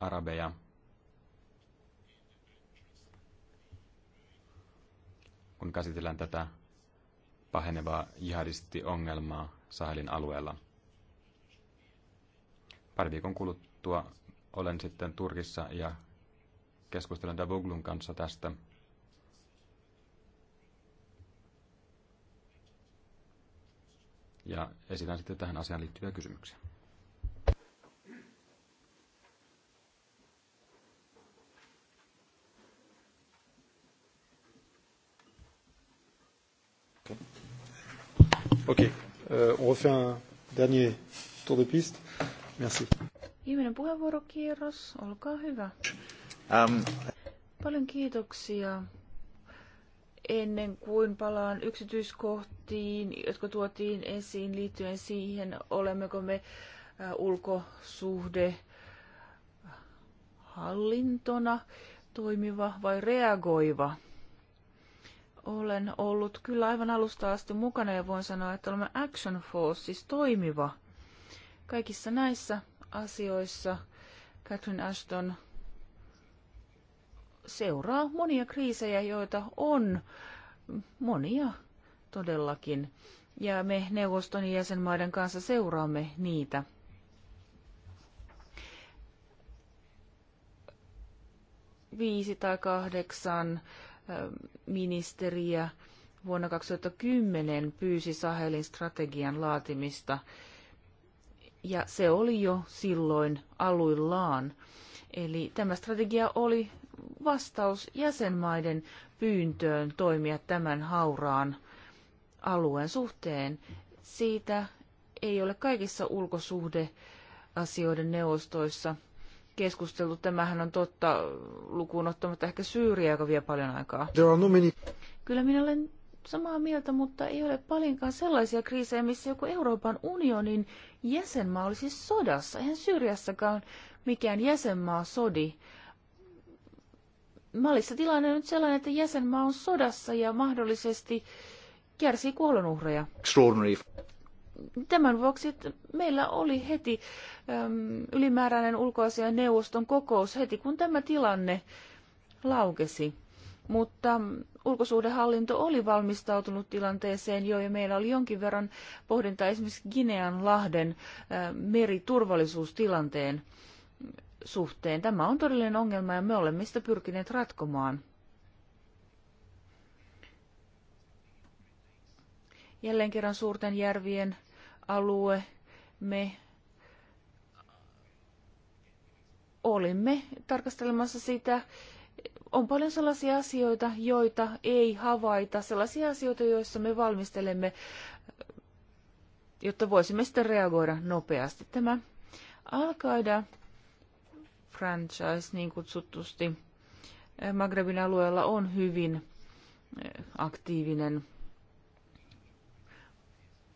arabeja – kun käsitellään tätä pahenevaa jihadistiongelmaa Sahelin alueella. Pari viikon kuluttua olen sitten Turkissa ja keskustelen Davoglun kanssa tästä. Ja esitän sitten tähän asiaan liittyviä kysymyksiä. Ok. Euh, on refait un dernier tour de piste. Merci. Viimeinen puheenvuorokierros, olkaa hyvä. Um. Paljon kiitoksia. Ennen kuin palaan yksityiskohtiin, jotka tuotiin esiin liittyen siihen, olemmeko me äh, ulkosuhde äh, hallintona toimiva vai reagoiva olen ollut kyllä aivan alusta asti mukana ja voin sanoa, että olemme Action Force, siis toimiva. Kaikissa näissä asioissa Catherine Ashton seuraa monia kriisejä, joita on monia todellakin. Ja me neuvoston jäsenmaiden kanssa seuraamme niitä. Viisi tai kahdeksan ministeriä vuonna 2010 pyysi Sahelin strategian laatimista, ja se oli jo silloin aluillaan. Eli tämä strategia oli vastaus jäsenmaiden pyyntöön toimia tämän hauraan alueen suhteen. Siitä ei ole kaikissa ulkosuhdeasioiden neuvostoissa keskustelu. Tämähän on totta lukuun ottamatta ehkä Syyriä, joka vie paljon aikaa. No Kyllä minä olen samaa mieltä, mutta ei ole paljonkaan sellaisia kriisejä, missä joku Euroopan unionin jäsenmaa olisi siis sodassa. Eihän Syyriassakaan mikään jäsenmaa sodi. Malissa tilanne on nyt sellainen, että jäsenmaa on sodassa ja mahdollisesti kärsii kuolonuhreja tämän vuoksi, että meillä oli heti äm, ylimääräinen ulkoasian neuvoston kokous heti, kun tämä tilanne laukesi. Mutta ulkosuhdehallinto oli valmistautunut tilanteeseen jo ja meillä oli jonkin verran pohdinta esimerkiksi Ginean lahden meriturvallisuustilanteen suhteen. Tämä on todellinen ongelma ja me olemme sitä pyrkineet ratkomaan. jälleen kerran suurten järvien alue. Me olimme tarkastelemassa sitä. On paljon sellaisia asioita, joita ei havaita, sellaisia asioita, joissa me valmistelemme, jotta voisimme sitten reagoida nopeasti. Tämä Al-Qaeda franchise niin kutsutusti Magrebin alueella on hyvin eh, aktiivinen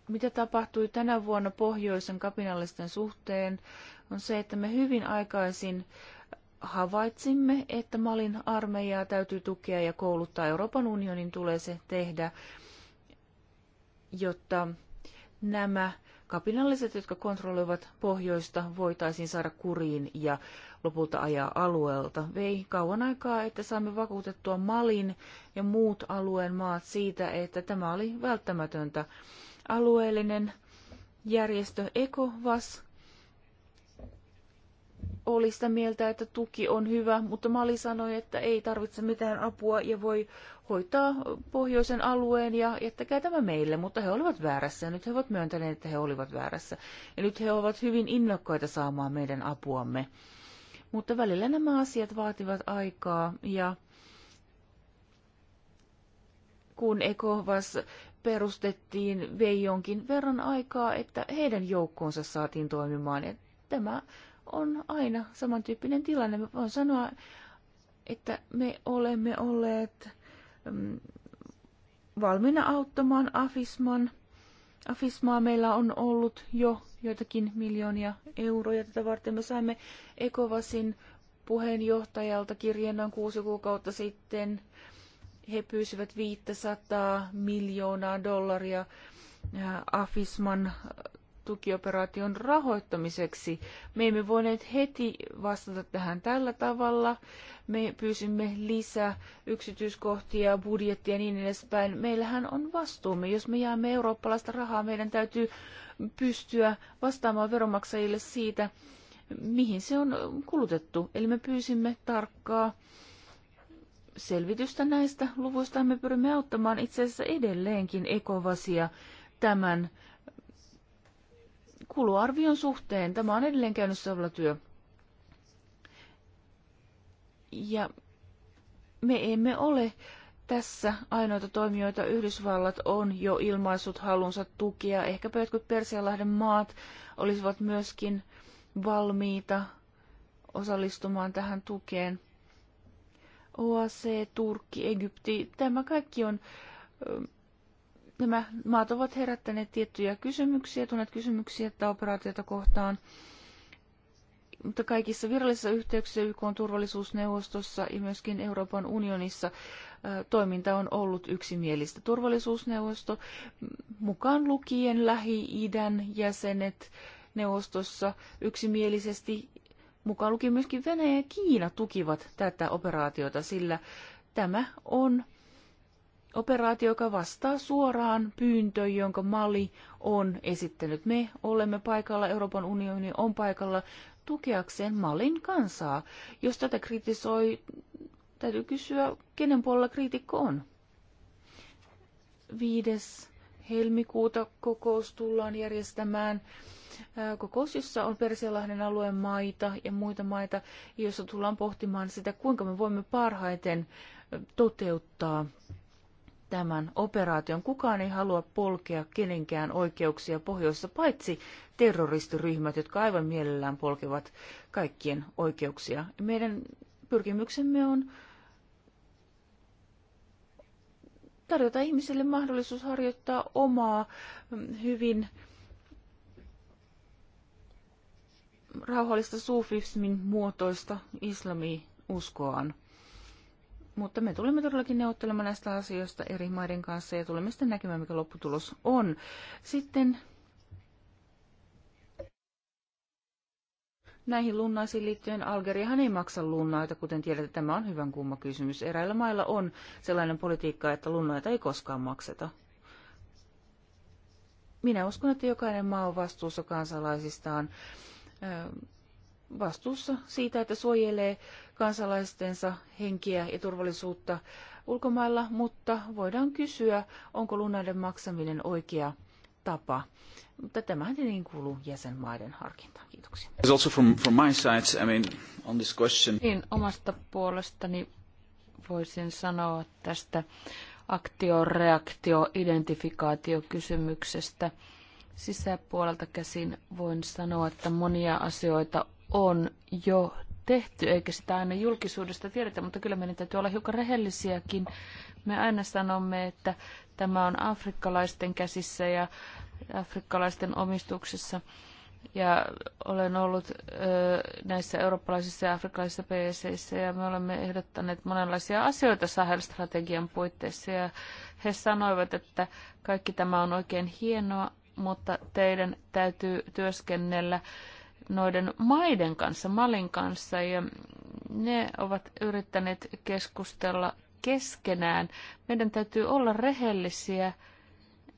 mitä tapahtui tänä vuonna pohjoisen kapinallisten suhteen, on se, että me hyvin aikaisin havaitsimme, että Malin armeijaa täytyy tukea ja kouluttaa. Euroopan unionin tulee se tehdä, jotta nämä kapinalliset, jotka kontrolloivat pohjoista, voitaisiin saada kuriin ja lopulta ajaa alueelta. Vei kauan aikaa, että saamme vakuutettua Malin ja muut alueen maat siitä, että tämä oli välttämätöntä alueellinen järjestö ECOVAS oli sitä mieltä, että tuki on hyvä, mutta Mali sanoi, että ei tarvitse mitään apua ja voi hoitaa pohjoisen alueen ja jättäkää tämä meille, mutta he olivat väärässä ja nyt he ovat myöntäneet, että he olivat väärässä. Ja nyt he ovat hyvin innokkaita saamaan meidän apuamme. Mutta välillä nämä asiat vaativat aikaa ja kun ECOVAS perustettiin, vei jonkin verran aikaa, että heidän joukkoonsa saatiin toimimaan. Ja tämä on aina samantyyppinen tilanne. Mä voin sanoa, että me olemme olleet mm, valmiina auttamaan Afisman. Afismaa meillä on ollut jo joitakin miljoonia euroja. Tätä varten me saimme Ekovasin puheenjohtajalta kirjeenan kuusi kuukautta sitten he pyysivät 500 miljoonaa dollaria äh, Afisman äh, tukioperaation rahoittamiseksi. Me emme voineet heti vastata tähän tällä tavalla. Me pyysimme lisää yksityiskohtia, budjettia ja niin edespäin. Meillähän on vastuumme. Jos me jäämme eurooppalaista rahaa, meidän täytyy pystyä vastaamaan veronmaksajille siitä, mihin se on kulutettu. Eli me pyysimme tarkkaa selvitystä näistä luvuista. Me pyrimme auttamaan itse asiassa edelleenkin ekovasia tämän kuluarvion suhteen. Tämä on edelleen käynnissä oleva työ. Ja me emme ole tässä ainoita toimijoita. Yhdysvallat on jo ilmaissut halunsa tukea. ehkä jotkut Persianlahden maat olisivat myöskin valmiita osallistumaan tähän tukeen. OAC, Turkki, Egypti, tämä kaikki on, nämä maat ovat herättäneet tiettyjä kysymyksiä, tunnet kysymyksiä että operaatiota kohtaan. Mutta kaikissa virallisissa yhteyksissä YK on turvallisuusneuvostossa ja myöskin Euroopan unionissa toiminta on ollut yksimielistä. Turvallisuusneuvosto mukaan lukien Lähi-idän jäsenet neuvostossa yksimielisesti mukaan lukien myöskin Venäjä ja Kiina tukivat tätä operaatiota, sillä tämä on operaatio, joka vastaa suoraan pyyntöön, jonka Mali on esittänyt. Me olemme paikalla, Euroopan unioni on paikalla tukeakseen Malin kansaa. Jos tätä kritisoi, täytyy kysyä, kenen puolella kriitikko on. 5. helmikuuta kokous tullaan järjestämään kokous, jossa on Persialahden alueen maita ja muita maita, joissa tullaan pohtimaan sitä, kuinka me voimme parhaiten toteuttaa tämän operaation. Kukaan ei halua polkea kenenkään oikeuksia pohjoissa, paitsi terroristiryhmät, jotka aivan mielellään polkevat kaikkien oikeuksia. Meidän pyrkimyksemme on tarjota ihmisille mahdollisuus harjoittaa omaa hm, hyvin rauhallista suufismin muotoista islami-uskoaan. Mutta me tulemme todellakin neuvottelemaan näistä asioista eri maiden kanssa ja tulemme sitten näkemään, mikä lopputulos on. Sitten Näihin lunnaisiin liittyen Algeriahan ei maksa lunnaita, kuten tiedätte, tämä on hyvän kumma kysymys. Eräillä mailla on sellainen politiikka, että lunnaita ei koskaan makseta. Minä uskon, että jokainen maa on vastuussa kansalaisistaan vastuussa siitä, että suojelee kansalaistensa henkiä ja turvallisuutta ulkomailla, mutta voidaan kysyä, onko lunaiden maksaminen oikea tapa. Mutta tämähän niin kuuluu jäsenmaiden harkintaan. Kiitoksia. Also from, from my side, I mean, on this question. Niin, omasta puolestani voisin sanoa tästä aktio-reaktio-identifikaatiokysymyksestä. kysymyksestä sisäpuolelta käsin voin sanoa, että monia asioita on jo tehty, eikä sitä aina julkisuudesta tiedetä, mutta kyllä meidän täytyy olla hiukan rehellisiäkin. Me aina sanomme, että tämä on afrikkalaisten käsissä ja afrikkalaisten omistuksessa. Ja olen ollut ö, näissä eurooppalaisissa ja afrikkalaisissa PSEissä ja me olemme ehdottaneet monenlaisia asioita Sahel-strategian puitteissa. Ja he sanoivat, että kaikki tämä on oikein hienoa, mutta teidän täytyy työskennellä noiden maiden kanssa, Malin kanssa, ja ne ovat yrittäneet keskustella keskenään. Meidän täytyy olla rehellisiä.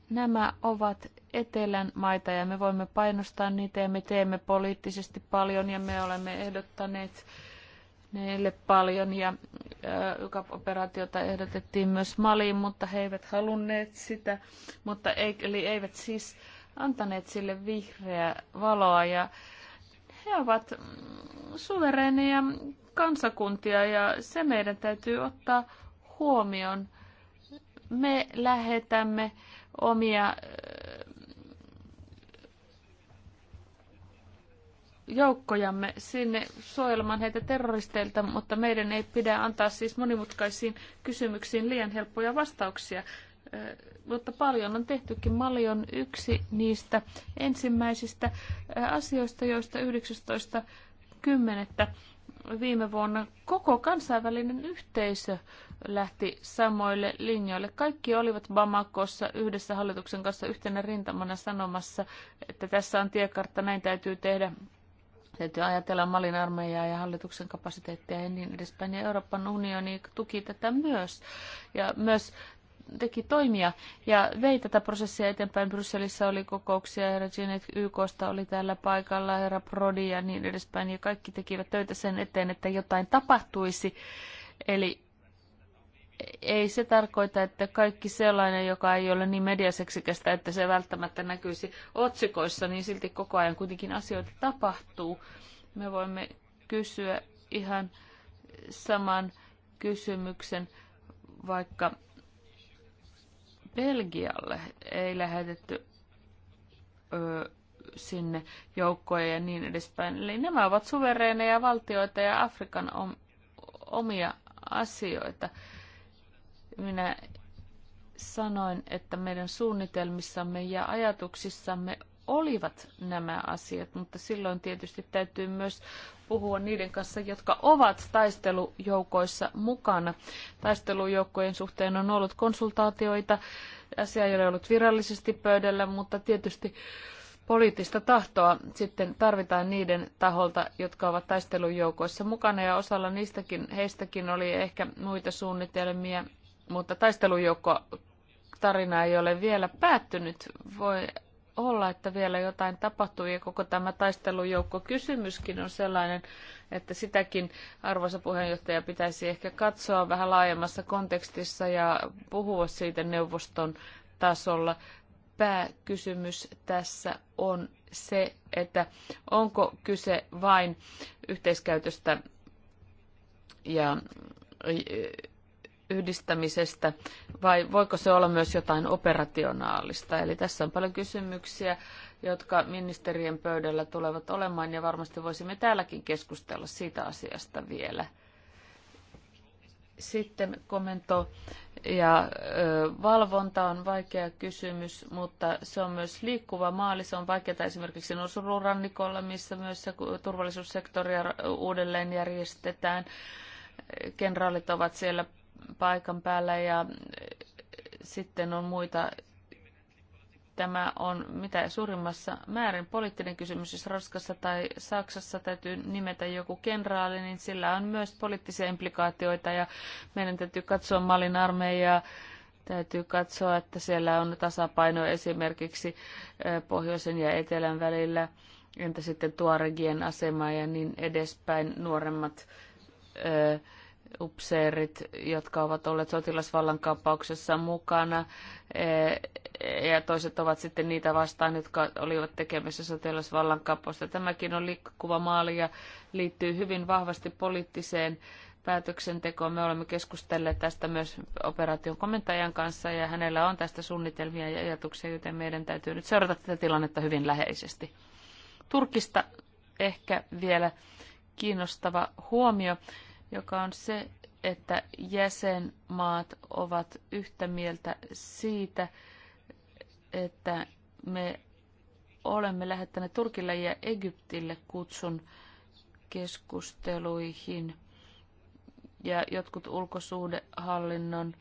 Nämä ovat etelän maita ja me voimme painostaa niitä ja me teemme poliittisesti paljon ja me olemme ehdottaneet neille paljon ja joka operaatiota ehdotettiin myös Maliin, mutta he eivät halunneet sitä, mutta ei, eli eivät siis antaneet sille vihreää valoa ja he ovat suvereeneja kansakuntia ja se meidän täytyy ottaa huomioon. Me lähetämme omia joukkojamme sinne suojelemaan heitä terroristeilta, mutta meidän ei pidä antaa siis monimutkaisiin kysymyksiin liian helppoja vastauksia. Mutta paljon on tehtykin. Mali on yksi niistä ensimmäisistä asioista, joista 19.10. viime vuonna koko kansainvälinen yhteisö lähti samoille linjoille. Kaikki olivat Bamakossa yhdessä hallituksen kanssa yhtenä rintamana sanomassa, että tässä on tiekartta, näin täytyy tehdä Täytyy ajatella Malin armeijaa ja hallituksen kapasiteettia ja niin edespäin. Ja Euroopan unioni tuki tätä myös. Ja myös teki toimia ja vei tätä prosessia eteenpäin. Brysselissä oli kokouksia, herra Jeanette YKsta oli täällä paikalla, herra Prodi ja niin edespäin. Ja kaikki tekivät töitä sen eteen, että jotain tapahtuisi. Eli ei se tarkoita, että kaikki sellainen, joka ei ole niin mediaseksikästä, että se välttämättä näkyisi otsikoissa, niin silti koko ajan kuitenkin asioita tapahtuu. Me voimme kysyä ihan saman kysymyksen vaikka Belgialle ei lähetetty ö, sinne joukkoja ja niin edespäin. Eli nämä ovat suvereineja valtioita ja Afrikan omia asioita. Minä sanoin, että meidän suunnitelmissamme ja ajatuksissamme olivat nämä asiat, mutta silloin tietysti täytyy myös puhua niiden kanssa, jotka ovat taistelujoukoissa mukana. Taistelujoukkojen suhteen on ollut konsultaatioita, asia ei ole ollut virallisesti pöydällä, mutta tietysti poliittista tahtoa sitten tarvitaan niiden taholta, jotka ovat taistelujoukoissa mukana ja osalla niistäkin, heistäkin oli ehkä muita suunnitelmia mutta taistelujoukko tarina ei ole vielä päättynyt. Voi olla, että vielä jotain tapahtuu ja koko tämä taistelujoukko kysymyskin on sellainen, että sitäkin arvoisa puheenjohtaja pitäisi ehkä katsoa vähän laajemmassa kontekstissa ja puhua siitä neuvoston tasolla. Pääkysymys tässä on se, että onko kyse vain yhteiskäytöstä ja yhdistämisestä vai voiko se olla myös jotain operationaalista? Eli tässä on paljon kysymyksiä, jotka ministerien pöydällä tulevat olemaan ja varmasti voisimme täälläkin keskustella siitä asiasta vielä. Sitten komento ja valvonta on vaikea kysymys, mutta se on myös liikkuva maali. Se on vaikeaa esimerkiksi Norsururannikolla, missä myös turvallisuussektoria uudelleen järjestetään. Kenraalit ovat siellä paikan päällä ja eh, sitten on muita. Tämä on mitä suurimmassa määrin poliittinen kysymys. Jos Ranskassa tai Saksassa täytyy nimetä joku kenraali, niin sillä on myös poliittisia implikaatioita ja meidän täytyy katsoa Malin armeijaa. Täytyy katsoa, että siellä on tasapaino esimerkiksi eh, pohjoisen ja etelän välillä. Entä sitten tuoregien asema ja niin edespäin nuoremmat äh, upseerit, jotka ovat olleet sotilasvallankaappauksessa mukana, e, ja toiset ovat sitten niitä vastaan, jotka olivat tekemässä sotilasvallankaappausta. Tämäkin on liikkuva maali ja liittyy hyvin vahvasti poliittiseen päätöksentekoon. Me olemme keskustelleet tästä myös operaation komentajan kanssa, ja hänellä on tästä suunnitelmia ja ajatuksia, joten meidän täytyy nyt seurata tätä tilannetta hyvin läheisesti. Turkista ehkä vielä kiinnostava huomio joka on se, että jäsenmaat ovat yhtä mieltä siitä, että me olemme lähettäneet Turkille ja Egyptille kutsun keskusteluihin. Ja jotkut ulkosuhdehallinnon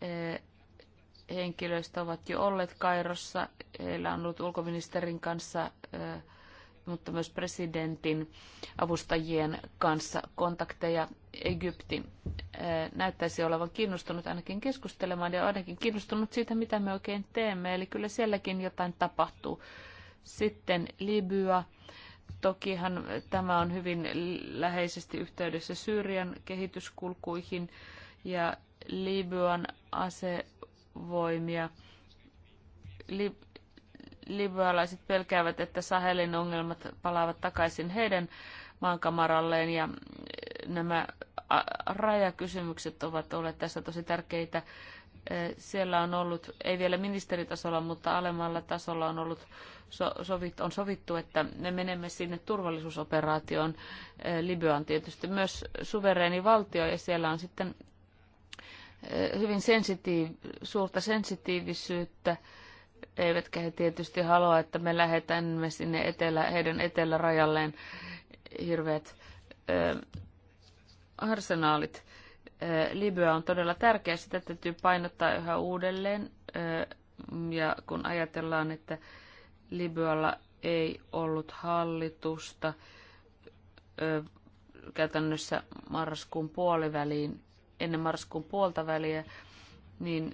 eh, henkilöistä ovat jo olleet Kairossa. Heillä on ollut ulkoministerin kanssa eh, mutta myös presidentin avustajien kanssa kontakteja. Egypti eh, näyttäisi olevan kiinnostunut ainakin keskustelemaan ja ainakin kiinnostunut siitä, mitä me oikein teemme. Eli kyllä sielläkin jotain tapahtuu. Sitten Libya. Tokihan tämä on hyvin läheisesti yhteydessä Syyrian kehityskulkuihin ja Libyan asevoimia libyalaiset pelkäävät, että Sahelin ongelmat palaavat takaisin heidän maankamaralleen ja eh, nämä rajakysymykset ovat olleet tässä tosi tärkeitä. Eh, siellä on ollut, ei vielä ministeritasolla, mutta alemmalla tasolla on ollut sovittu, on sovittu, että me menemme sinne turvallisuusoperaatioon. Eh, Libya on tietysti myös suvereeni valtio ja siellä on sitten hyvin sensitiiv, suurta sensitiivisyyttä eivätkä he tietysti halua, että me lähetämme sinne etelä, heidän etelärajalleen hirveät ö, arsenaalit. Ö, Libya on todella tärkeä, sitä täytyy painottaa yhä uudelleen. Ö, ja kun ajatellaan, että Libyalla ei ollut hallitusta ö, käytännössä marraskuun puoliväliin, ennen marraskuun puolta väliä, niin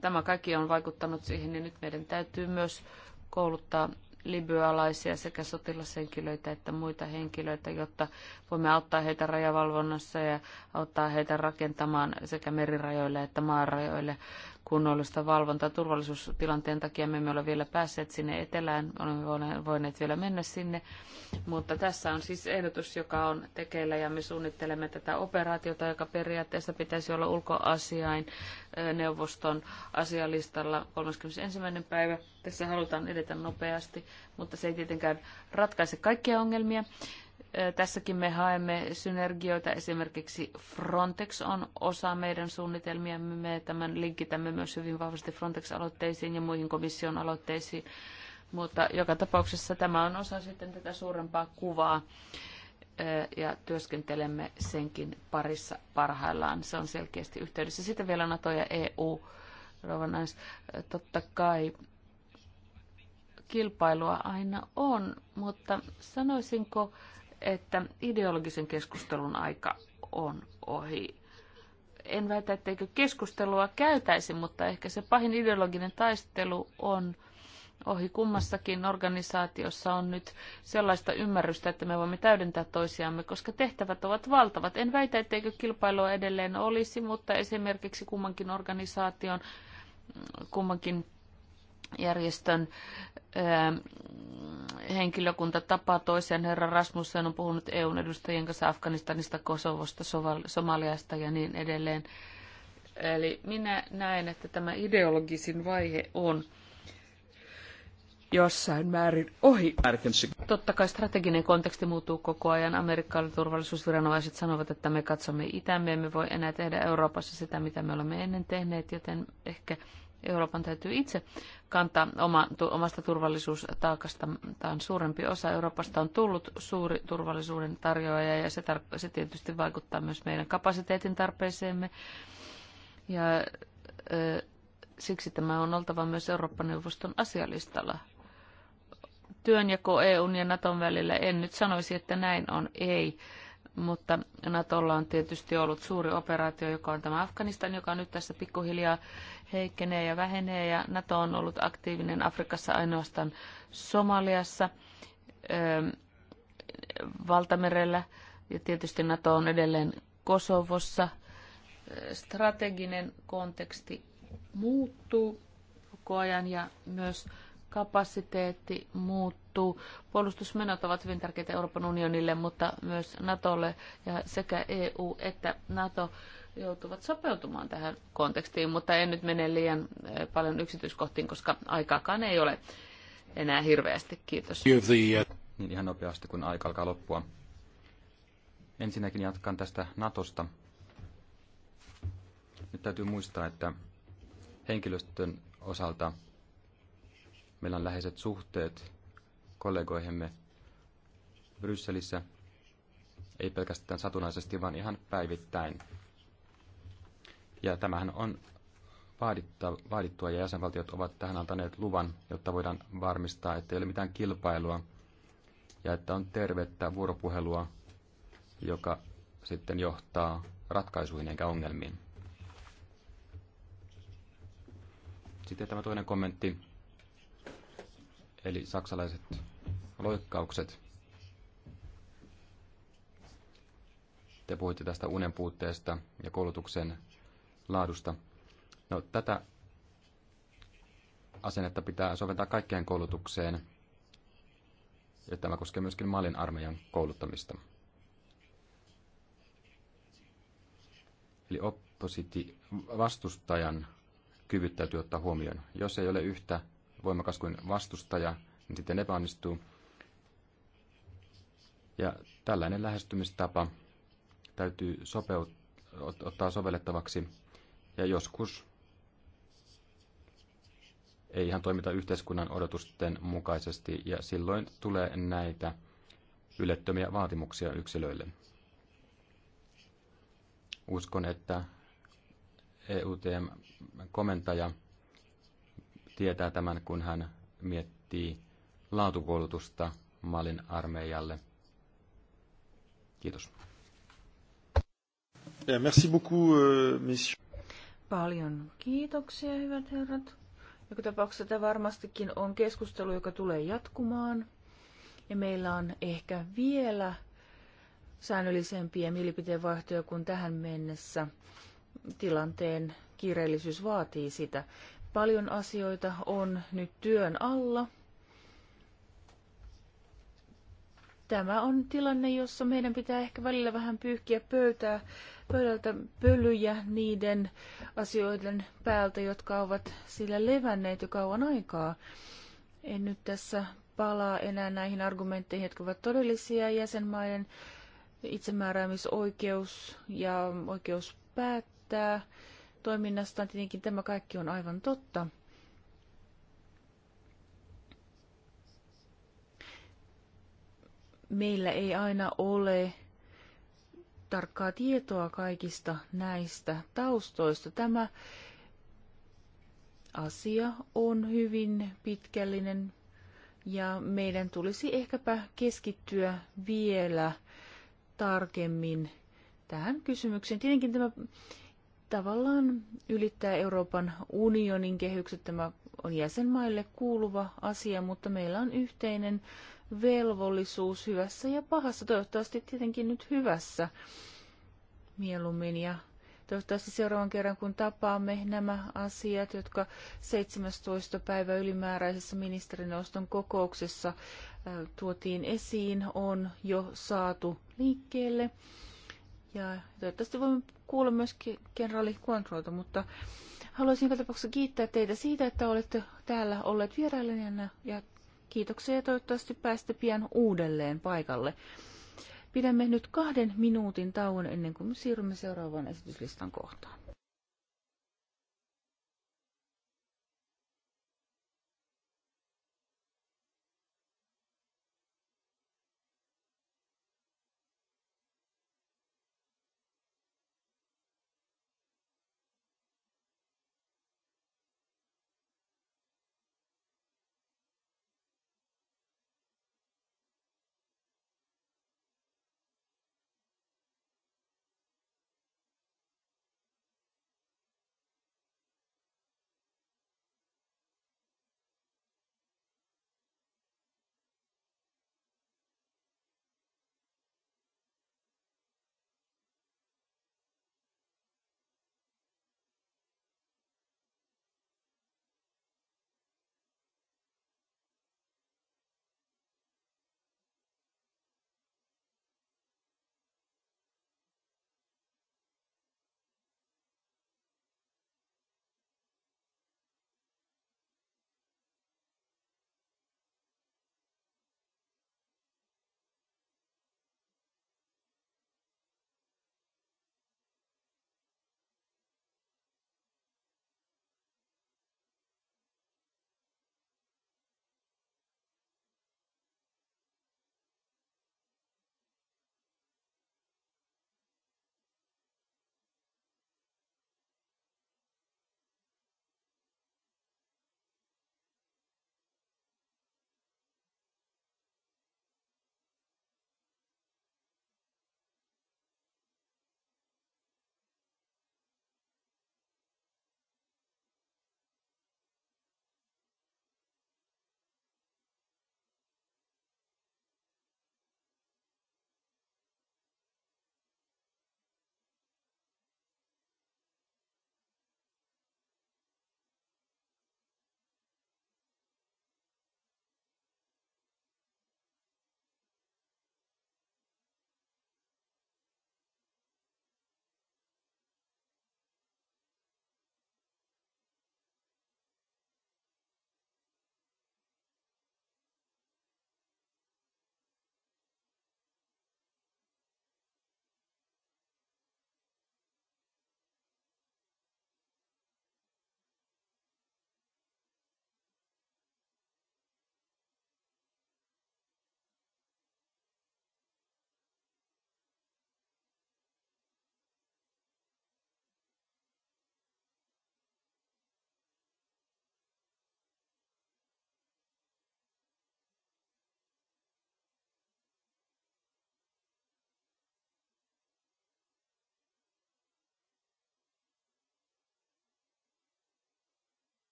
tämä kaikki on vaikuttanut siihen, niin nyt meidän täytyy myös kouluttaa libyalaisia sekä sotilashenkilöitä että muita henkilöitä, jotta voimme auttaa heitä rajavalvonnassa ja auttaa heitä rakentamaan sekä merirajoille että maarajoille kunnollista valvontaa turvallisuustilanteen takia. Me emme ole vielä päässeet sinne etelään, olemme voineet vielä mennä sinne. Mutta tässä on siis ehdotus, joka on tekeillä ja me suunnittelemme tätä operaatiota, joka periaatteessa pitäisi olla ulkoasiain neuvoston asialistalla 31. päivä. Tässä halutaan edetä nopeasti, mutta se ei tietenkään ratkaise kaikkia ongelmia. Tässäkin me haemme synergioita. Esimerkiksi Frontex on osa meidän suunnitelmia. Me tämän linkitämme myös hyvin vahvasti Frontex-aloitteisiin ja muihin komission aloitteisiin. Mutta joka tapauksessa tämä on osa sitten tätä suurempaa kuvaa ja työskentelemme senkin parissa parhaillaan. Se on selkeästi yhteydessä. Sitten vielä NATO ja EU. Rovanais, totta kai kilpailua aina on, mutta sanoisinko, että ideologisen keskustelun aika on ohi. En väitä, etteikö keskustelua käytäisi, mutta ehkä se pahin ideologinen taistelu on ohi kummassakin organisaatiossa on nyt sellaista ymmärrystä, että me voimme täydentää toisiamme, koska tehtävät ovat valtavat. En väitä, etteikö kilpailua edelleen olisi, mutta esimerkiksi kummankin organisaation, kummankin järjestön eh, henkilökunta tapaa toisen. Herra Rasmussen on puhunut EUn edustajien kanssa Afganistanista, Kosovosta, Somaliasta ja niin edelleen. Eli minä näen, että tämä ideologisin vaihe on jossain määrin ohi. Totta kai strateginen konteksti muuttuu koko ajan. Amerikkalaiset turvallisuusviranomaiset sanovat, että me katsomme itämme, emme voi enää tehdä Euroopassa sitä, mitä me olemme ennen tehneet, joten ehkä Euroopan täytyy itse kantaa oma, tu, omasta turvallisuustaakastaan. Suurempi osa Euroopasta on tullut suuri turvallisuuden tarjoaja ja se, tar- se tietysti vaikuttaa myös meidän kapasiteetin tarpeeseemme. Ja ö, siksi tämä on oltava myös Eurooppa-neuvoston asialistalla. Työnjako EUn ja Naton välillä en nyt sanoisi, että näin on. Ei mutta Natolla on tietysti ollut suuri operaatio, joka on tämä Afganistan, joka nyt tässä pikkuhiljaa heikkenee ja vähenee, ja Nato on ollut aktiivinen Afrikassa ainoastaan Somaliassa, ähm, Valtamerellä, ja tietysti Nato on edelleen Kosovossa. Äh, strateginen konteksti muuttuu koko ajan ja myös kapasiteetti muuttuu. Puolustusmenot ovat hyvin tärkeitä Euroopan unionille, mutta myös Natolle ja sekä EU että Nato joutuvat sopeutumaan tähän kontekstiin, mutta en nyt mene liian eh, paljon yksityiskohtiin, koska aikaakaan ei ole enää hirveästi. Kiitos. Eh, niin ihan nopeasti, kun aika alkaa loppua. Ensinnäkin jatkan tästä Natosta. Nyt täytyy muistaa, että henkilöstön osalta Meillä on läheiset suhteet kollegoihimme Brysselissä, ei pelkästään satunnaisesti, vaan ihan päivittäin. Ja tämähän on vaadittua ja jäsenvaltiot ovat tähän antaneet luvan, jotta voidaan varmistaa, että ei ole mitään kilpailua ja että on tervettä vuoropuhelua, joka sitten johtaa ratkaisuihin eikä ongelmiin. Sitten tämä toinen kommentti eli saksalaiset loikkaukset. Te puhuitte tästä unen puutteesta ja koulutuksen laadusta. No, tätä asennetta pitää soveltaa kaikkeen koulutukseen, ja tämä koskee myöskin Malin armeijan kouluttamista. Eli oppositi vastustajan kyvyttäytyy ottaa huomioon. Jos ei ole yhtä voimakas kuin vastustaja, niin sitten epäonnistuu. Ja tällainen lähestymistapa täytyy sopeut- ottaa sovellettavaksi. Ja joskus ei ihan toimita yhteiskunnan odotusten mukaisesti, ja silloin tulee näitä ylettömiä vaatimuksia yksilöille. Uskon, että EUTM-komentaja – tietää tämän, kun hän miettii laatukoulutusta Malin armeijalle. Kiitos. Ja, merci beaucoup, euh, monsieur. Paljon kiitoksia, hyvät herrat. Joka tapauksessa tämä varmastikin on keskustelu, joka tulee jatkumaan. Ja meillä on ehkä vielä säännöllisempiä mielipiteenvaihtoja kuin tähän mennessä. Tilanteen kiireellisyys vaatii sitä. Paljon asioita on nyt työn alla. Tämä on tilanne, jossa meidän pitää ehkä välillä vähän pyyhkiä pöytää, pöydältä pölyjä niiden asioiden päältä, jotka ovat sillä levänneet jo kauan aikaa. En nyt tässä palaa enää näihin argumentteihin, jotka ovat todellisia jäsenmaiden itsemääräämisoikeus ja oikeus päättää Toiminnasta Tietenkin tämä kaikki on aivan totta. Meillä ei aina ole tarkkaa tietoa kaikista näistä taustoista. Tämä asia on hyvin pitkällinen ja meidän tulisi ehkäpä keskittyä vielä tarkemmin tähän kysymykseen. Tietenkin tämä tavallaan ylittää Euroopan unionin kehykset. Tämä on jäsenmaille kuuluva asia, mutta meillä on yhteinen velvollisuus hyvässä ja pahassa. Toivottavasti tietenkin nyt hyvässä mieluummin ja Toivottavasti seuraavan kerran, kun tapaamme nämä asiat, jotka 17. päivä ylimääräisessä ministerineuvoston kokouksessa äh, tuotiin esiin, on jo saatu liikkeelle. Ja toivottavasti voimme kuulla myöskin kenraali Quantroota, mutta haluaisin joka tapauksessa kiittää teitä siitä, että olette täällä olleet vierailijana ja kiitoksia ja toivottavasti päästä pian uudelleen paikalle. Pidämme nyt kahden minuutin tauon ennen kuin siirrymme seuraavaan esityslistan kohtaan.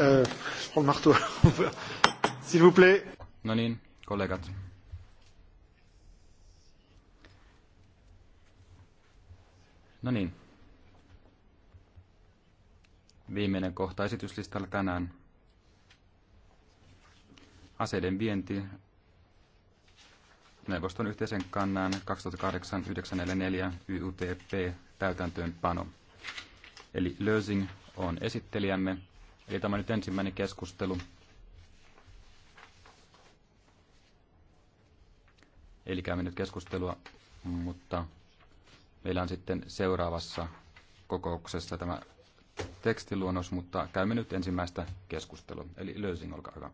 Euh, on (laughs) S'il vous plaît. No niin, kollegat. No niin. Viimeinen kohta esityslistalla tänään. Aseiden vienti neuvoston yhteisen kannan 2008-944 YUTP täytäntöönpano. Eli Lösing on esittelijämme. Eli tämä on nyt ensimmäinen keskustelu. Eli käymme nyt keskustelua, mutta meillä on sitten seuraavassa kokouksessa tämä tekstiluonnos, mutta käymme nyt ensimmäistä keskustelua. Eli löysin, olkaa hyvä.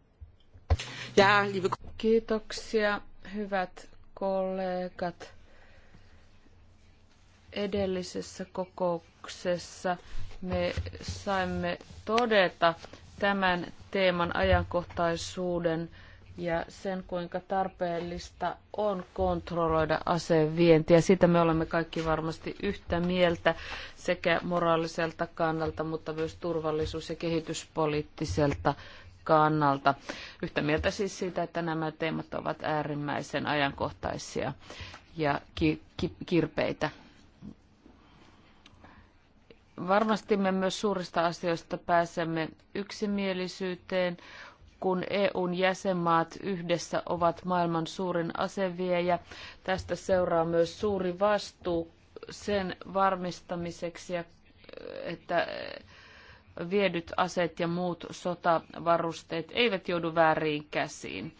Kiitoksia, hyvät kollegat. Edellisessä kokouksessa me saimme todeta tämän teeman ajankohtaisuuden ja sen, kuinka tarpeellista on kontrolloida aseen vientiä. Siitä me olemme kaikki varmasti yhtä mieltä sekä moraaliselta kannalta, mutta myös turvallisuus- ja kehityspoliittiselta kannalta. Yhtä mieltä siis siitä, että nämä teemat ovat äärimmäisen ajankohtaisia ja ki- ki- kirpeitä Varmasti me myös suurista asioista pääsemme yksimielisyyteen, kun EUn jäsenmaat yhdessä ovat maailman suurin aseviejä. Tästä seuraa myös suuri vastuu sen varmistamiseksi, että viedyt aseet ja muut sotavarusteet eivät joudu vääriin käsiin.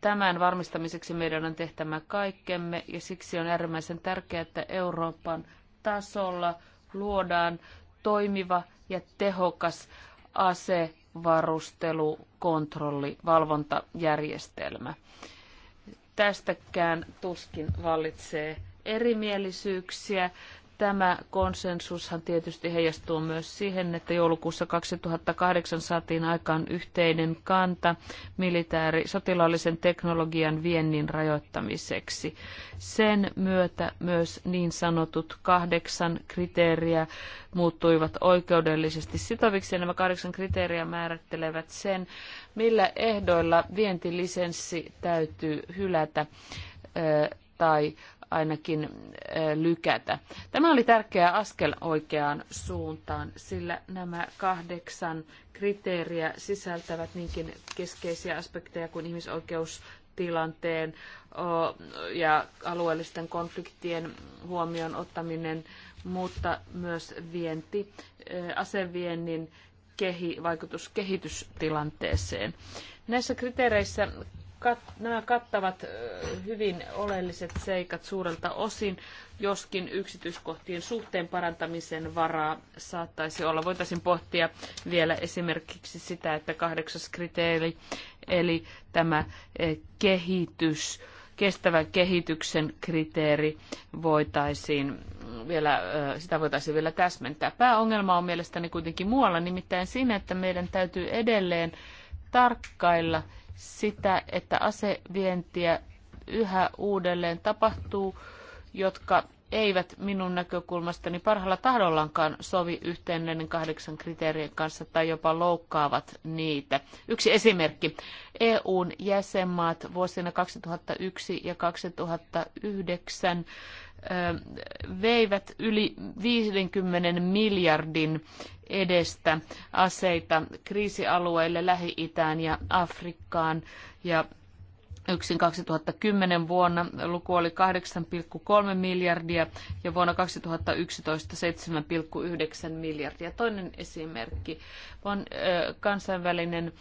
Tämän varmistamiseksi meidän on tehtävä kaikkemme ja siksi on äärimmäisen tärkeää, että Euroopan tasolla luodaan toimiva ja tehokas asevarustelu, kontrolli, valvontajärjestelmä. Tästäkään tuskin vallitsee erimielisyyksiä. Tämä konsensushan tietysti heijastuu myös siihen, että joulukuussa 2008 saatiin aikaan yhteinen kanta militääri sotilaallisen teknologian viennin rajoittamiseksi. Sen myötä myös niin sanotut kahdeksan kriteeriä muuttuivat oikeudellisesti sitoviksi. Ja nämä kahdeksan kriteeriä määrittelevät sen, millä ehdoilla vientilisenssi täytyy hylätä tai ainakin äh, lykätä. Tämä oli tärkeä askel oikeaan suuntaan, sillä nämä kahdeksan kriteeriä sisältävät niinkin keskeisiä aspekteja kuin ihmisoikeus, tilanteen ja alueellisten konfliktien huomioon ottaminen, mutta myös vienti, äh, aseviennin kehi, vaikutus kehitystilanteeseen. Näissä kriteereissä kat- nämä kattavat hyvin oleelliset seikat suurelta osin, joskin yksityiskohtien suhteen parantamisen varaa saattaisi olla. Voitaisiin pohtia vielä esimerkiksi sitä, että kahdeksas kriteeri, eli tämä e, kehitys, kestävän kehityksen kriteeri voitaisiin vielä, sitä voitaisiin vielä täsmentää. Pääongelma on mielestäni kuitenkin muualla, nimittäin siinä, että meidän täytyy edelleen tarkkailla – sitä, että asevientiä yhä uudelleen tapahtuu, jotka eivät minun näkökulmastani parhaalla tahdollankaan sovi yhteen näiden kahdeksan kriteerien kanssa tai jopa loukkaavat niitä. Yksi esimerkki. EUn jäsenmaat vuosina 2001 ja 2009 veivät yli 50 miljardin edestä aseita kriisialueille Lähi-Itään ja Afrikkaan. Ja yksin 2010 vuonna luku oli 8,3 miljardia ja vuonna 2011 7,9 miljardia. Toinen esimerkki on kansainvälinen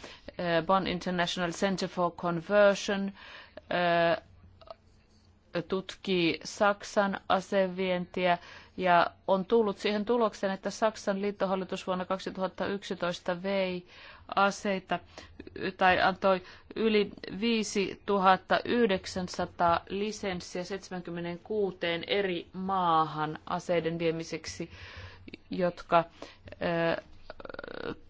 Bonn International Center for Conversion tutkii Saksan asevientiä ja on tullut siihen tulokseen, että Saksan liittohallitus vuonna 2011 vei aseita tai antoi yli 5900 lisenssiä 76 eri maahan aseiden viemiseksi, jotka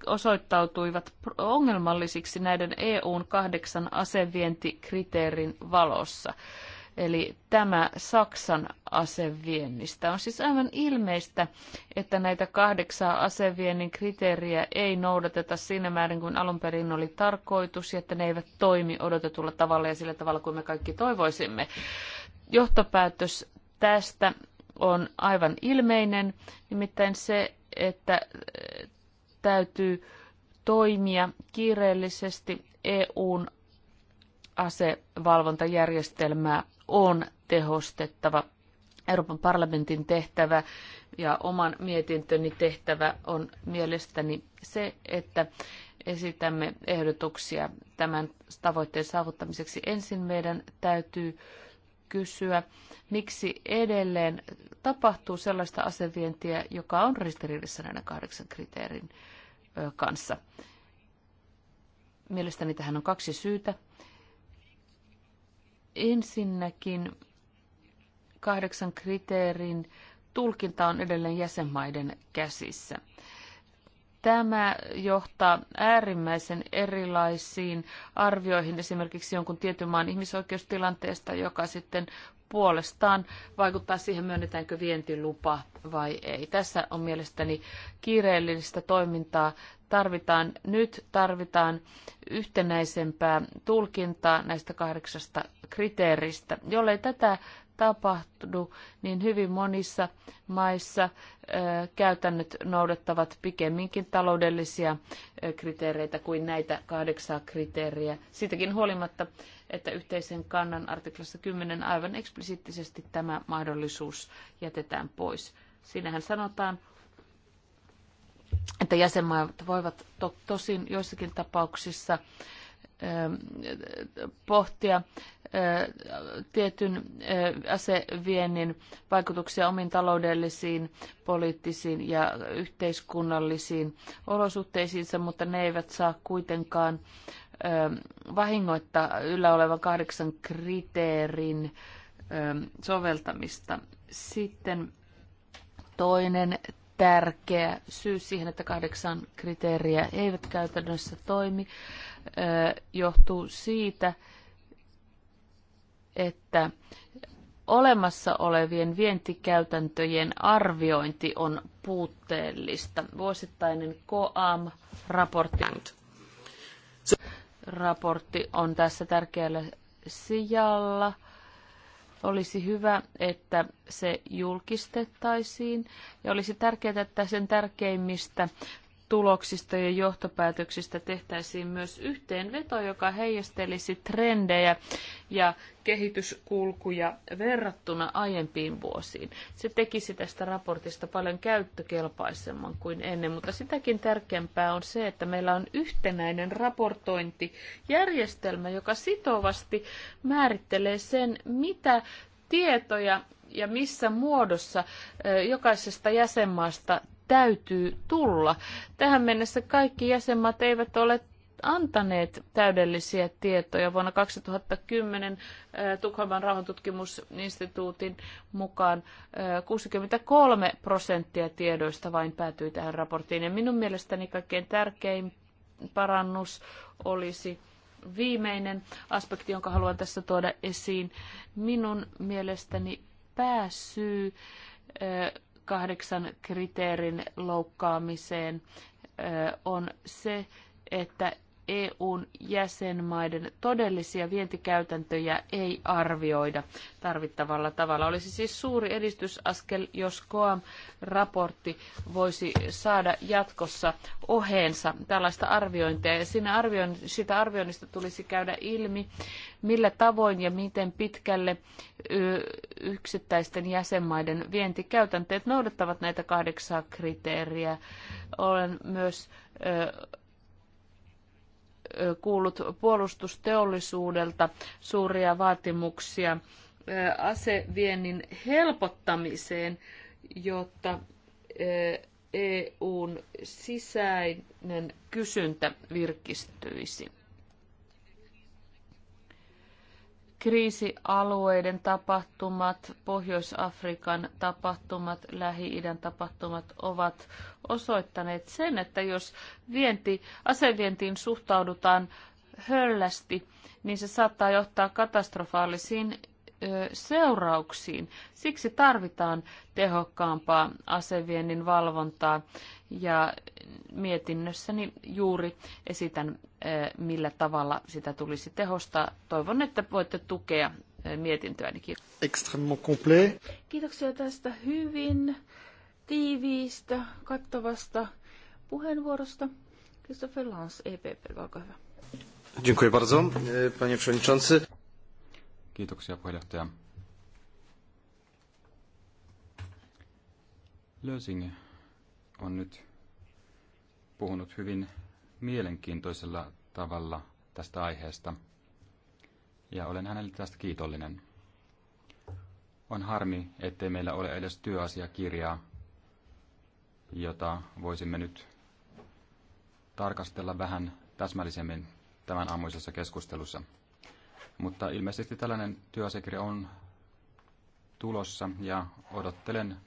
osoittautuivat ongelmallisiksi näiden EUn kahdeksan asevientikriteerin valossa. Eli tämä Saksan aseviennistä. On siis aivan ilmeistä, että näitä kahdeksaa aseviennin kriteeriä ei noudateta siinä määrin kuin alun perin oli tarkoitus ja että ne eivät toimi odotetulla tavalla ja sillä tavalla kuin me kaikki toivoisimme. Johtopäätös tästä on aivan ilmeinen, nimittäin se, että eh, täytyy toimia kiireellisesti EUn asevalvontajärjestelmää on tehostettava. Euroopan parlamentin tehtävä ja oman mietintöni tehtävä on mielestäni se, että esitämme ehdotuksia tämän tavoitteen saavuttamiseksi. Ensin meidän täytyy kysyä, miksi edelleen tapahtuu sellaista asevientiä, joka on ristiriidassa näiden kahdeksan kriteerin kanssa. Mielestäni tähän on kaksi syytä. Ensinnäkin kahdeksan kriteerin tulkinta on edelleen jäsenmaiden käsissä. Tämä johtaa äärimmäisen erilaisiin arvioihin esimerkiksi jonkun tietyn maan ihmisoikeustilanteesta, joka sitten puolestaan vaikuttaa siihen, myönnetäänkö vientilupa vai ei. Tässä on mielestäni kiireellistä toimintaa. Tarvitaan nyt, tarvitaan yhtenäisempää tulkintaa näistä kahdeksasta kriteeristä. Jollei tätä tapahdu, niin hyvin monissa maissa käytännöt noudattavat pikemminkin taloudellisia kriteereitä kuin näitä kahdeksaa kriteeriä. Siitäkin huolimatta, että yhteisen kannan artiklassa 10 aivan eksplisiittisesti tämä mahdollisuus jätetään pois. Siinähän sanotaan, että jäsenmaat voivat to- tosin joissakin tapauksissa Ähm, pohtia äh, tietyn äh, aseviennin vaikutuksia omiin taloudellisiin, poliittisiin ja yhteiskunnallisiin olosuhteisiinsa, mutta ne eivät saa kuitenkaan ähm, vahingoittaa yllä olevan kahdeksan kriteerin ähm, soveltamista. Sitten toinen tärkeä syy siihen, että kahdeksan kriteeriä eivät käytännössä toimi, johtuu siitä, että olemassa olevien vientikäytäntöjen arviointi on puutteellista. Vuosittainen COAM-raportti raportti on tässä tärkeällä sijalla. Olisi hyvä, että se julkistettaisiin ja olisi tärkeää, että sen tärkeimmistä tuloksista ja johtopäätöksistä tehtäisiin myös yhteenveto, joka heijastelisi trendejä ja kehityskulkuja verrattuna aiempiin vuosiin. Se tekisi tästä raportista paljon käyttökelpaisemman kuin ennen, mutta sitäkin tärkeämpää on se, että meillä on yhtenäinen raportointijärjestelmä, joka sitovasti määrittelee sen, mitä tietoja ja missä muodossa jokaisesta jäsenmaasta täytyy tulla. Tähän mennessä kaikki jäsenmaat eivät ole antaneet täydellisiä tietoja. Vuonna 2010 äh, Tukholman rauhantutkimusinstituutin mukaan 63 äh, prosenttia tiedoista vain päätyi tähän raporttiin. Ja minun mielestäni kaikkein tärkein parannus olisi viimeinen aspekti, jonka haluan tässä tuoda esiin. Minun mielestäni pääsyy äh, kahdeksan kriteerin loukkaamiseen on se, että EUn jäsenmaiden todellisia vientikäytäntöjä ei arvioida tarvittavalla tavalla. Olisi siis suuri edistysaskel, jos COAM-raportti voisi saada jatkossa oheensa tällaista arviointia. Ja siinä arvioin, sitä arvioinnista tulisi käydä ilmi, millä tavoin ja miten pitkälle yksittäisten jäsenmaiden vientikäytänteet noudattavat näitä kahdeksaa kriteeriä. Olen myös kuullut puolustusteollisuudelta suuria vaatimuksia aseviennin helpottamiseen, jotta EUn sisäinen kysyntä virkistyisi. kriisialueiden tapahtumat, Pohjois-Afrikan tapahtumat, Lähi-idän tapahtumat ovat osoittaneet sen, että jos vienti, asevientiin suhtaudutaan höllästi, niin se saattaa johtaa katastrofaalisiin seurauksiin. Siksi tarvitaan tehokkaampaa aseviennin valvontaa ja mietinnössäni juuri esitän, millä tavalla sitä tulisi tehostaa. Toivon, että voitte tukea mietintöäni. Kiitos. Kiitoksia tästä hyvin tiiviistä, kattavasta puheenvuorosta. Christopher Lans, EPP, olkaa hyvä. Dziękuję bardzo, e, panie przewodniczący. Kiitoksia puheenjohtaja. Lösing on nyt puhunut hyvin mielenkiintoisella tavalla tästä aiheesta, ja olen hänelle tästä kiitollinen. On harmi, ettei meillä ole edes työasiakirjaa, jota voisimme nyt tarkastella vähän täsmällisemmin tämän aamuisessa keskustelussa. Mutta ilmeisesti tällainen työasiakirja on tulossa ja odottelen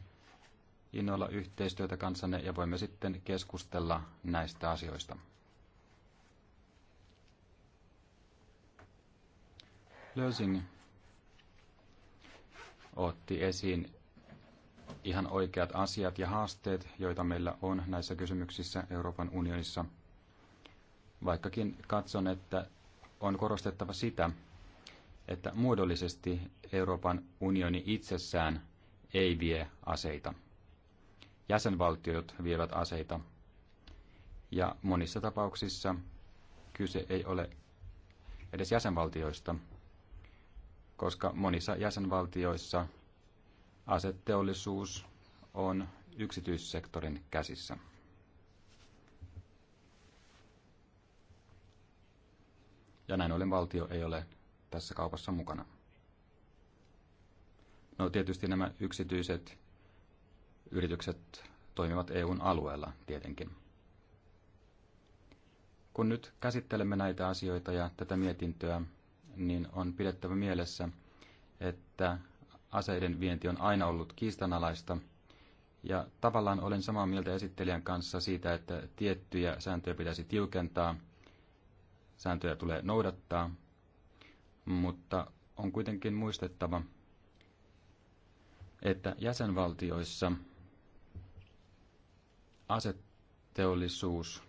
innolla yhteistyötä kanssanne ja voimme sitten keskustella näistä asioista. Lösing otti esiin ihan oikeat asiat ja haasteet, joita meillä on näissä kysymyksissä Euroopan unionissa. Vaikkakin katson, että on korostettava sitä, että muodollisesti Euroopan unioni itsessään ei vie aseita. Jäsenvaltiot vievät aseita. Ja monissa tapauksissa kyse ei ole edes jäsenvaltioista, koska monissa jäsenvaltioissa aseteollisuus on yksityissektorin käsissä. Ja näin ollen valtio ei ole tässä kaupassa mukana. No tietysti nämä yksityiset yritykset toimivat EUn alueella tietenkin. Kun nyt käsittelemme näitä asioita ja tätä mietintöä, niin on pidettävä mielessä, että aseiden vienti on aina ollut kiistanalaista. Ja tavallaan olen samaa mieltä esittelijän kanssa siitä, että tiettyjä sääntöjä pitäisi tiukentaa, sääntöjä tulee noudattaa, mutta on kuitenkin muistettava, että jäsenvaltioissa aseteollisuus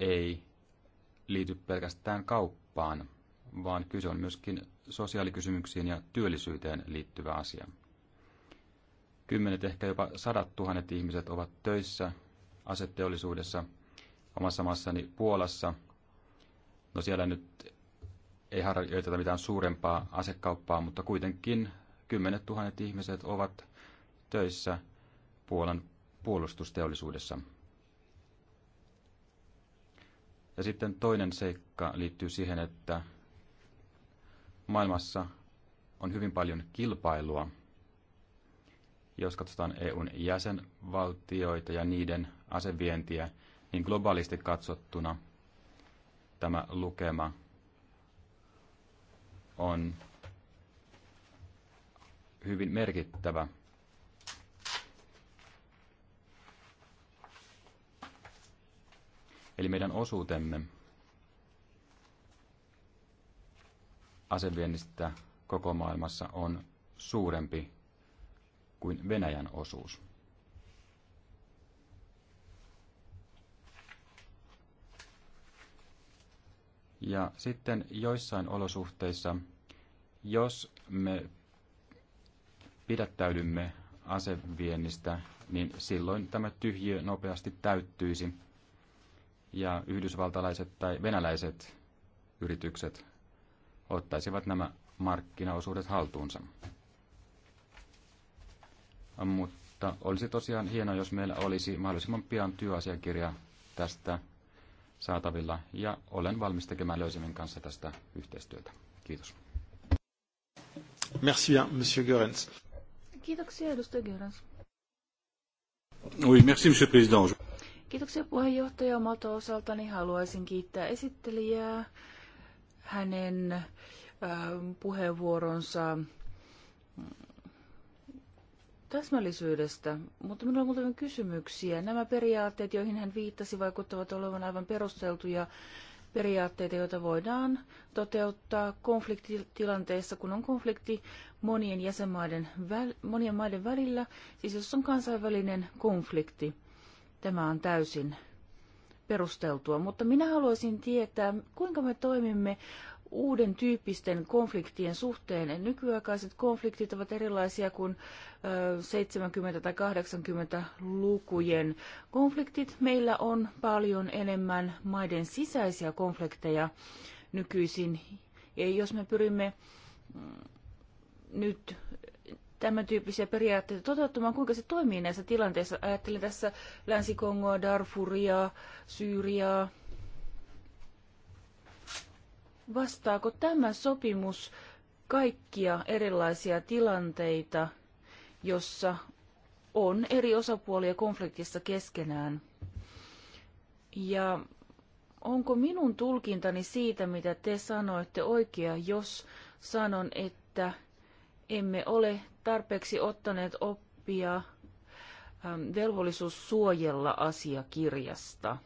ei liity pelkästään kauppaan, vaan kyse on myöskin sosiaalikysymyksiin ja työllisyyteen liittyvä asia. Kymmenet, ehkä jopa sadat tuhannet ihmiset ovat töissä aseteollisuudessa omassa maassani Puolassa. No siellä nyt ei harjoiteta mitään suurempaa asekauppaa, mutta kuitenkin kymmenet tuhannet ihmiset ovat töissä Puolan puolustusteollisuudessa. Ja sitten toinen seikka liittyy siihen, että maailmassa on hyvin paljon kilpailua. Jos katsotaan EUn jäsenvaltioita ja niiden asevientiä, niin globaalisti katsottuna tämä lukema on hyvin merkittävä. Eli meidän osuutemme aseviennistä koko maailmassa on suurempi kuin Venäjän osuus. Ja sitten joissain olosuhteissa, jos me pidättäydymme aseviennistä, niin silloin tämä tyhjiö nopeasti täyttyisi ja yhdysvaltalaiset tai venäläiset yritykset ottaisivat nämä markkinaosuudet haltuunsa. Mutta olisi tosiaan hienoa, jos meillä olisi mahdollisimman pian työasiakirja tästä saatavilla ja olen valmis tekemään löysemmin kanssa tästä yhteistyötä. Kiitos. Merci bien, monsieur Görens. Kiitoksia, edustaja Görens. Oui, merci, monsieur président. Kiitoksia puheenjohtaja omalta osaltani. Haluaisin kiittää esittelijää hänen ähm, puheenvuoronsa täsmällisyydestä, mutta minulla on muutamia kysymyksiä. Nämä periaatteet, joihin hän viittasi, vaikuttavat olevan aivan perusteltuja periaatteita, joita voidaan toteuttaa konfliktitilanteessa, kun on konflikti monien jäsenmaiden monien maiden välillä, siis jos on kansainvälinen konflikti. Tämä on täysin perusteltua, mutta minä haluaisin tietää, kuinka me toimimme uuden tyyppisten konfliktien suhteen. Nykyaikaiset konfliktit ovat erilaisia kuin 70- tai 80-lukujen konfliktit. Meillä on paljon enemmän maiden sisäisiä konflikteja nykyisin. Ja jos me pyrimme mm, nyt tämän tyyppisiä periaatteita toteuttamaan, kuinka se toimii näissä tilanteissa. Ajattelen tässä Länsi-Kongoa, Darfuria, Syyriaa, Vastaako tämä sopimus kaikkia erilaisia tilanteita, jossa on eri osapuolia konfliktissa keskenään? Ja onko minun tulkintani siitä, mitä te sanoitte, oikea, jos sanon, että emme ole tarpeeksi ottaneet oppia velvollisuus suojella asiakirjasta –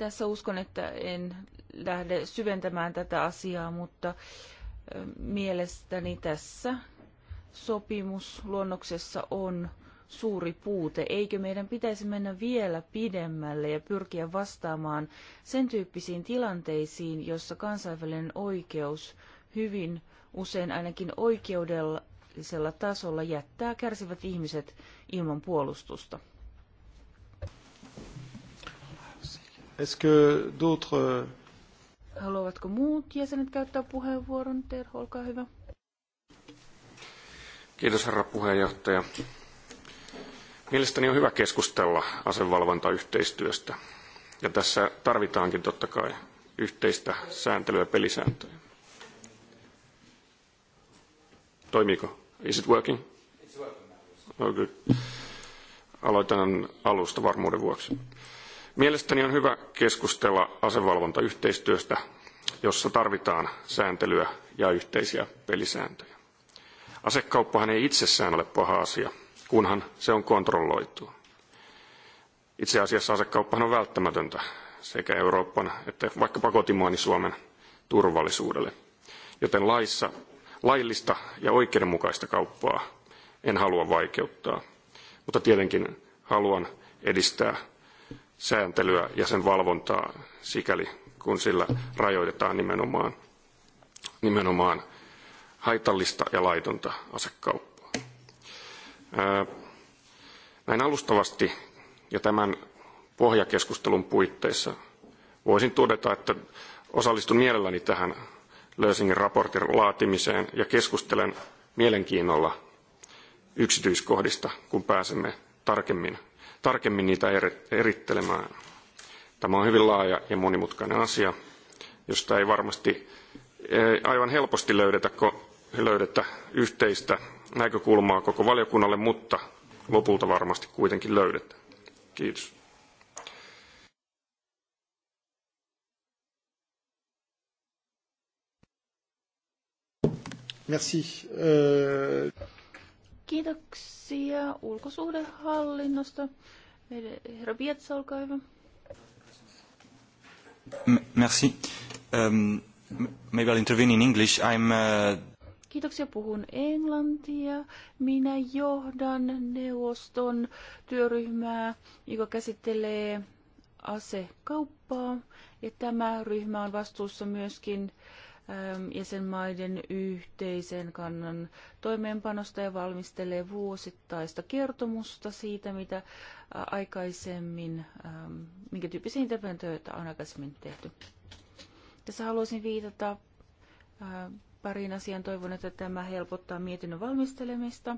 tässä uskon, että en lähde syventämään tätä asiaa, mutta mielestäni tässä sopimusluonnoksessa on suuri puute. Eikö meidän pitäisi mennä vielä pidemmälle ja pyrkiä vastaamaan sen tyyppisiin tilanteisiin, jossa kansainvälinen oikeus hyvin usein ainakin oikeudellisella tasolla jättää kärsivät ihmiset ilman puolustusta? Est-ce que d'autres... Euh, Haluavatko muut jäsenet käyttää puheenvuoron? Terho, olkaa hyvä. Kiitos herra puheenjohtaja. Mielestäni on hyvä keskustella asevalvontayhteistyöstä. Ja tässä tarvitaankin totta kai yhteistä sääntelyä ja pelisääntöjä. Toimiiko? Is it working? It's working. No, Aloitan alusta varmuuden vuoksi. Mielestäni on hyvä keskustella asevalvontayhteistyöstä, jossa tarvitaan sääntelyä ja yhteisiä pelisääntöjä. Asekauppahan ei itsessään ole paha asia, kunhan se on kontrolloitua. Itse asiassa asekauppahan on välttämätöntä sekä Euroopan että vaikkapa kotimaani Suomen turvallisuudelle. Joten laissa, laillista ja oikeudenmukaista kauppaa en halua vaikeuttaa, mutta tietenkin haluan edistää sääntelyä ja sen valvontaa sikäli, kun sillä rajoitetaan nimenomaan, nimenomaan haitallista ja laitonta asekauppaa. Näin alustavasti ja tämän pohjakeskustelun puitteissa voisin todeta, että osallistun mielelläni tähän Lösingin raportin laatimiseen ja keskustelen mielenkiinnolla yksityiskohdista, kun pääsemme tarkemmin tarkemmin niitä erittelemään. Tämä on hyvin laaja ja monimutkainen asia, josta ei varmasti aivan helposti löydetä, löydetä yhteistä näkökulmaa koko valiokunnalle, mutta lopulta varmasti kuitenkin löydetään. Kiitos. Merci. Euh... Kiitoksia ulkosuhdehallinnosta. Herra Pietsa, olkaa hyvä. Merci. Um, maybe I'll intervene in English. I'm, uh... Kiitoksia. Puhun englantia. Minä johdan neuvoston työryhmää, joka käsittelee asekauppaa. Ja tämä ryhmä on vastuussa myöskin uh, Ähm, jäsenmaiden yhteisen kannan toimeenpanosta ja valmistelee vuosittaista kertomusta siitä, mitä aikaisemmin, ähm, minkä tyyppisiä interventioita on aikaisemmin tehty. Tässä haluaisin viitata pariin asiaan. Toivon, että tämä helpottaa mietinnön valmistelemista.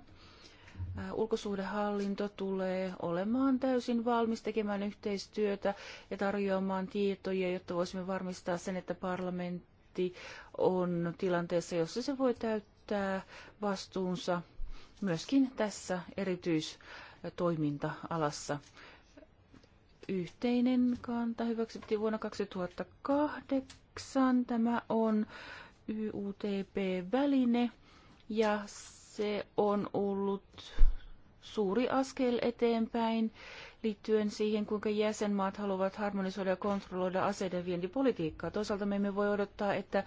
Ulkosuhdehallinto tulee olemaan täysin valmis tekemään yhteistyötä ja tarjoamaan tietoja, jotta voisimme varmistaa sen, että parlamentti parlamentti on tilanteessa, jossa se voi täyttää vastuunsa myöskin tässä erityistoiminta-alassa. Yhteinen kanta hyväksyttiin vuonna 2008. Tämä on YUTP-väline ja se on ollut suuri askel eteenpäin liittyen siihen, kuinka jäsenmaat haluavat harmonisoida ja kontrolloida aseiden vientipolitiikkaa. Toisaalta me emme voi odottaa, että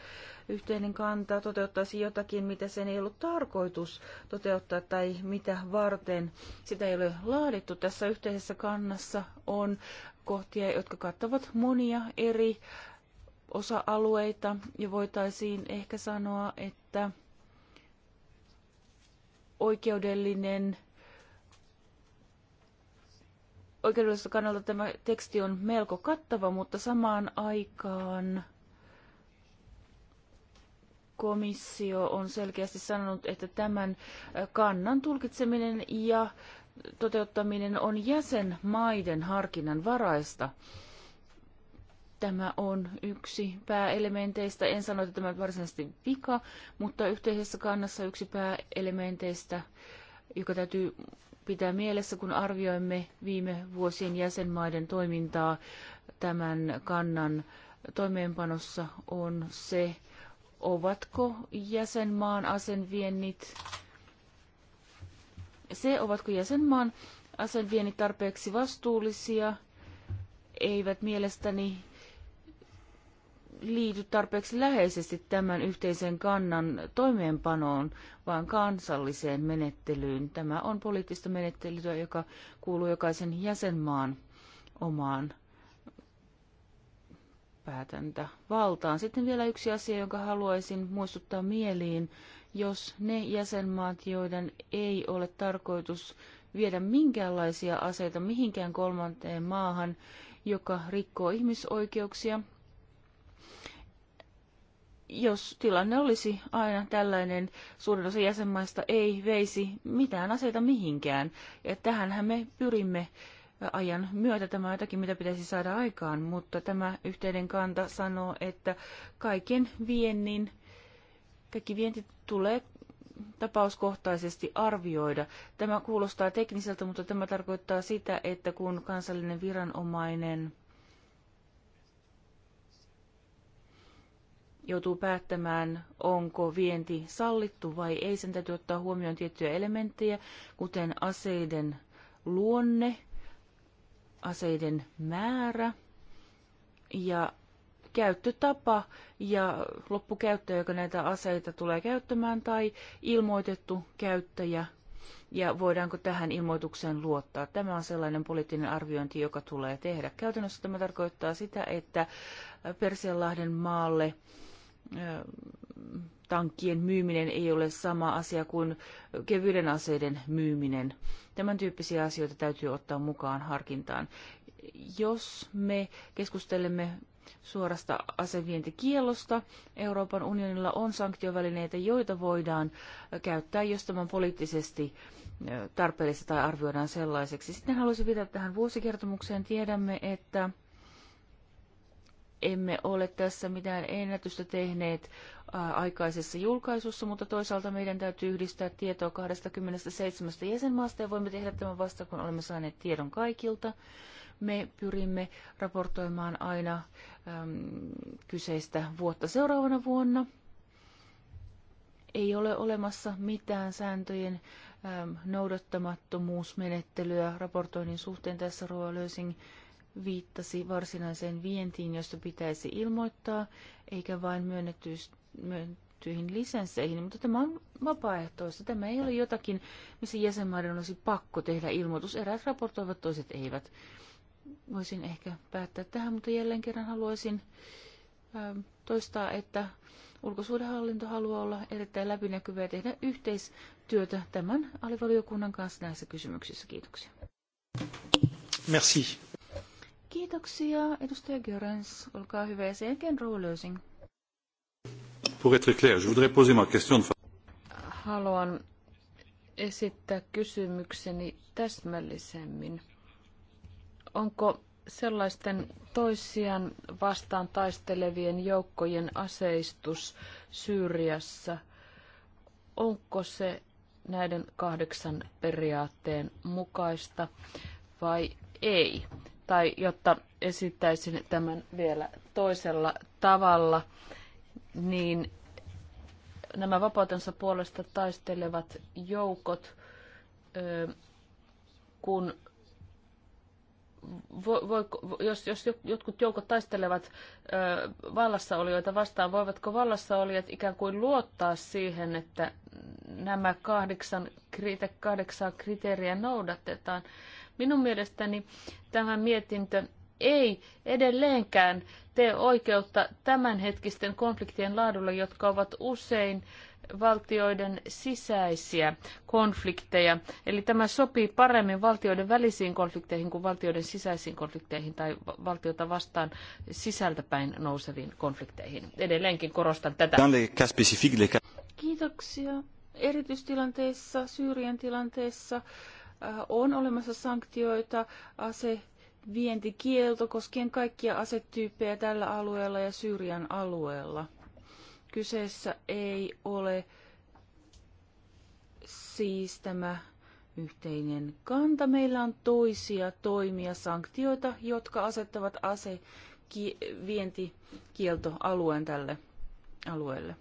yhteinen kanta toteuttaisi jotakin, mitä sen ei ollut tarkoitus toteuttaa tai mitä varten sitä ei ole laadittu. Tässä yhteisessä kannassa on kohtia, jotka kattavat monia eri osa-alueita ja voitaisiin ehkä sanoa, että oikeudellinen oikeudellisesta kannalta tämä teksti on melko kattava, mutta samaan aikaan komissio on selkeästi sanonut, että tämän kannan tulkitseminen ja toteuttaminen on jäsenmaiden harkinnan varaista. Tämä on yksi pääelementeistä. En sano, että tämä on varsinaisesti vika, mutta yhteisessä kannassa yksi pääelementeistä, joka täytyy pitää mielessä, kun arvioimme viime vuosien jäsenmaiden toimintaa tämän kannan toimeenpanossa, on se, ovatko jäsenmaan asenviennit se, ovatko jäsenmaan asenviennit tarpeeksi vastuullisia, eivät mielestäni liity tarpeeksi läheisesti tämän yhteisen kannan toimeenpanoon, vaan kansalliseen menettelyyn. Tämä on poliittista menettelyä, joka kuuluu jokaisen jäsenmaan omaan päätäntävaltaan. valtaan. Sitten vielä yksi asia, jonka haluaisin muistuttaa mieliin. Jos ne jäsenmaat, joiden ei ole tarkoitus viedä minkäänlaisia aseita mihinkään kolmanteen maahan, joka rikkoo ihmisoikeuksia, jos tilanne olisi aina tällainen, suurin osa jäsenmaista ei veisi mitään aseita mihinkään. Ja tähänhän me pyrimme ajan myötä. Tämä jotakin, mitä pitäisi saada aikaan, mutta tämä yhteinen kanta sanoo, että kaiken viennin, kaikki vienti tulee tapauskohtaisesti arvioida. Tämä kuulostaa tekniseltä, mutta tämä tarkoittaa sitä, että kun kansallinen viranomainen – joutuu päättämään, onko vienti sallittu vai ei. Sen täytyy ottaa huomioon tiettyjä elementtejä, kuten aseiden luonne, aseiden määrä ja käyttötapa ja loppukäyttäjä, joka näitä aseita tulee käyttämään, tai ilmoitettu käyttäjä, ja voidaanko tähän ilmoitukseen luottaa. Tämä on sellainen poliittinen arviointi, joka tulee tehdä. Käytännössä tämä tarkoittaa sitä, että Persianlahden maalle tankkien myyminen ei ole sama asia kuin kevyiden aseiden myyminen. Tämän tyyppisiä asioita täytyy ottaa mukaan harkintaan. Jos me keskustelemme suorasta asevientikielosta, Euroopan unionilla on sanktiovälineitä, joita voidaan käyttää, jos tämä on poliittisesti tarpeellista tai arvioidaan sellaiseksi. Sitten haluaisin viitata tähän vuosikertomukseen. Tiedämme, että emme ole tässä mitään ennätystä tehneet aikaisessa julkaisussa, mutta toisaalta meidän täytyy yhdistää tietoa 27 jäsenmaasta ja voimme tehdä tämän vasta, kun olemme saaneet tiedon kaikilta. Me pyrimme raportoimaan aina äm, kyseistä vuotta seuraavana vuonna. Ei ole olemassa mitään sääntöjen äm, noudattamattomuusmenettelyä raportoinnin suhteen tässä Roa Lösing viittasi varsinaiseen vientiin, josta pitäisi ilmoittaa, eikä vain myönnettyihin lisensseihin, mutta tämä on vapaaehtoista. Tämä ei ole jotakin, missä jäsenmaiden olisi pakko tehdä ilmoitus. Eräät raportoivat, toiset eivät. Voisin ehkä päättää tähän, mutta jälleen kerran haluaisin toistaa, että ulkosuudenhallinto haluaa olla erittäin läpinäkyvä ja tehdä yhteistyötä tämän alivaliokunnan kanssa näissä kysymyksissä. Kiitoksia. Merci. Kiitoksia, edustaja Görens. Olkaa hyvä. Ja sen jälkeen Rowlösing. Pour être clair, je voudrais poser ma question de... Haluan esittää kysymykseni täsmällisemmin. Onko sellaisten toisiaan vastaan taistelevien joukkojen aseistus Syyriassa, onko se näiden kahdeksan periaatteen mukaista vai ei? tai jotta esittäisin tämän vielä toisella tavalla, niin nämä vapautensa puolesta taistelevat joukot, kun voi, jos, jos jotkut joukot taistelevat ö, vallassaolijoita vastaan, voivatko vallassaolijat ikään kuin luottaa siihen, että nämä kahdeksan, kahdeksan kriteeriä noudatetaan? Minun mielestäni tämä mietintö ei edelleenkään tee oikeutta tämänhetkisten konfliktien laadulle, jotka ovat usein valtioiden sisäisiä konflikteja. Eli tämä sopii paremmin valtioiden välisiin konflikteihin kuin valtioiden sisäisiin konflikteihin tai valtiota vastaan sisältäpäin nouseviin konflikteihin. Edelleenkin korostan tätä. Kiitoksia. Erityistilanteissa, Syyrian tilanteessa, on olemassa sanktioita, ase vientikielto koskien kaikkia asetyyppejä tällä alueella ja Syyrian alueella. Kyseessä ei ole siis tämä yhteinen kanta. Meillä on toisia toimia, sanktioita, jotka asettavat ase alueen tälle alueelle.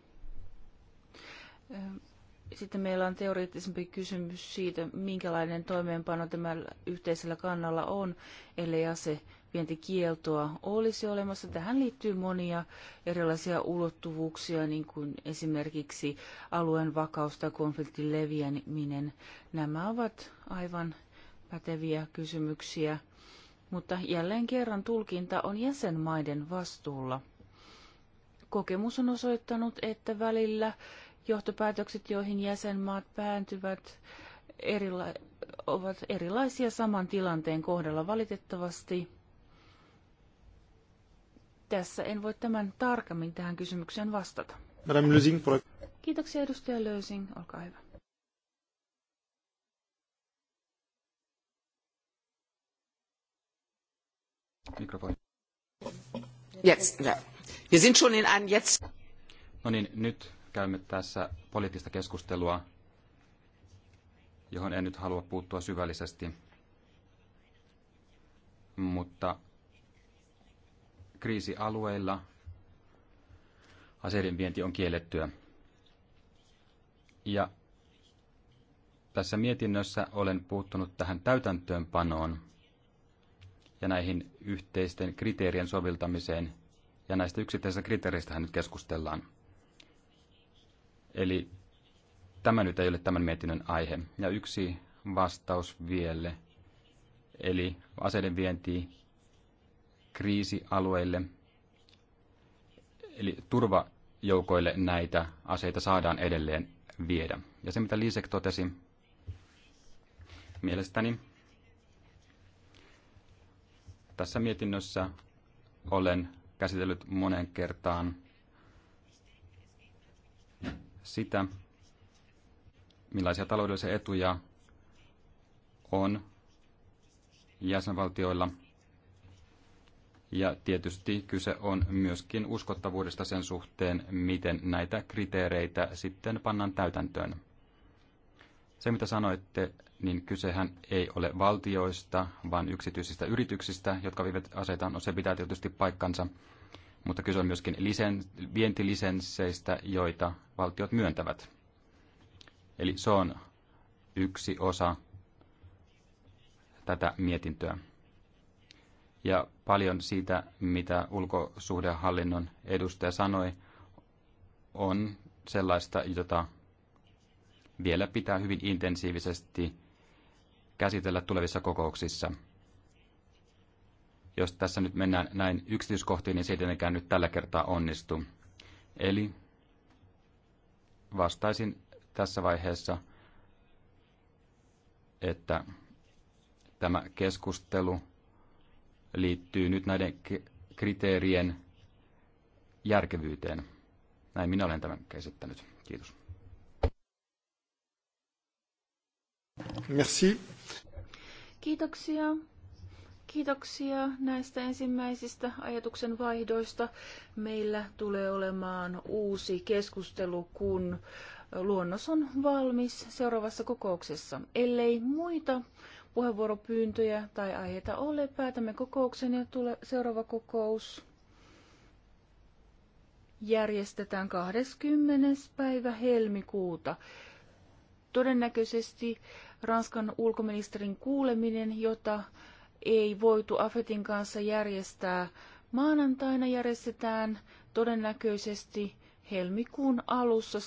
Sitten meillä on teoreettisempi kysymys siitä, minkälainen toimeenpano tämä yhteisellä kannalla on, ellei ase vientikieltoa olisi olemassa. Tähän liittyy monia erilaisia ulottuvuuksia, niin kuin esimerkiksi alueen vakaus tai konfliktin leviäminen. Nämä ovat aivan päteviä kysymyksiä, mutta jälleen kerran tulkinta on jäsenmaiden vastuulla. Kokemus on osoittanut, että välillä johtopäätökset, joihin jäsenmaat pääntyvät, erila- ovat erilaisia saman tilanteen kohdalla valitettavasti. Tässä en voi tämän tarkemmin tähän kysymykseen vastata. Kiitoksia edustaja Lösing, olkaa hyvä. Mikrofoni. Jetzt, ja. Wir sind schon in einem jetzt. No niin, nyt käymme tässä poliittista keskustelua, johon en nyt halua puuttua syvällisesti, mutta kriisialueilla aseiden vienti on kiellettyä. Ja tässä mietinnössä olen puuttunut tähän täytäntöönpanoon ja näihin yhteisten kriteerien soveltamiseen, ja näistä yksittäisistä kriteereistä nyt keskustellaan. Eli tämä nyt ei ole tämän mietinnön aihe. Ja yksi vastaus vielä, eli aseiden vienti kriisialueille, eli turvajoukoille näitä aseita saadaan edelleen viedä. Ja se, mitä Liisek totesi, mielestäni tässä mietinnössä olen käsitellyt monen kertaan – sitä, millaisia taloudellisia etuja on jäsenvaltioilla. Ja tietysti kyse on myöskin uskottavuudesta sen suhteen, miten näitä kriteereitä sitten pannaan täytäntöön. Se, mitä sanoitte, niin kysehän ei ole valtioista, vaan yksityisistä yrityksistä, jotka viivät aseitaan. No se pitää tietysti paikkansa, mutta kyse on myöskin lisen, vientilisensseistä, joita valtiot myöntävät. Eli se on yksi osa tätä mietintöä. Ja paljon siitä, mitä ulkosuhdehallinnon edustaja sanoi, on sellaista, jota vielä pitää hyvin intensiivisesti käsitellä tulevissa kokouksissa – jos tässä nyt mennään näin yksityiskohtiin, niin se ei tietenkään nyt tällä kertaa onnistu. Eli vastaisin tässä vaiheessa, että tämä keskustelu liittyy nyt näiden kriteerien järkevyyteen. Näin minä olen tämän käsittänyt. Kiitos. Merci. Kiitoksia. Kiitoksia näistä ensimmäisistä ajatuksen vaihdoista. Meillä tulee olemaan uusi keskustelu, kun luonnos on valmis seuraavassa kokouksessa. Ellei muita puheenvuoropyyntöjä tai aiheita ole, päätämme kokouksen ja tule seuraava kokous järjestetään 20. päivä helmikuuta. Todennäköisesti Ranskan ulkoministerin kuuleminen, jota ei voitu Afetin kanssa järjestää maanantaina, järjestetään todennäköisesti helmikuun alussa